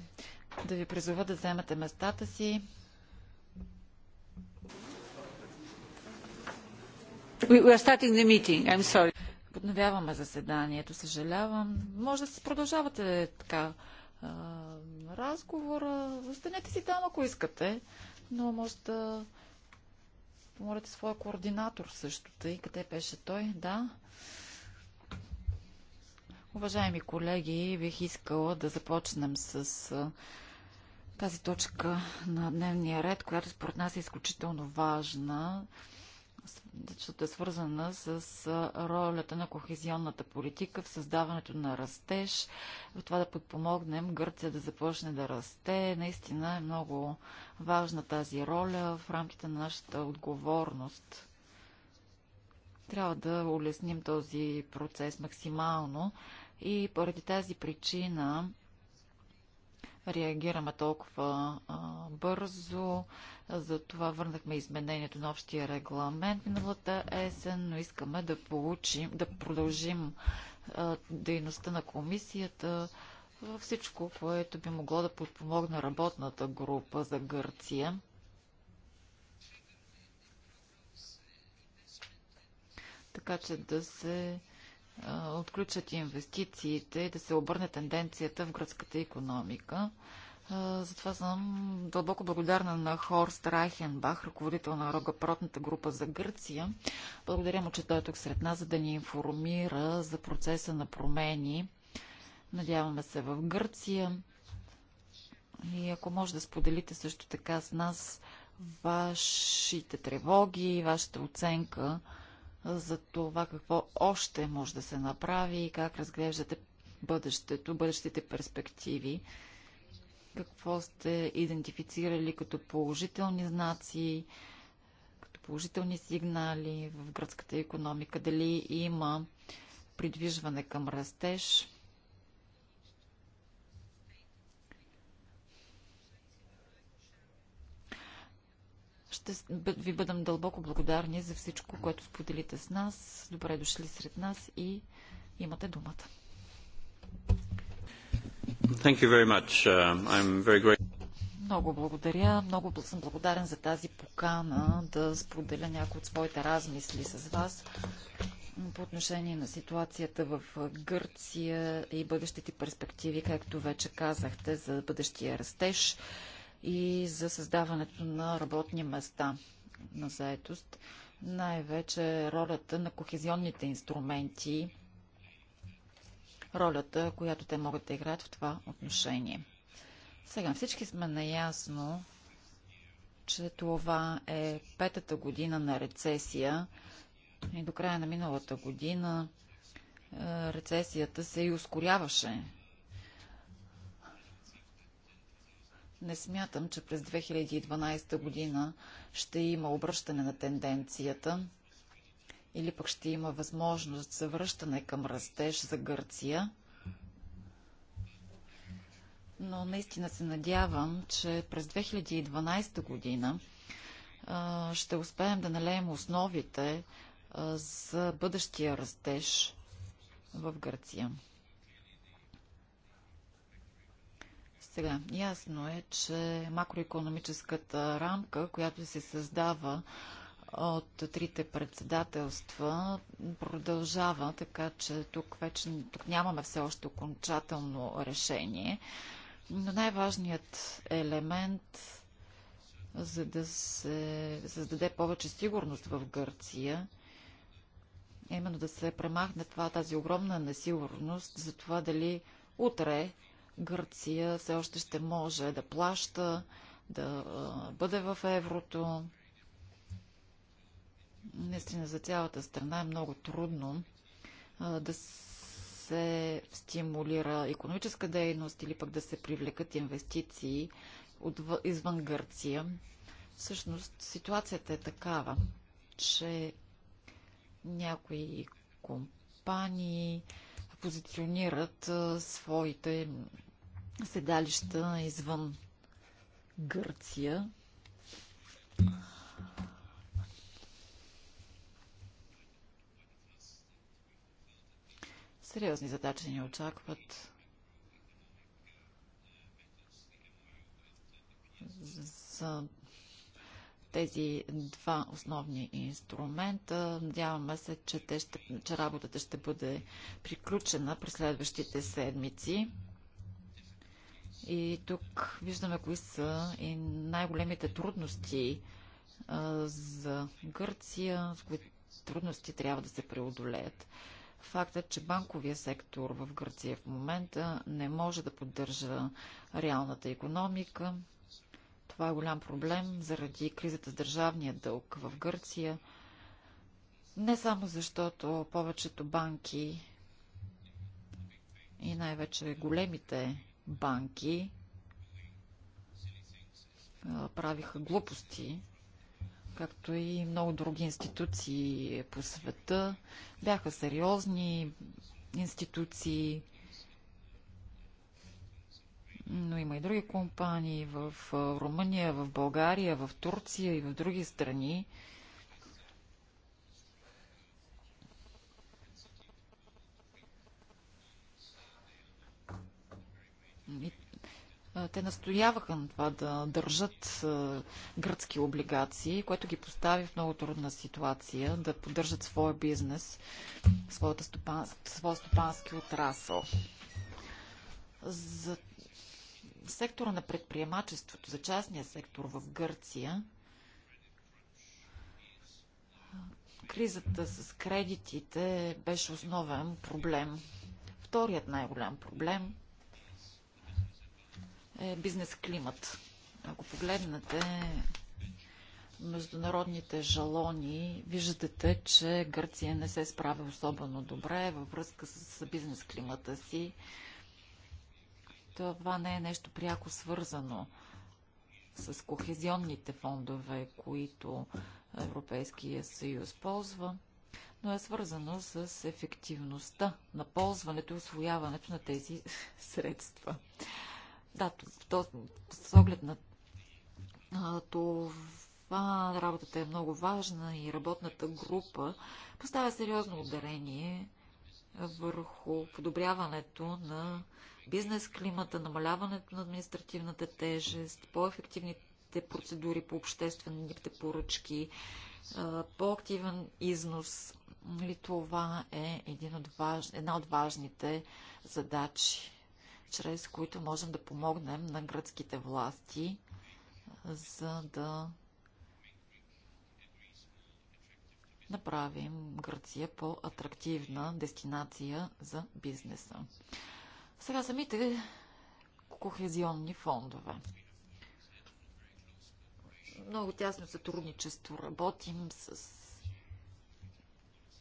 да ви призова да вземете местата си. We Подновяваме заседанието, съжалявам. Може да си продължавате така разговора. Останете си там, ако искате, но може да помолите своя координатор също, тъй къде беше той, да. Уважаеми колеги, бих искала да започнем с тази точка на дневния ред, която според нас е изключително важна, защото е свързана с ролята на кохезионната политика в създаването на растеж, в това да подпомогнем Гърция да започне да расте. Наистина е много важна тази роля в рамките на нашата отговорност трябва да улесним този процес максимално. И поради тази причина реагираме толкова а, бързо. Затова върнахме изменението на общия регламент миналата есен, но искаме да получим, да продължим а, дейността на комисията във всичко, което би могло да подпомогне работната група за Гърция. Така че да се отключат инвестициите и да се обърне тенденцията в гръцката економика. Затова съм дълбоко благодарна на Хорст Райхенбах, ръководител на Рогопротната група за Гърция. Благодаря му, че той е тук сред нас, за да ни информира за процеса на промени. Надяваме се в Гърция. И ако може да споделите също така с нас вашите тревоги, вашата оценка за това какво още може да се направи и как разглеждате бъдещето, бъдещите перспективи. Какво сте идентифицирали като положителни знаци, като положителни сигнали в гръцката економика? Дали има придвижване към растеж? Ще ви бъдам дълбоко благодарни за всичко, което споделите с нас. Добре дошли сред нас и имате думата. Thank you very much. Uh, I'm very great. Много благодаря. Много съм благодарен за тази покана да споделя някои от своите размисли с вас по отношение на ситуацията в Гърция и бъдещите перспективи, както вече казахте, за бъдещия растеж и за създаването на работни места на заетост. Най-вече ролята на кохезионните инструменти, ролята, която те могат да играят в това отношение. Сега всички сме наясно, че това е петата година на рецесия и до края на миналата година е, рецесията се и ускоряваше Не смятам, че през 2012 година ще има обръщане на тенденцията или пък ще има възможност за връщане към растеж за Гърция. Но наистина се надявам, че през 2012 година ще успеем да налеем основите за бъдещия растеж в Гърция. Сега, ясно е, че макроекономическата рамка, която се създава от трите председателства продължава, така че тук вече тук нямаме все още окончателно решение. Но най-важният елемент, за да се създаде повече сигурност в Гърция, е именно да се премахне това, тази огромна несигурност за това дали утре Гърция все още ще може да плаща, да бъде в еврото. Наистина за цялата страна е много трудно да се стимулира економическа дейност или пък да се привлекат инвестиции извън Гърция. Всъщност ситуацията е такава, че някои компании позиционират своите седалища извън Гърция. Сериозни задачи ни очакват. За тези два основни инструмента. Надяваме се, че, те ще, че работата ще бъде приключена през следващите седмици. И тук виждаме кои са и най-големите трудности а, за Гърция, с кои трудности трябва да се преодолеят. Фактът, че банковия сектор в Гърция в момента не може да поддържа реалната економика, това е голям проблем заради кризата с държавния дълг в Гърция. Не само защото повечето банки и най-вече големите банки правиха глупости, както и много други институции по света. Бяха сериозни институции, но има и други компании в Румъния, в България, в Турция и в други страни, Те настояваха на това да държат гръцки облигации, което ги постави в много трудна ситуация, да поддържат своя бизнес, своята стопан, своя стопански отрасъл. За сектора на предприемачеството, за частния сектор в Гърция, кризата с кредитите беше основен проблем. Вторият най-голям проблем е бизнес климат. Ако погледнете международните жалони, виждате, че Гърция не се справя особено добре във връзка с бизнес климата си. Това не е нещо пряко свързано с кохезионните фондове, които Европейския съюз ползва, но е свързано с ефективността на ползването и освояването на тези средства. Да, то, с оглед на а, това работата е много важна и работната група поставя сериозно ударение върху подобряването на бизнес климата, намаляването на административната тежест, по-ефективните процедури по обществените поръчки, по-активен износ. Ли нали, това е един от важ... една от важните задачи чрез които можем да помогнем на гръцките власти, за да направим Гръция по-атрактивна дестинация за бизнеса. Сега самите кохезионни фондове. Много тясно сътрудничество работим с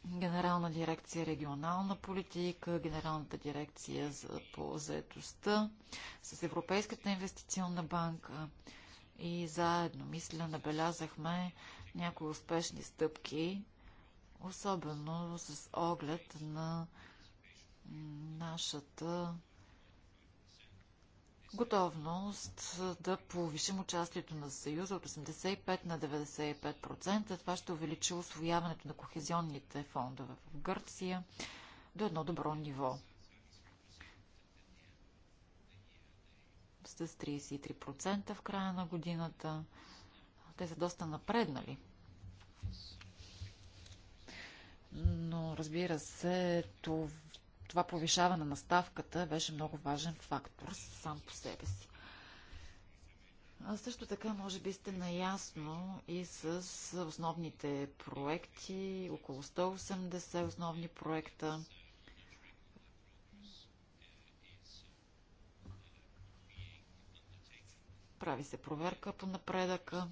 Генерална дирекция регионална политика, Генералната дирекция за, по заетостта, с Европейската инвестиционна банка и заедно, мисля, набелязахме някои успешни стъпки, особено с оглед на нашата готовност да повишим участието на Съюза от 85 на 95%. Това ще увеличи освояването на кохезионните фондове в Гърция до едно добро ниво. С 33% в края на годината. Те са доста напреднали. Но разбира се, това това повишаване на ставката беше много важен фактор сам по себе си. А също така, може би сте наясно и с основните проекти, около 180 основни проекта. Прави се проверка по напредъка.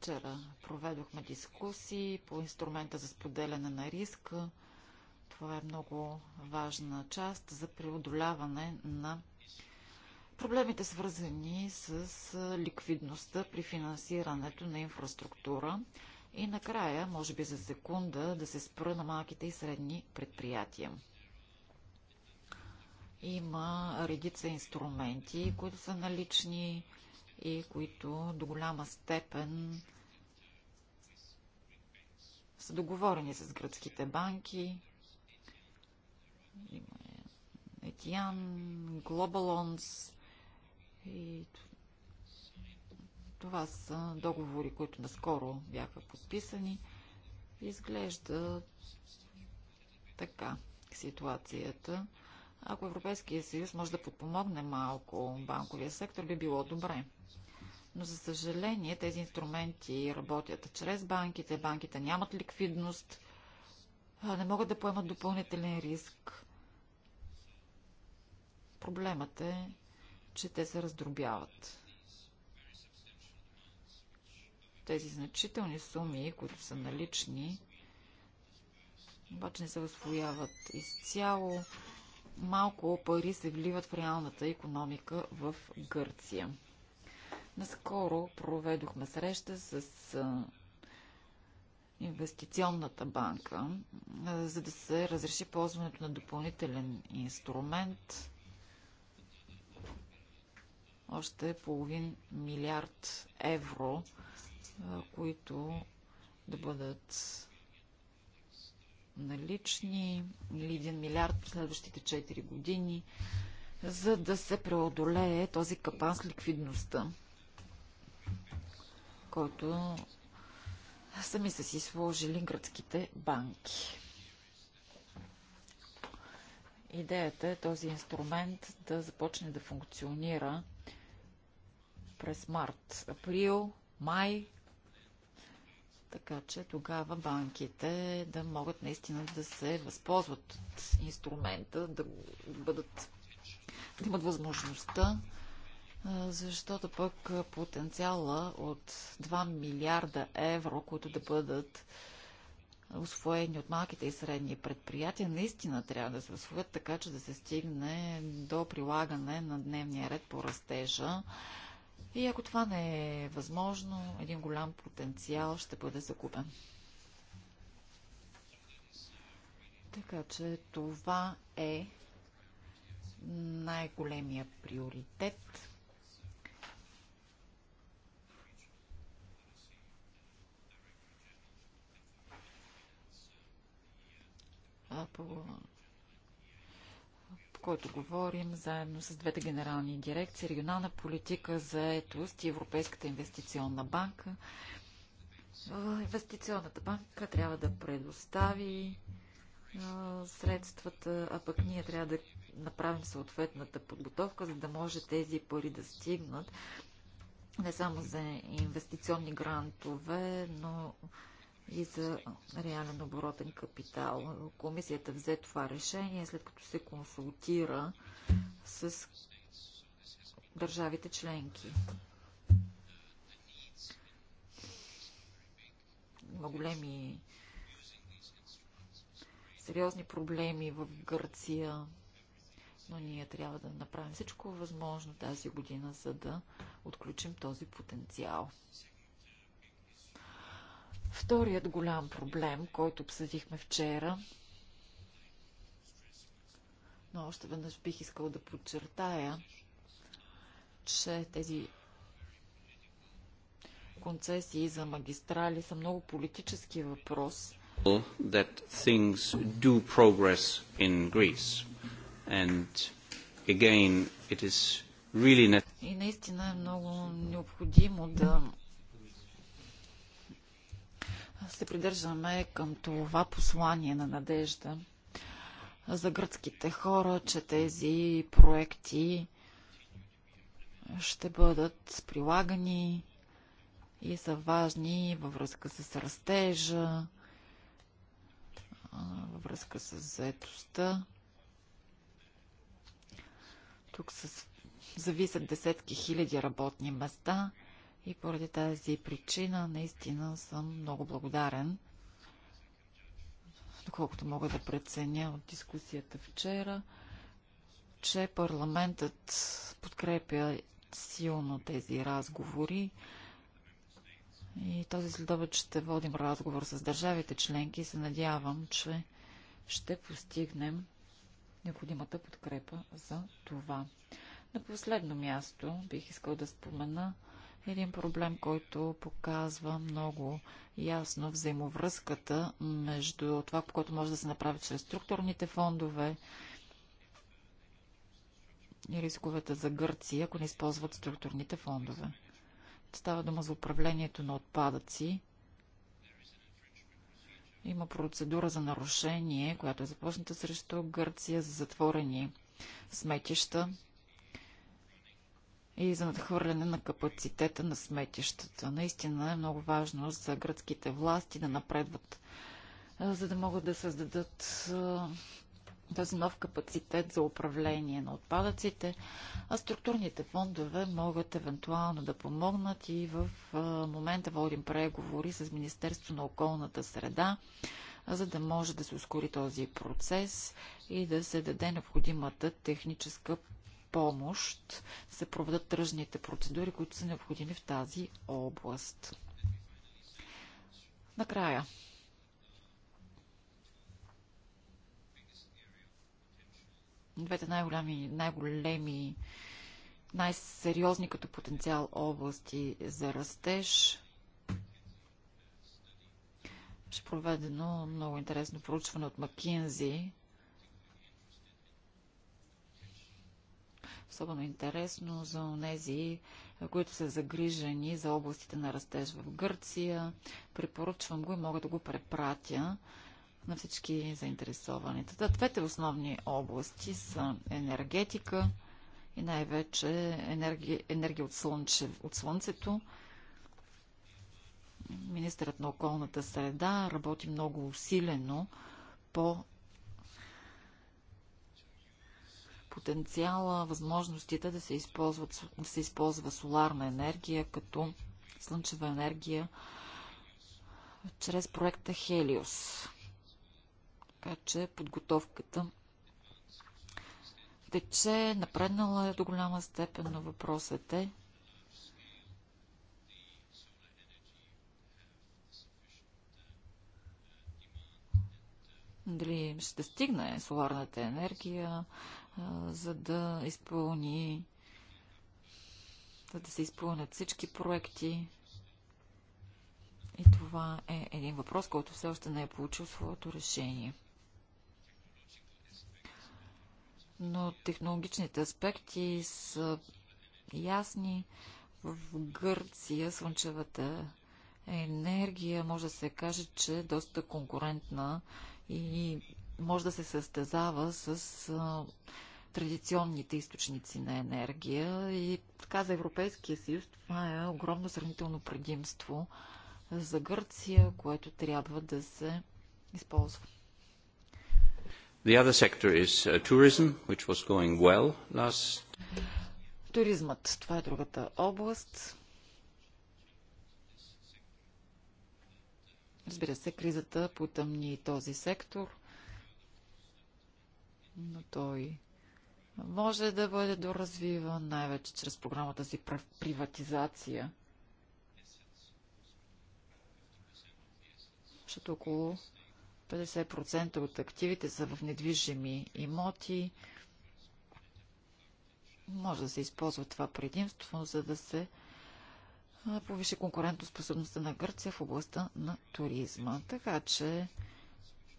Вчера проведохме дискусии по инструмента за споделяне на риска. Това е много важна част за преодоляване на проблемите, свързани с ликвидността при финансирането на инфраструктура. И накрая, може би за секунда, да се спра на малките и средни предприятия. Има редица инструменти, които са налични и които до голяма степен са договорени с гръцките банки. Има Етиан, Глобалонс и това са договори, които наскоро бяха подписани. Изглежда така ситуацията. Ако Европейския съюз може да подпомогне малко банковия сектор, би било добре. Но за съжаление тези инструменти работят чрез банките. Банките нямат ликвидност, не могат да поемат допълнителен риск. Проблемът е, че те се раздробяват. Тези значителни суми, които са налични, обаче не се възпояват изцяло. Малко пари се вливат в реалната економика в Гърция. Наскоро проведохме среща с инвестиционната банка, за да се разреши ползването на допълнителен инструмент още половин милиард евро, които да бъдат налични или един милиард в следващите 4 години, за да се преодолее този капан с ликвидността който сами са си сложили гръцките банки. Идеята е този инструмент да започне да функционира през март, април, май, така че тогава банките да могат наистина да се възползват от инструмента, да бъдат да имат възможността защото пък потенциала от 2 милиарда евро, които да бъдат освоени от малките и средни предприятия, наистина трябва да се освоят така, че да се стигне до прилагане на дневния ред по растежа. И ако това не е възможно, един голям потенциал ще бъде загубен. Така че това е най-големия приоритет, по който говорим заедно с двете генерални дирекции, регионална политика за етост и Европейската инвестиционна банка. Инвестиционната банка трябва да предостави средствата, а пък ние трябва да направим съответната подготовка, за да може тези пари да стигнат не само за инвестиционни грантове, но и за реален оборотен капитал. Комисията взе това решение, след като се консултира с държавите членки. Има големи сериозни проблеми в Гърция, но ние трябва да направим всичко възможно тази година, за да отключим този потенциал. Вторият голям проблем, който обсъдихме вчера, но още веднъж бих искал да подчертая, че тези концесии за магистрали са много политически въпрос. That things do progress in Greece. And again, it is really... И наистина е много необходимо да се придържаме към това послание на надежда за гръцките хора, че тези проекти ще бъдат прилагани и са важни във връзка с растежа, във връзка с заетостта. Тук с... зависят десетки хиляди работни места – и поради тази причина наистина съм много благодарен, доколкото мога да преценя от дискусията вчера, че парламентът подкрепя силно тези разговори. И този следобед ще водим разговор с държавите членки и се надявам, че ще постигнем необходимата подкрепа за това. На последно място бих искал да спомена един проблем, който показва много ясно взаимовръзката между това, по което може да се направи чрез структурните фондове и рисковете за Гърция, ако не използват структурните фондове. Става дума за управлението на отпадъци. Има процедура за нарушение, която е започната срещу Гърция за затворени сметища и за надхвърляне на капацитета на сметищата. Наистина е много важно за гръцките власти да напредват, за да могат да създадат този нов капацитет за управление на отпадъците, а структурните фондове могат евентуално да помогнат и в момента водим преговори с Министерство на околната среда, за да може да се ускори този процес и да се даде необходимата техническа помощ се проведат тръжните процедури, които са необходими в тази област. Накрая. Двете най-големи, най-големи, най-сериозни като потенциал области за растеж Ще проведено много интересно проучване от Макинзи, особено интересно за онези, които са загрижени за областите на растеж в Гърция. Препоръчвам го и мога да го препратя на всички заинтересовани. Та, двете основни области са енергетика и най-вече енергия, енергия от, слънче, от слънцето. Министърът на околната среда работи много усилено по потенциала, възможностите да се, използват, да се използва соларна енергия като слънчева енергия чрез проекта Хелиос. Така че подготовката тече, напреднала е до голяма степен, но въпросът е дали ще стигне соларната енергия за да изпълни за да се изпълнят всички проекти. И това е един въпрос, който все още не е получил своето решение. Но технологичните аспекти са ясни. В Гърция слънчевата енергия може да се каже, че е доста конкурентна и може да се състезава с а, традиционните източници на енергия и така за Европейския съюз това е огромно сравнително предимство за Гърция, което трябва да се използва. The other sector is uh, tourism, which was going well last... Туризмът, това е другата област. Разбира се, кризата потъмни този сектор но той може да бъде доразвиван най-вече чрез програмата си приватизация. Защото около 50% от активите са в недвижими имоти. Може да се използва това предимство, за да се повиши конкурентоспособността на Гърция в областта на туризма. Така че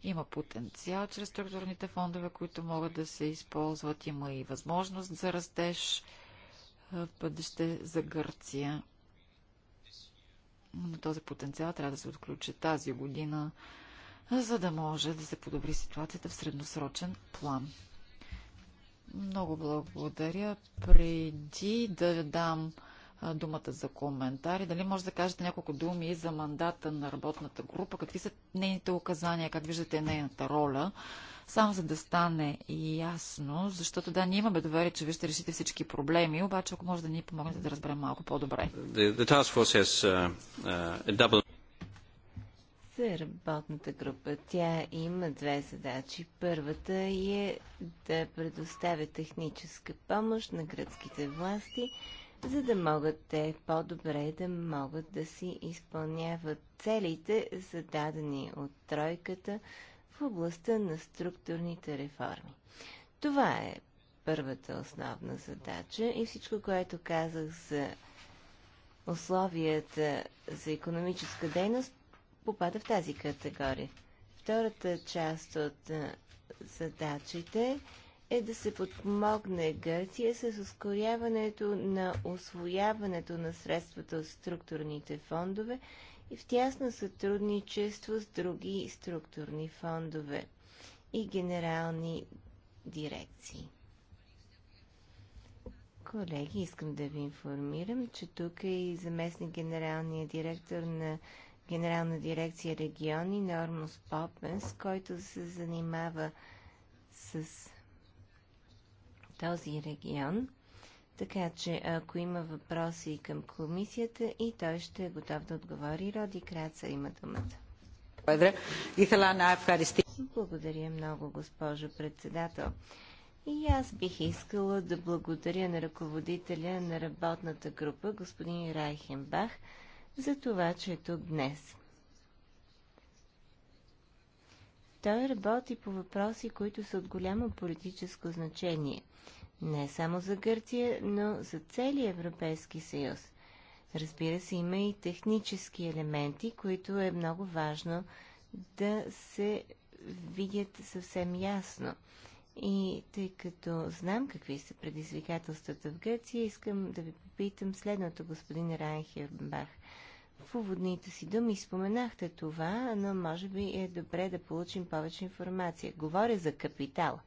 има потенциал чрез структурните фондове, които могат да се използват. Има и възможност за растеж в бъдеще за Гърция. Но този потенциал трябва да се отключи тази година, за да може да се подобри ситуацията в средносрочен план. Много благодаря. Преди да дам думата за коментари. Дали може да кажете няколко думи за мандата на работната група? Какви са нейните указания? Как виждате нейната роля? Само за да стане ясно, защото да, ние имаме доверие, че вие ще решите всички проблеми, обаче ако може да ни помогнете да разберем малко по-добре. Uh, uh, за работната група тя има две задачи. Първата е да предоставя техническа помощ на гръцките власти – за да могат те по-добре да могат да си изпълняват целите, зададени от тройката в областта на структурните реформи. Това е първата основна задача и всичко, което казах за условията за економическа дейност, попада в тази категория. Втората част от задачите е да се подпомогне Гърция с ускоряването на освояването на средствата от структурните фондове и в тясно сътрудничество с други структурни фондове и генерални дирекции. Колеги, искам да ви информирам, че тук е и заместник генералния директор на Генерална дирекция региони Нормус Попенс, който се занимава с този регион. Така че, ако има въпроси към комисията, и той ще е готов да отговори. Роди Краца има думата. Благодаря много, госпожо председател. И аз бих искала да благодаря на ръководителя на работната група, господин Райхенбах, за това, че е тук днес. Той работи по въпроси, които са от голямо политическо значение. Не само за Гърция, но за целия Европейски съюз. Разбира се, има и технически елементи, които е много важно да се видят съвсем ясно. И тъй като знам какви са предизвикателствата в Гърция, искам да ви попитам следното, господин Райнхербах. В уводните си думи споменахте това, но може би е добре да получим повече информация. Говоря за капитал.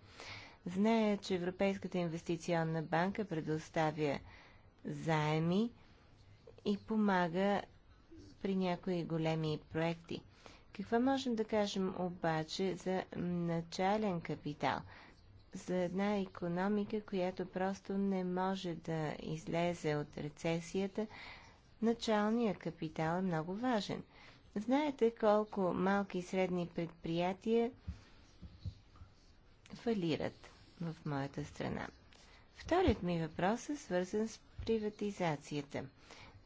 Зная, че Европейската инвестиционна банка предоставя заеми и помага при някои големи проекти. Какво можем да кажем обаче за начален капитал? За една економика, която просто не може да излезе от рецесията, началният капитал е много важен. Знаете колко малки и средни предприятия фалират в моята страна. Вторият ми въпрос е свързан с приватизацията.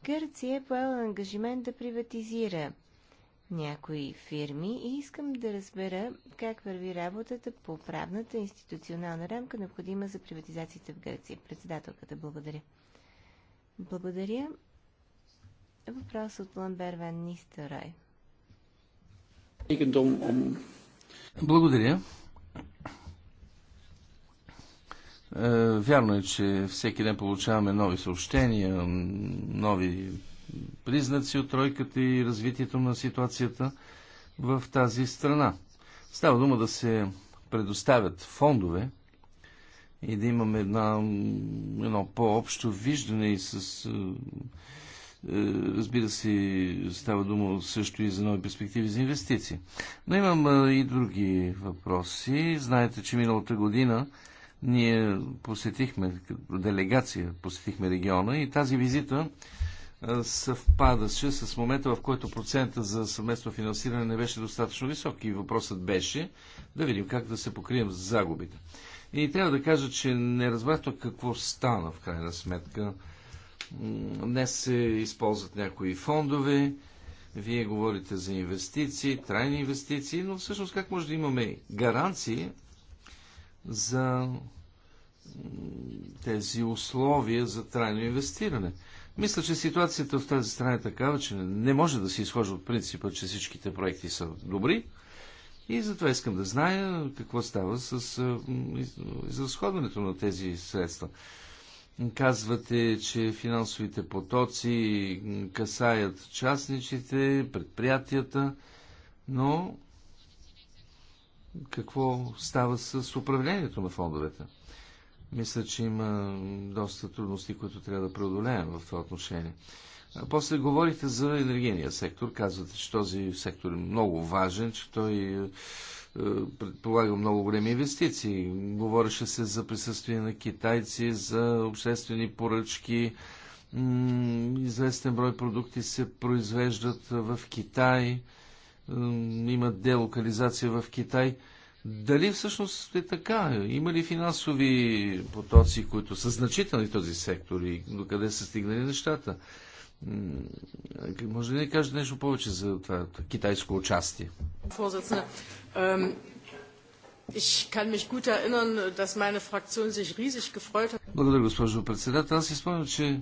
Гърция е поела ангажимент да приватизира някои фирми и искам да разбера как върви работата по правната институционална рамка, необходима за приватизацията в Гърция. Председателката, благодаря. Благодаря. Е въпрос от Ламбер Ван Нистерой. Благодаря. Е, вярно е, че всеки ден получаваме нови съобщения, нови признаци от тройката и развитието на ситуацията в тази страна. Става дума да се предоставят фондове и да имаме една, едно по-общо виждане и с е, е, разбира се, става дума също и за нови перспективи за инвестиции. Но имам е, и други въпроси. Знаете, че миналата година ние посетихме, като делегация посетихме региона и тази визита е, съвпадаше с момента, в който процента за съвместно финансиране не беше достатъчно висок и въпросът беше да видим как да се покрием с загубите. И трябва да кажа, че не разбрахме какво стана в крайна сметка Днес се използват някои фондове, вие говорите за инвестиции, трайни инвестиции, но всъщност как може да имаме гаранции за тези условия за трайно инвестиране? Мисля, че ситуацията в тази страна е такава, че не може да се изхожда от принципа, че всичките проекти са добри. И затова искам да зная какво става с изразходването на тези средства. Казвате, че финансовите потоци касаят частничите, предприятията, но какво става с управлението на фондовете? Мисля, че има доста трудности, които трябва да преодолеем в това отношение. после говорите за енергийния сектор. Казвате, че този сектор е много важен, че той е, е, предполага много големи инвестиции. Говореше се за присъствие на китайци, за обществени поръчки. Известен брой продукти се произвеждат в Китай. Има делокализация в Китай. Дали всъщност е така? Има ли финансови потоци, които са значителни в този сектор и до къде са стигнали нещата? Може ли да кажете нещо повече за това китайско участие? Ähm, Благодаря, госпожо председател. Аз си спомням, че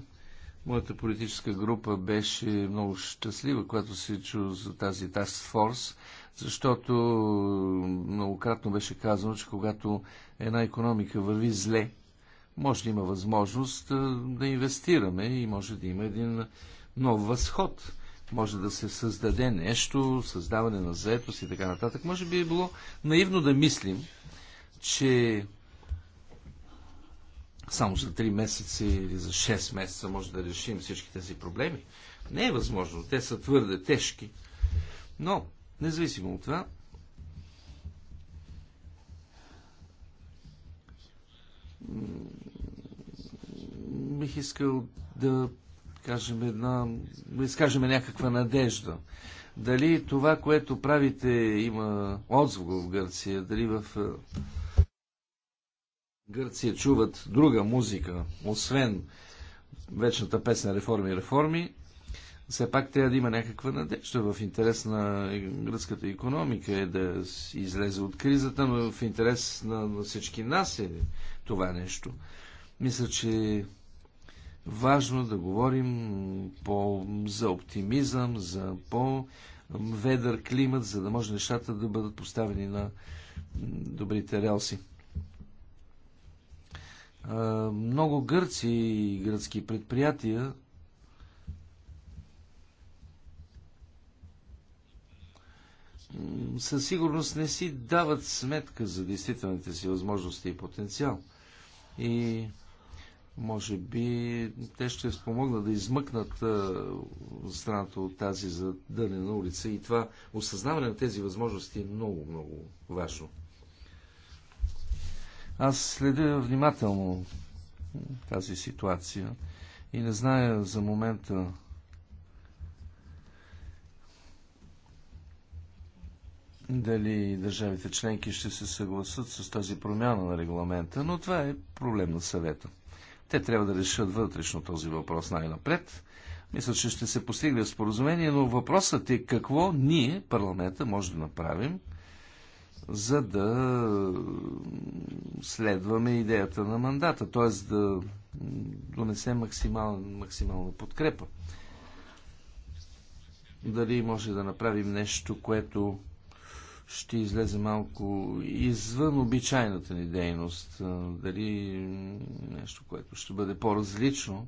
моята политическа група беше много щастлива, когато се чу за тази Task Force, защото многократно беше казано, че когато една економика върви зле, може да има възможност да инвестираме и може да има един нов възход. Може да се създаде нещо, създаване на заетост и така нататък. Може би е било наивно да мислим, че само за 3 месеца или за 6 месеца може да решим всички тези проблеми. Не е възможно. Те са твърде тежки. Но, независимо от това, бих искал да кажем една, да изкажем някаква надежда. Дали това, което правите, има отзвук в Гърция, дали в е, Гърция чуват друга музика, освен вечната песен Реформи, реформи, все пак трябва да има някаква надежда в интерес на гръцката економика е да излезе от кризата, но в интерес на всички нас е това нещо. Мисля, че важно да говорим по, за оптимизъм, за по-ведър климат, за да може нещата да бъдат поставени на добрите релси. Много гърци и гръцки предприятия със сигурност не си дават сметка за действителните си възможности и потенциал. И може би те ще спомогнат да измъкнат страната от тази задънена улица и това осъзнаване на тези възможности е много, много важно. Аз следя внимателно тази ситуация и не зная за момента дали държавите членки ще се съгласат с тази промяна на регламента, но това е проблем на съвета. Те трябва да решат вътрешно този въпрос най-напред. Мисля, че ще се постигне споразумение, но въпросът е какво ние, парламента, може да направим, за да следваме идеята на мандата, т.е. да донесем максимал, максимална подкрепа. Дали може да направим нещо, което ще излезе малко извън обичайната ни дейност. Дали нещо, което ще бъде по-различно,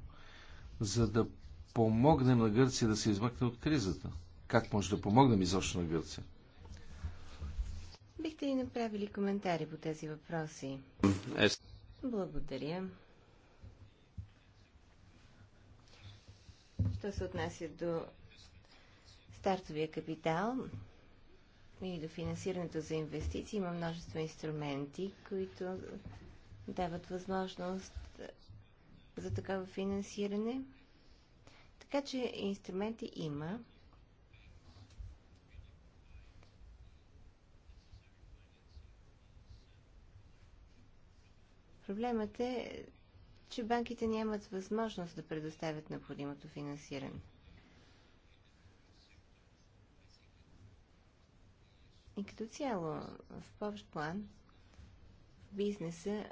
за да помогнем на Гърция да се измъкне от кризата. Как може да помогнем изобщо на Гърция? Бихте ли направили коментари по тези въпроси? Е... Благодаря. Що се отнася до стартовия капитал, и до финансирането за инвестиции има множество инструменти, които дават възможност е, за такава финансиране. Така че инструменти има. Проблемът е, че банките нямат възможност да предоставят необходимото финансиране. И като цяло, в общ план, в бизнеса,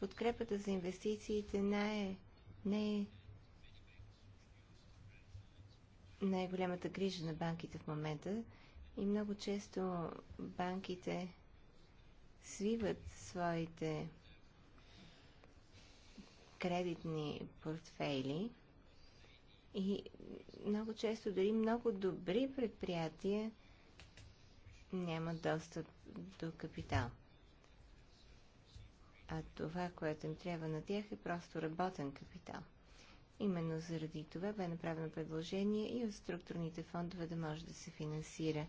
подкрепата за инвестициите не е, не е най-голямата грижа на банките в момента и много често банките свиват своите кредитни портфейли и много често дори много добри предприятия няма достъп до капитал. А това, което им трябва на тях е просто работен капитал. Именно заради това бе направено предложение и от структурните фондове да може да се финансира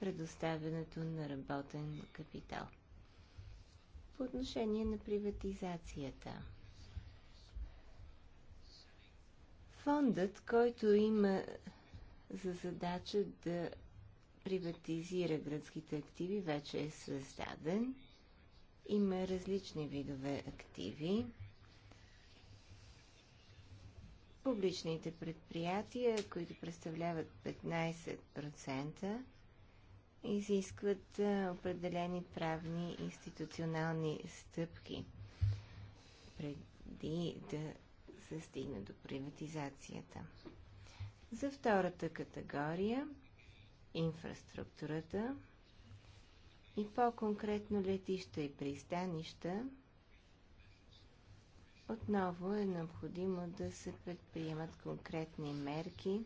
предоставянето на работен капитал. По отношение на приватизацията. Фондът, който има за задача да приватизира гръцките активи вече е създаден. Има различни видове активи. Публичните предприятия, които представляват 15%, изискват определени правни институционални стъпки преди да се стигне до приватизацията. За втората категория – инфраструктурата и по-конкретно летища и пристанища, отново е необходимо да се предприемат конкретни мерки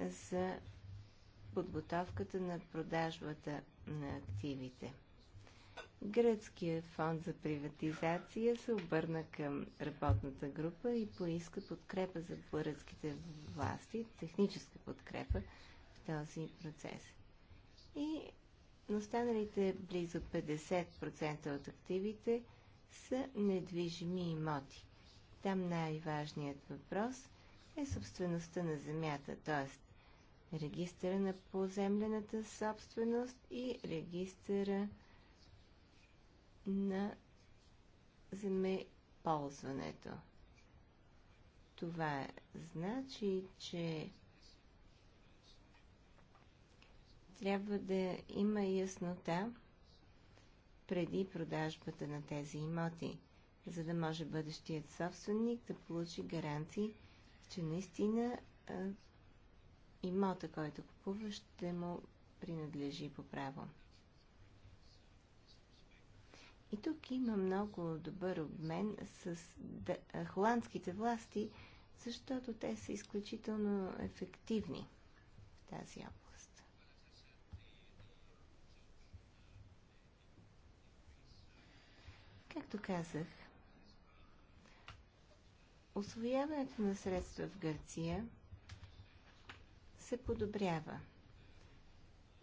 за подготовката на продажбата на активите. Гръцкият фонд за приватизация се обърна към работната група и поиска подкрепа за българските власти, техническа подкрепа, този процес. И останалите близо 50% от активите са недвижими имоти. Там най-важният въпрос е собствеността на земята, т.е. регистъра на поземлената собственост и регистъра на земеползването. Това значи, че трябва да има яснота преди продажбата на тези имоти, за да може бъдещият собственик да получи гаранции, че наистина имота, който купува, ще му принадлежи по право. И тук има много добър обмен с холандските власти, защото те са изключително ефективни в тази област. Както казах, освояването на средства в Гърция се подобрява.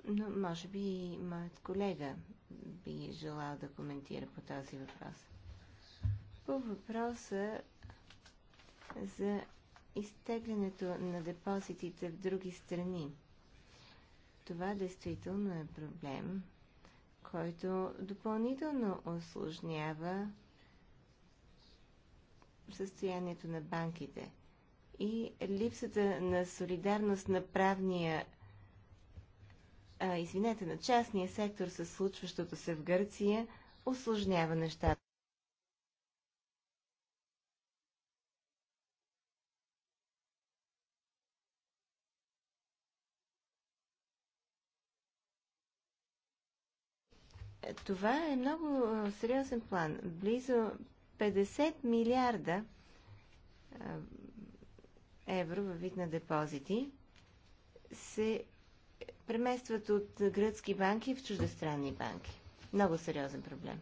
Но може би и моят колега би желал да коментира по този въпрос. По въпроса за изтеглянето на депозитите в други страни. Това действително е проблем който допълнително осложнява състоянието на банките и липсата на солидарност на правния а, извинете, на частния сектор с случващото се в Гърция осложнява нещата. Това е много сериозен план. Близо 50 милиарда евро във вид на депозити се преместват от гръцки банки в чуждестранни банки. Много сериозен проблем.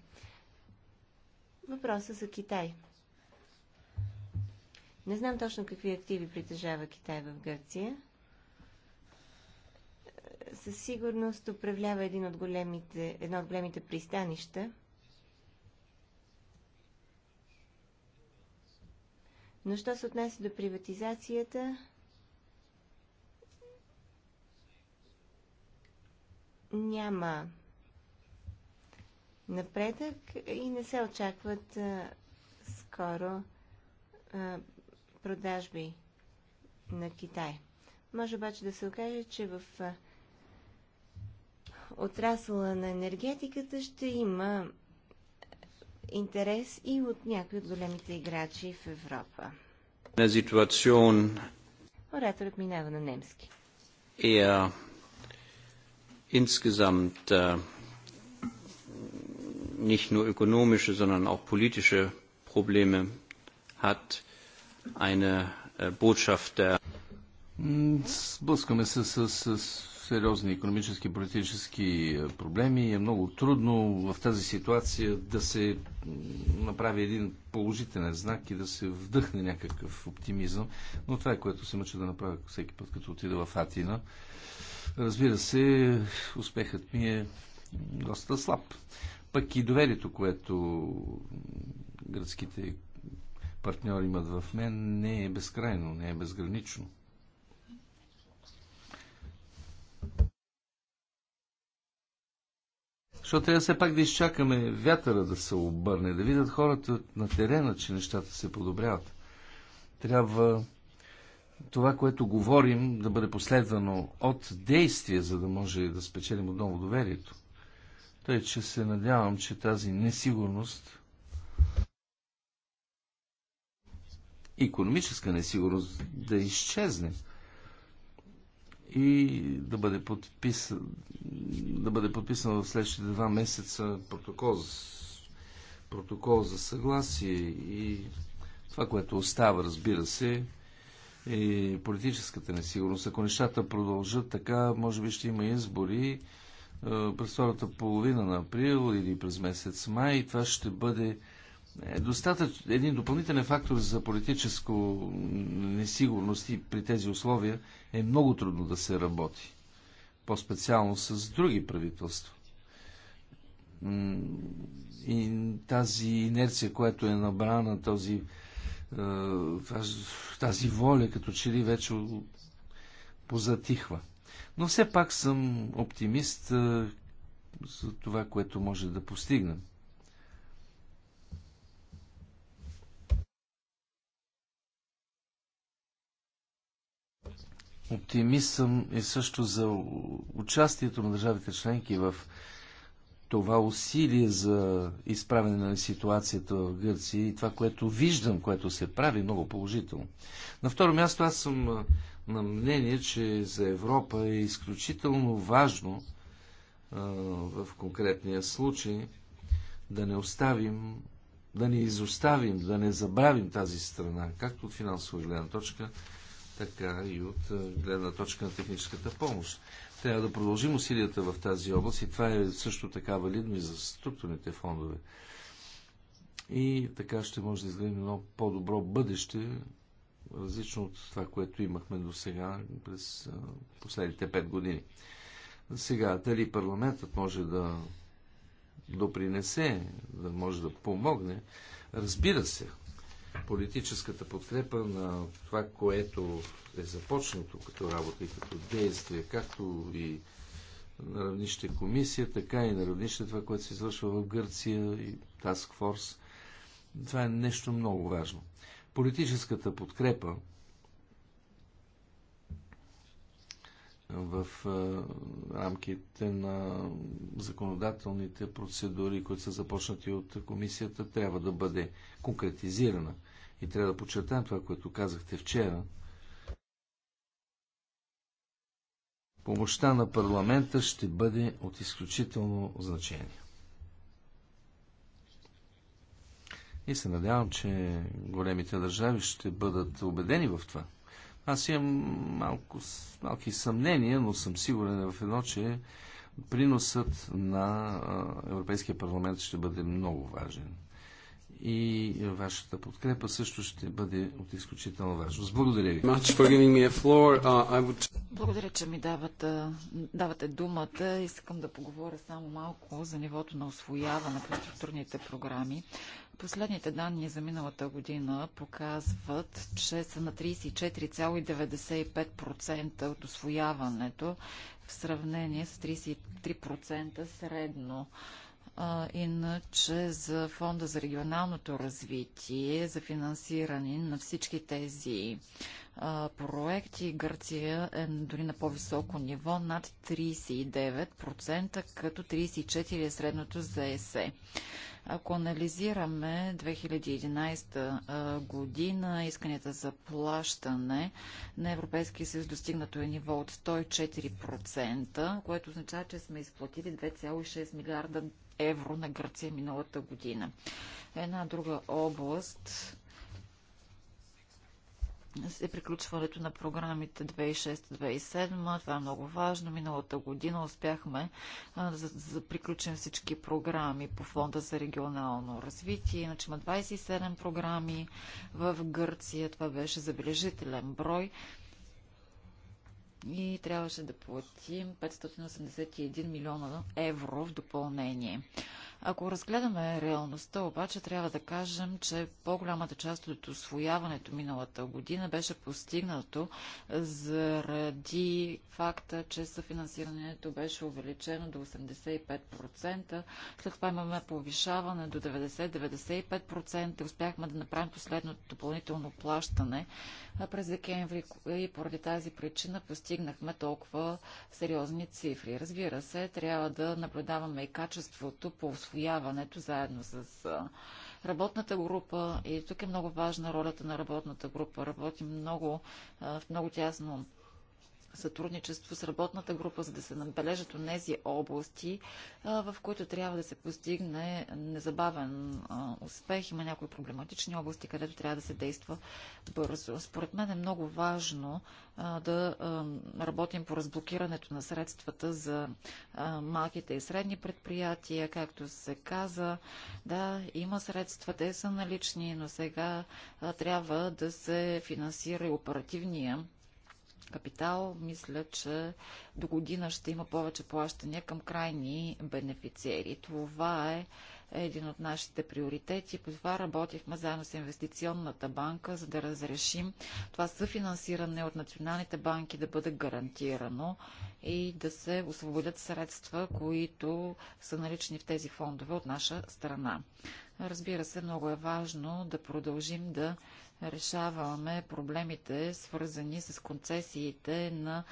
Въпросът за Китай. Не знам точно какви активи притежава Китай в Гърция със сигурност управлява един от големите, едно от големите пристанища. Но що се отнася до приватизацията, няма напредък и не се очакват а, скоро а, продажби на Китай. Може обаче да се окаже, че в а, отрасъла на енергетиката ще има интерес и от някои от големите играчи в Европа. На ситуацион... Ораторът минава на немски. Eher insgesamt nicht nur ökonomische, sondern auch politische Probleme hat eine äh, Botschaft der Сблъскваме се с, с сериозни економически и политически е, проблеми е много трудно в тази ситуация да се направи един положителен знак и да се вдъхне някакъв оптимизъм. Но това е което се мъча да направя всеки път, като отида в Атина. Разбира се, успехът ми е доста слаб. Пък и доверието, което гръцките партньори имат в мен, не е безкрайно, не е безгранично. Защото трябва все пак да изчакаме вятъра да се обърне, да видят хората на терена, че нещата се подобряват. Трябва това, което говорим, да бъде последвано от действие, за да може да спечелим отново доверието. Тъй, че се надявам, че тази несигурност, економическа несигурност, да изчезне и да бъде подписан, да бъде подписан в следващите два месеца протокол, протокол за съгласие и това, което остава, разбира се, и е политическата несигурност. Ако нещата продължат така, може би ще има избори е, през втората половина на април или през месец май и това ще бъде е достатъч, един допълнителен фактор за политическо несигурност и при тези условия е много трудно да се работи. По-специално с други правителства. И тази инерция, която е набрана, този, е, тази воля, като че ли вече позатихва. Но все пак съм оптимист е, за това, което може да постигнем. Оптимист съм и е също за участието на държавите членки в това усилие за изправене на ситуацията в Гърция и това, което виждам, което се прави, е много положително. На второ място аз съм на мнение, че за Европа е изключително важно а, в конкретния случай да не оставим, да не изоставим, да не забравим тази страна, както от финансова гледна точка, така и от гледна точка на техническата помощ. Трябва да продължим усилията в тази област и това е също така валидно и за структурните фондове. И така ще може да изгледаме едно по-добро бъдеще, различно от това, което имахме до сега през последните пет години. Сега, дали парламентът може да допринесе, да може да помогне, разбира се, политическата подкрепа на това, което е започнато като работа и като действие, както и на равнище комисия, така и на равнище това, което се извършва в Гърция и Таск Форс. Това е нещо много важно. Политическата подкрепа в рамките на законодателните процедури, които са започнати от комисията, трябва да бъде конкретизирана. И трябва да подчертаем това, което казахте вчера. Помощта на парламента ще бъде от изключително значение. И се надявам, че големите държави ще бъдат убедени в това. Аз имам малко, малки съмнения, но съм сигурен в едно, че приносът на Европейския парламент ще бъде много важен и вашата подкрепа също ще бъде от изключителна важност. Благодаря ви. Uh, Благодаря, че ми давате, давате думата. Искам да поговоря само малко за нивото на освояване по структурните програми. Последните данни за миналата година показват, че са на 34,95% от освояването в сравнение с 33% средно а, иначе за Фонда за регионалното развитие, за финансиране на всички тези а, проекти, Гърция е дори на по-високо ниво, над 39%, като 34% е средното за ЕСЕ. Ако анализираме 2011 година, исканията за плащане на Европейския съюз достигнато е ниво от 104%, което означава, че сме изплатили 2,6 милиарда евро на Гърция миналата година. Една друга област е приключването на програмите 2006-2007. Това е много важно. Миналата година успяхме да приключим всички програми по фонда за регионално развитие. Иначе има 27 програми в Гърция. Това беше забележителен брой и трябваше да платим 581 милиона евро в допълнение. Ако разгледаме реалността, обаче трябва да кажем, че по-голямата част от освояването миналата година беше постигнато заради факта, че съфинансирането беше увеличено до 85%. След това имаме повишаване до 90-95%. Успяхме да направим последното допълнително плащане през декември и поради тази причина постигнахме толкова сериозни цифри. Разбира се, трябва да наблюдаваме и качеството по освояването усвояването заедно с работната група. И тук е много важна ролята на работната група. Работи много, в много тясно сътрудничество с работната група, за да се набележат онези области, в които трябва да се постигне незабавен успех. Има някои проблематични области, където трябва да се действа бързо. Според мен е много важно да работим по разблокирането на средствата за малките и средни предприятия, както се каза. Да, има средства, те са налични, но сега трябва да се финансира и оперативния капитал, мисля, че до година ще има повече плащания към крайни бенефициери. Това е един от нашите приоритети. По това работихме заедно с инвестиционната банка, за да разрешим това съфинансиране от националните банки да бъде гарантирано и да се освободят средства, които са налични в тези фондове от наша страна. Разбира се, много е важно да продължим да решаваме проблемите, свързани с концесиите на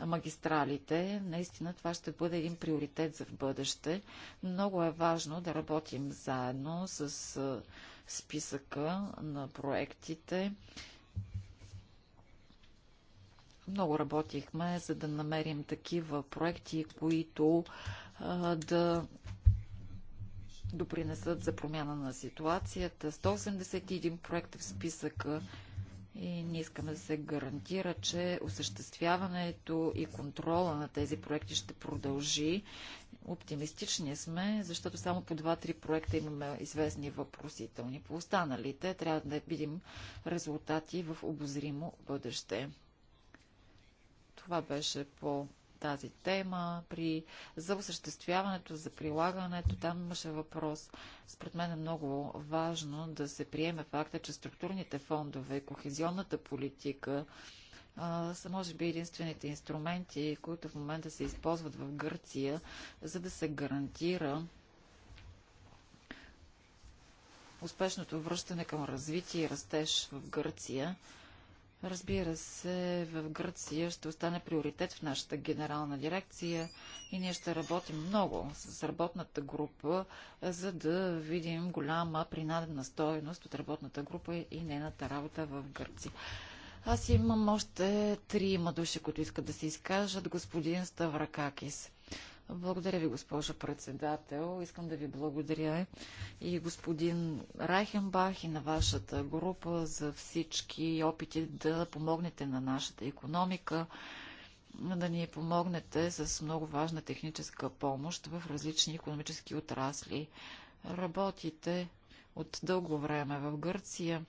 магистралите. Наистина това ще бъде един приоритет за в бъдеще. Много е важно да работим заедно с списъка на проектите. Много работихме, за да намерим такива проекти, които да допринесат за промяна на ситуацията. 181 проекта в списъка и не искаме да се гарантира, че осъществяването и контрола на тези проекти ще продължи. Оптимистични сме, защото само по 2-3 проекта имаме известни въпросителни. По останалите трябва да видим резултати в обозримо бъдеще. Това беше по тази тема, при, за осъществяването, за прилагането. Там имаше въпрос. Според мен е много важно да се приеме факта, че структурните фондове, кохезионната политика са, може би, единствените инструменти, които в момента се използват в Гърция, за да се гарантира успешното връщане към развитие и растеж в Гърция. Разбира се, в Гръция ще остане приоритет в нашата генерална дирекция и ние ще работим много с работната група, за да видим голяма принадена стоеност от работната група и нейната работа в Гърция. Аз имам още трима души, които искат да се изкажат. Господин Ставракакис. Благодаря ви, госпожо председател. Искам да ви благодаря и господин Райхенбах и на вашата група за всички опити да помогнете на нашата економика, да ни помогнете с много важна техническа помощ в различни економически отрасли. Работите от дълго време в Гърция,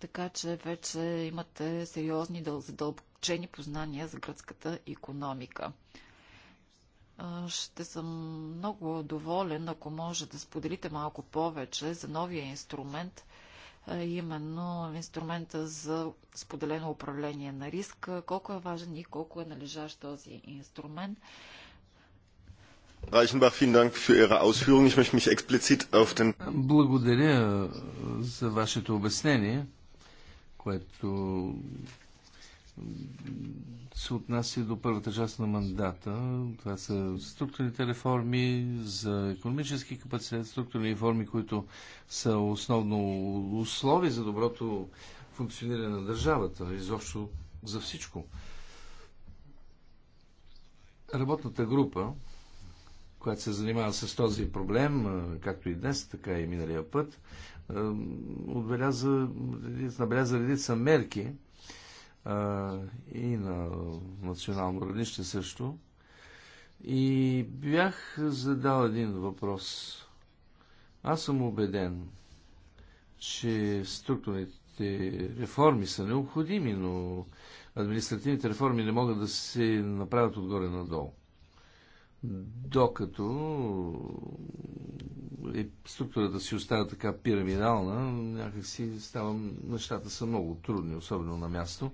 така че вече имате сериозни задълбочени познания за гръцката економика. Ще съм много доволен, ако може да споделите малко повече за новия инструмент, именно инструмента за споделено управление на риск. Колко е важен и колко е належащ този инструмент? Reichenbach, vielen Dank für Ihre Ich möchte mich explizit auf den... Благодаря за вашето обяснение, което се отнася до първата част на мандата. Това са структурните реформи за економически капацитет, структурни реформи, които са основно условие за доброто функциониране на държавата, изобщо за всичко. Работната група, която се занимава с този проблем, както и днес, така и миналия път, отбеляза, набеляза редица мерки, и на национално равнище също. И бях задал един въпрос. Аз съм убеден, че структурните реформи са необходими, но административните реформи не могат да се направят отгоре надолу докато е, структурата си остава така пирамидална, някакси става, нещата са много трудни, особено на място.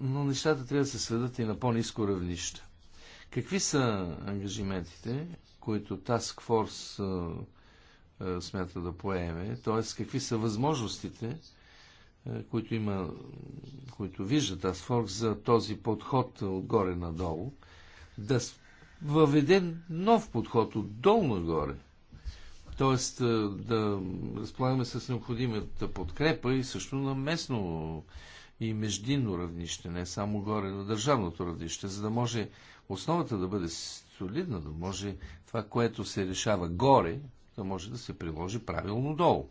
Но нещата трябва да се сведат и на по-низко равнище. Какви са ангажиментите, които Task Force смята да поеме, т.е. какви са възможностите, е, които, има, които виждат аз форк за този подход отгоре надолу, да въведе нов подход отдолу нагоре. Тоест е, да разполагаме с необходимата подкрепа и също на местно и междинно равнище, не само горе на държавното равнище, за да може основата да бъде солидна, да може това, което се решава горе, да може да се приложи правилно долу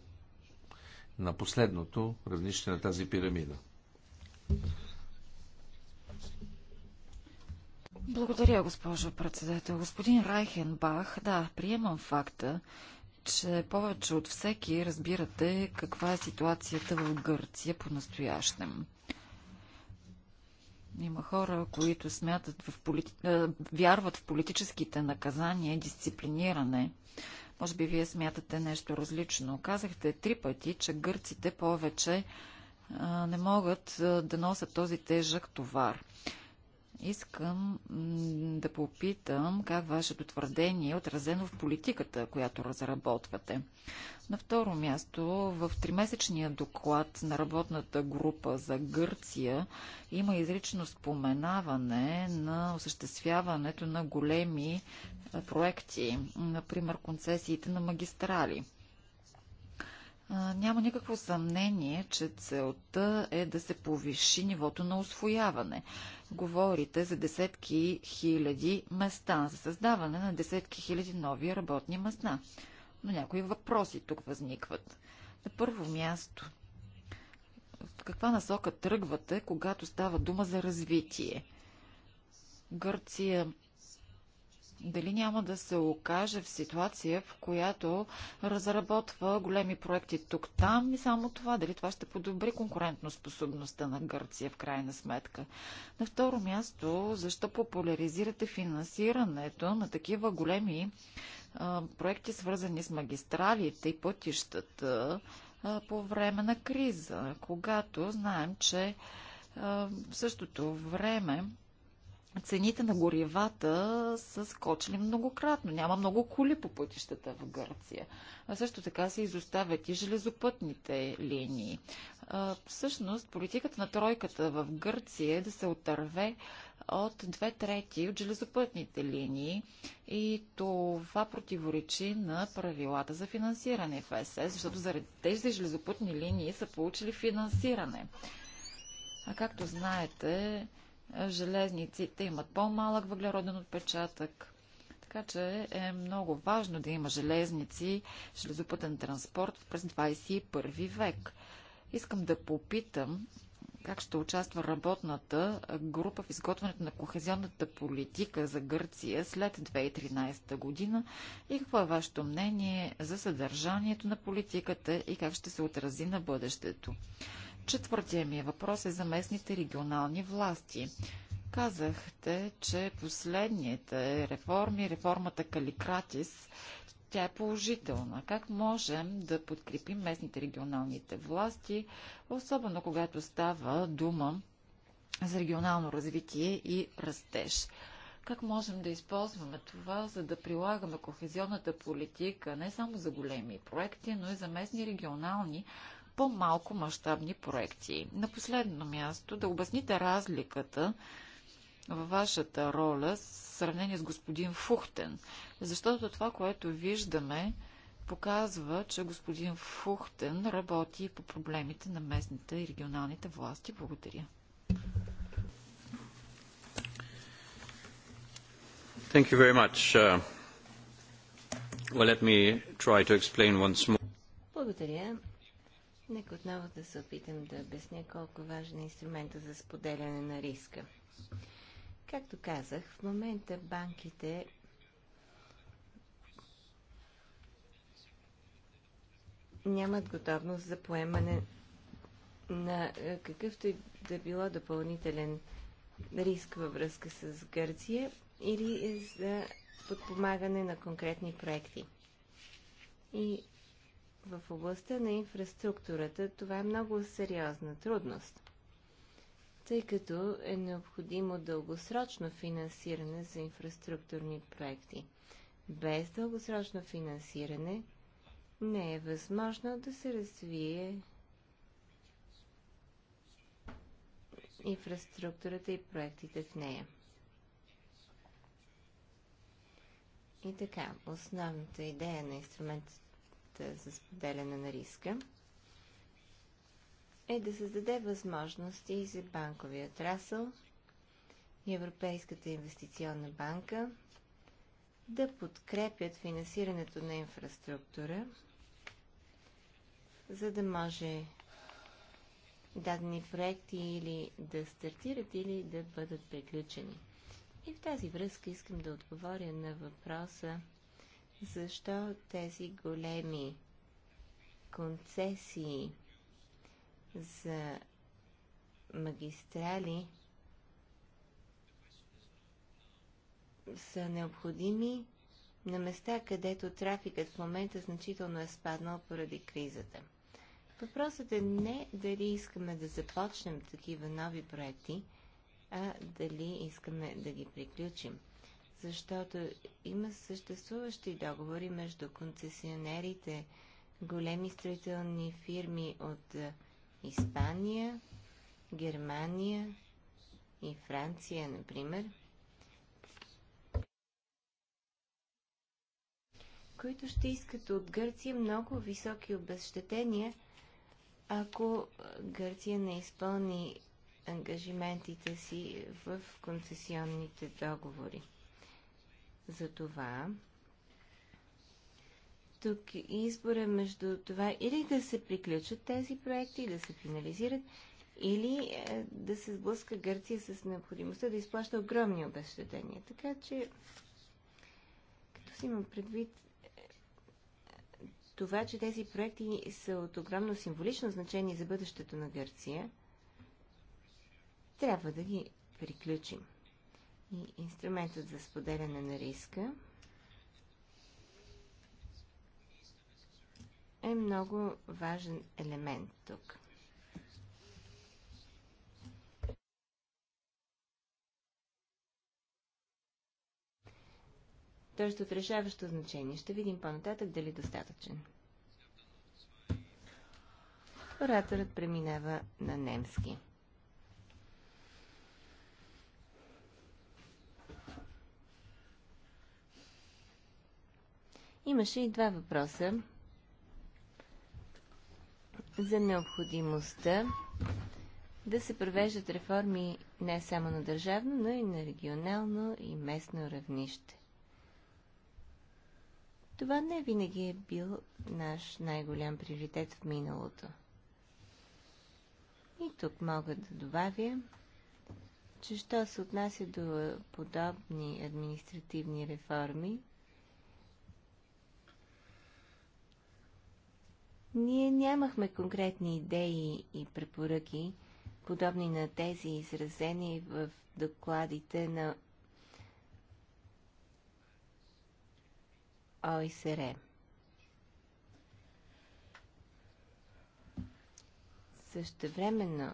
на последното равнище на тази пирамида. Благодаря, госпожо председател. Господин Райхенбах, да, приемам факта, че повече от всеки разбирате каква е ситуацията в Гърция по-настоящем. Има хора, които смятат в полит... вярват в политическите наказания и дисциплиниране. Може би вие смятате нещо различно. Казахте три пъти, че гърците повече не могат да носят този тежък товар. Искам да попитам как вашето твърдение е отразено в политиката, която разработвате. На второ място, в тримесечния доклад на работната група за Гърция има изрично споменаване на осъществяването на големи проекти, например концесиите на магистрали. Няма никакво съмнение, че целта е да се повиши нивото на освояване. Говорите за десетки хиляди места, за създаване на десетки хиляди нови работни места. Но някои въпроси тук възникват. На първо място, в каква насока тръгвате, когато става дума за развитие? Гърция дали няма да се окаже в ситуация, в която разработва големи проекти тук-там и само това, дали това ще подобри конкурентно способността на Гърция в крайна сметка. На второ място, защо популяризирате финансирането на такива големи проекти, свързани с магистралите и пътищата по време на криза, когато знаем, че в същото време цените на горивата са скочили многократно. Няма много коли по пътищата в Гърция. А също така се изоставят и железопътните линии. А, всъщност, политиката на тройката в Гърция е да се отърве от две трети от железопътните линии и това противоречи на правилата за финансиране в ЕСЕ, защото заради тези железопътни линии са получили финансиране. А както знаете, железниците имат по-малък въглероден отпечатък. Така че е много важно да има железници, железопътен транспорт през 21 век. Искам да попитам как ще участва работната група в изготвянето на кохезионната политика за Гърция след 2013 година и какво е вашето мнение за съдържанието на политиката и как ще се отрази на бъдещето. Четвъртия ми въпрос е за местните регионални власти. Казахте, че последните реформи, реформата Каликратис, тя е положителна. Как можем да подкрепим местните регионалните власти, особено когато става дума за регионално развитие и растеж? Как можем да използваме това, за да прилагаме кохезионната политика не само за големи проекти, но и за местни регионални по-малко мащабни проекти. На последно място да обясните разликата във вашата роля в сравнение с господин Фухтен, защото това, което виждаме, показва, че господин Фухтен работи по проблемите на местните и регионалните власти. Благодаря. Thank you very much. Uh, well, let me try to explain once more. Благодаря. Нека отново да се опитам да обясня колко важен е инструмента за споделяне на риска. Както казах, в момента банките нямат готовност за поемане на е, какъвто и да било допълнителен риск във връзка с Гърция или за подпомагане на конкретни проекти. И в областта на инфраструктурата това е много сериозна трудност, тъй като е необходимо дългосрочно финансиране за инфраструктурни проекти. Без дългосрочно финансиране не е възможно да се развие инфраструктурата и проектите в нея. И така, основната идея на инструментите регламента за споделяне на риска, е да създаде възможности за банковия трасъл и Европейската инвестиционна банка да подкрепят финансирането на инфраструктура, за да може дадени проекти или да стартират, или да бъдат приключени. И в тази връзка искам да отговоря на въпроса защо тези големи концесии за магистрали са необходими на места, където трафикът в момента значително е спаднал поради кризата. Въпросът е не дали искаме да започнем такива нови проекти, а дали искаме да ги приключим защото има съществуващи договори между концесионерите, големи строителни фирми от Испания, Германия и Франция, например, които ще искат от Гърция много високи обезщетения, ако Гърция не изпълни ангажиментите си в концесионните договори за това. Тук избора между това или да се приключат тези проекти, да се финализират, или е, да се сблъска Гърция с необходимостта да изплаща огромни обещетения. Така че, като си имам предвид това, че тези проекти са от огромно символично значение за бъдещето на Гърция, трябва да ги приключим и инструментът за споделяне на риска е много важен елемент тук. Той ще от решаващо значение. Ще видим по-нататък дали достатъчен. Ораторът преминава на немски. Имаше и два въпроса за необходимостта да се провеждат реформи не само на държавно, но и на регионално и местно равнище. Това не винаги е бил наш най-голям приоритет в миналото. И тук мога да добавя, че що се отнася до подобни административни реформи, Ние нямахме конкретни идеи и препоръки, подобни на тези изразени в докладите на ОИСР. Същевременно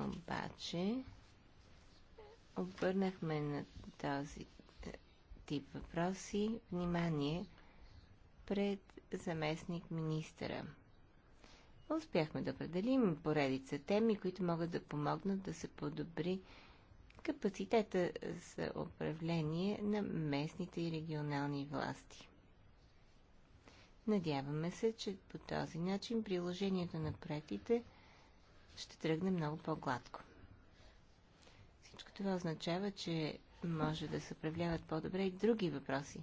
обаче обърнахме на този е, тип въпроси внимание пред заместник министъра. Успяхме да определим поредица теми, които могат да помогнат да се подобри капацитета за управление на местните и регионални власти. Надяваме се, че по този начин приложението на проектите ще тръгне много по-гладко. Всичко това означава, че може да се управляват по-добре и други въпроси,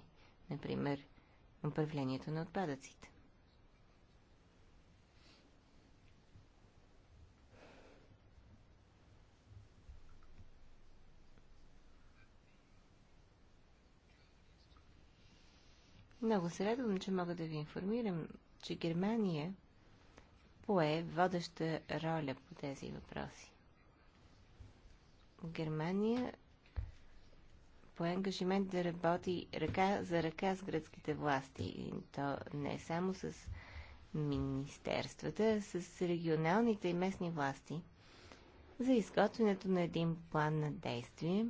например управлението на отпадъците. Много се радвам, че мога да ви информирам, че Германия пое водеща роля по тези въпроси. Германия пое ангажимент да работи ръка за ръка с гръцките власти. И то не само с министерствата, а с регионалните и местни власти за изготвянето на един план на действие,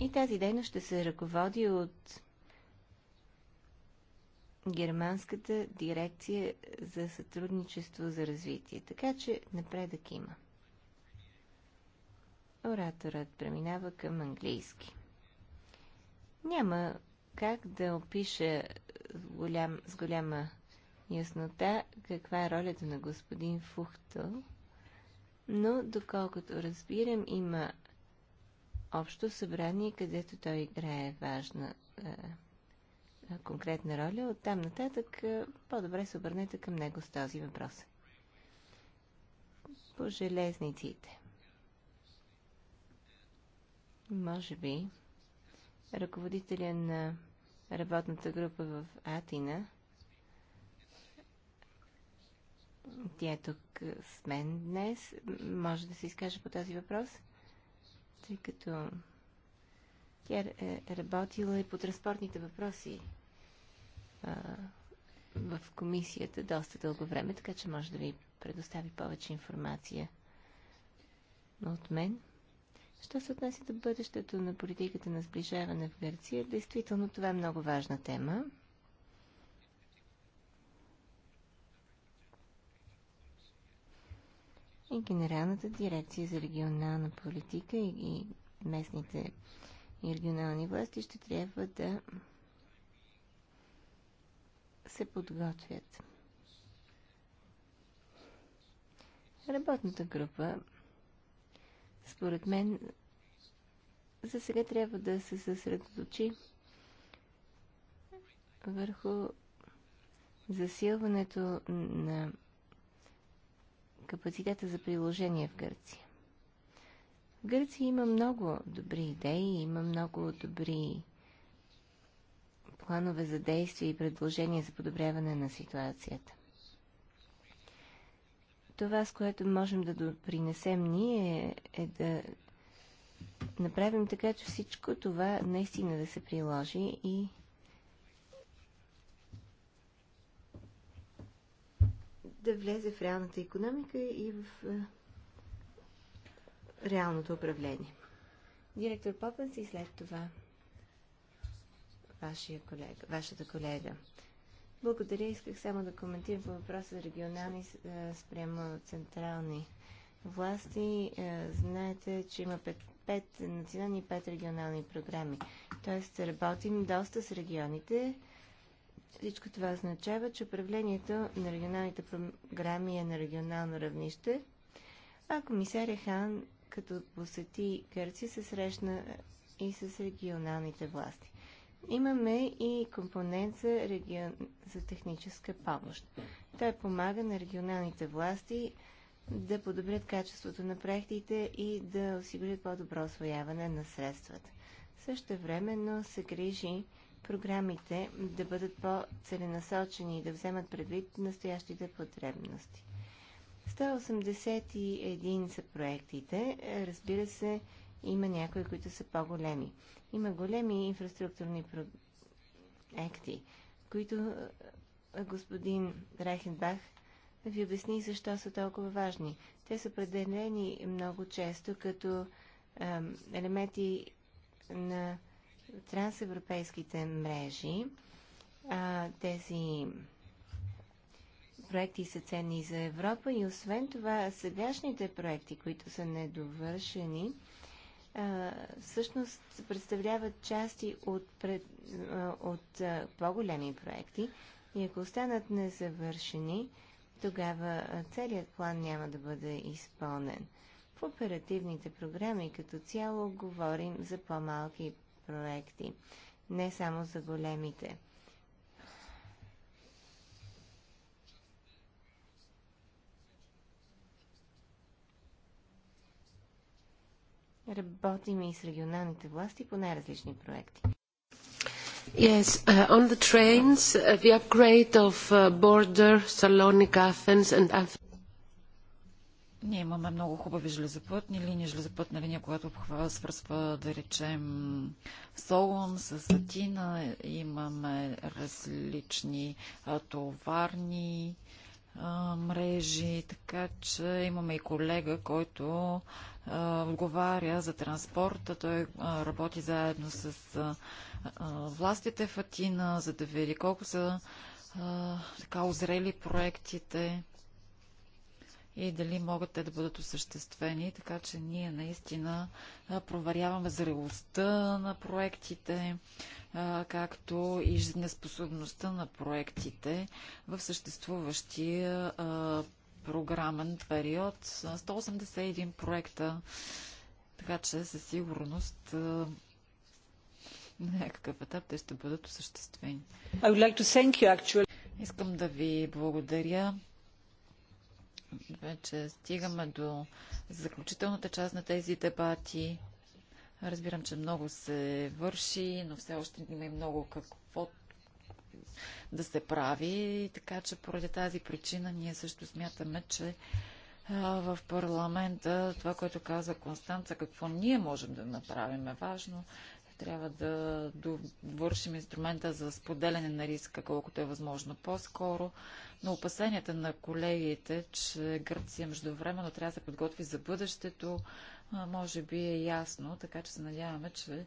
И тази дейност ще се ръководи от Германската дирекция за сътрудничество за развитие. Така че напредък има. Ораторът преминава към английски. Няма как да опиша с, голям, с голяма яснота каква е ролята на господин Фухтъл, но доколкото разбирам, има общо събрание, където той играе важна е, конкретна роля. От там нататък е, по-добре се обърнете към него с този въпрос. По железниците. Може би ръководителя на работната група в Атина тя е тук е, с мен днес. Може да се изкаже по този въпрос, тъй като тя е работила и по транспортните въпроси в комисията доста дълго време, така че може да ви предостави повече информация от мен. Що се отнася до бъдещето на политиката на сближаване в Гърция, действително това е много важна тема. И Генералната дирекция за регионална политика и местните и регионални власти ще трябва да се подготвят. Работната група, според мен, за сега трябва да се съсредоточи върху засилването на капацитета за приложение в Гърция. Гърция има много добри идеи, има много добри планове за действие и предложения за подобряване на ситуацията. Това, с което можем да допринесем ние, е да направим така, че всичко това наистина да се приложи и да влезе в реалната економика и в е, реалното управление. Директор Попенс и след това вашия колега, вашата колега. Благодаря. Исках само да коментирам по въпроса за регионални спрямо централни власти. Знаете, че има пет, пет национални и пет регионални програми. Тоест работим доста с регионите. Всичко това означава, че управлението на регионалните програми е на регионално равнище, а комисаря Хан като посети Гърция, се срещна и с регионалните власти. Имаме и компонент за, регион... за техническа помощ. Той помага на регионалните власти да подобрят качеството на проектите и да осигурят по-добро освояване на средствата. Също времено се грижи програмите да бъдат по-целенасочени и да вземат предвид настоящите потребности. 181 са проектите. Разбира се, има някои, които са по-големи. Има големи инфраструктурни проекти, които господин да ви обясни защо са толкова важни. Те са определени много често като елементи на трансевропейските мрежи. тези проекти са ценни за Европа и освен това сегашните проекти, които са недовършени, всъщност представляват части от, пред, от по-големи проекти и ако останат незавършени, тогава целият план няма да бъде изпълнен. В оперативните програми като цяло говорим за по-малки проекти, не само за големите. Работим и с регионалните власти по най-различни проекти. Yes, uh, on the trains, uh, the upgrade of uh, border, Salonic, Athens and Athens. Ние имаме много хубави железопътни линии, железопътна линия, която обхвава, свързва, да речем, Солон с Атина. Имаме различни товарни мрежи, така че имаме и колега, който отговаря за транспорта. Той работи заедно с властите в Атина, за да види колко са така озрели проектите и дали могат те да бъдат осъществени, така че ние наистина проверяваме зрелостта на проектите, както и жизнеспособността на проектите в съществуващия програмен период. 181 проекта, така че със сигурност на някакъв етап те ще бъдат осъществени. Like you, Искам да ви благодаря. Вече стигаме до заключителната част на тези дебати. Разбирам, че много се върши, но все още има и много какво да се прави. Така че поради тази причина ние също смятаме, че в парламента това, което каза Констанца, какво ние можем да направим е важно. Трябва да довършим инструмента за споделяне на риска, колкото е възможно по-скоро. Но опасенията на колегите, че Гърция междувременно трябва да се подготви за бъдещето, може би е ясно, така че се надяваме, че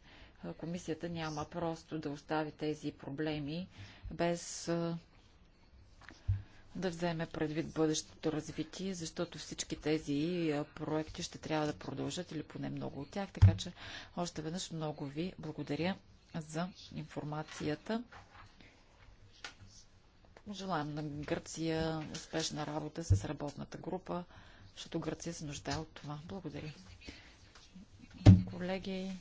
комисията няма просто да остави тези проблеми без да вземе предвид бъдещото развитие, защото всички тези проекти ще трябва да продължат или поне много от тях. Така че още веднъж много ви благодаря за информацията. Желаем на Гърция успешна работа с работната група, защото Гърция се нуждае от това. Благодаря колеги,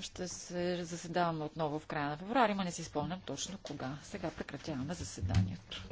ще се заседаваме отново в края на февруари, но не си спомням точно кога. Сега прекратяваме заседанието.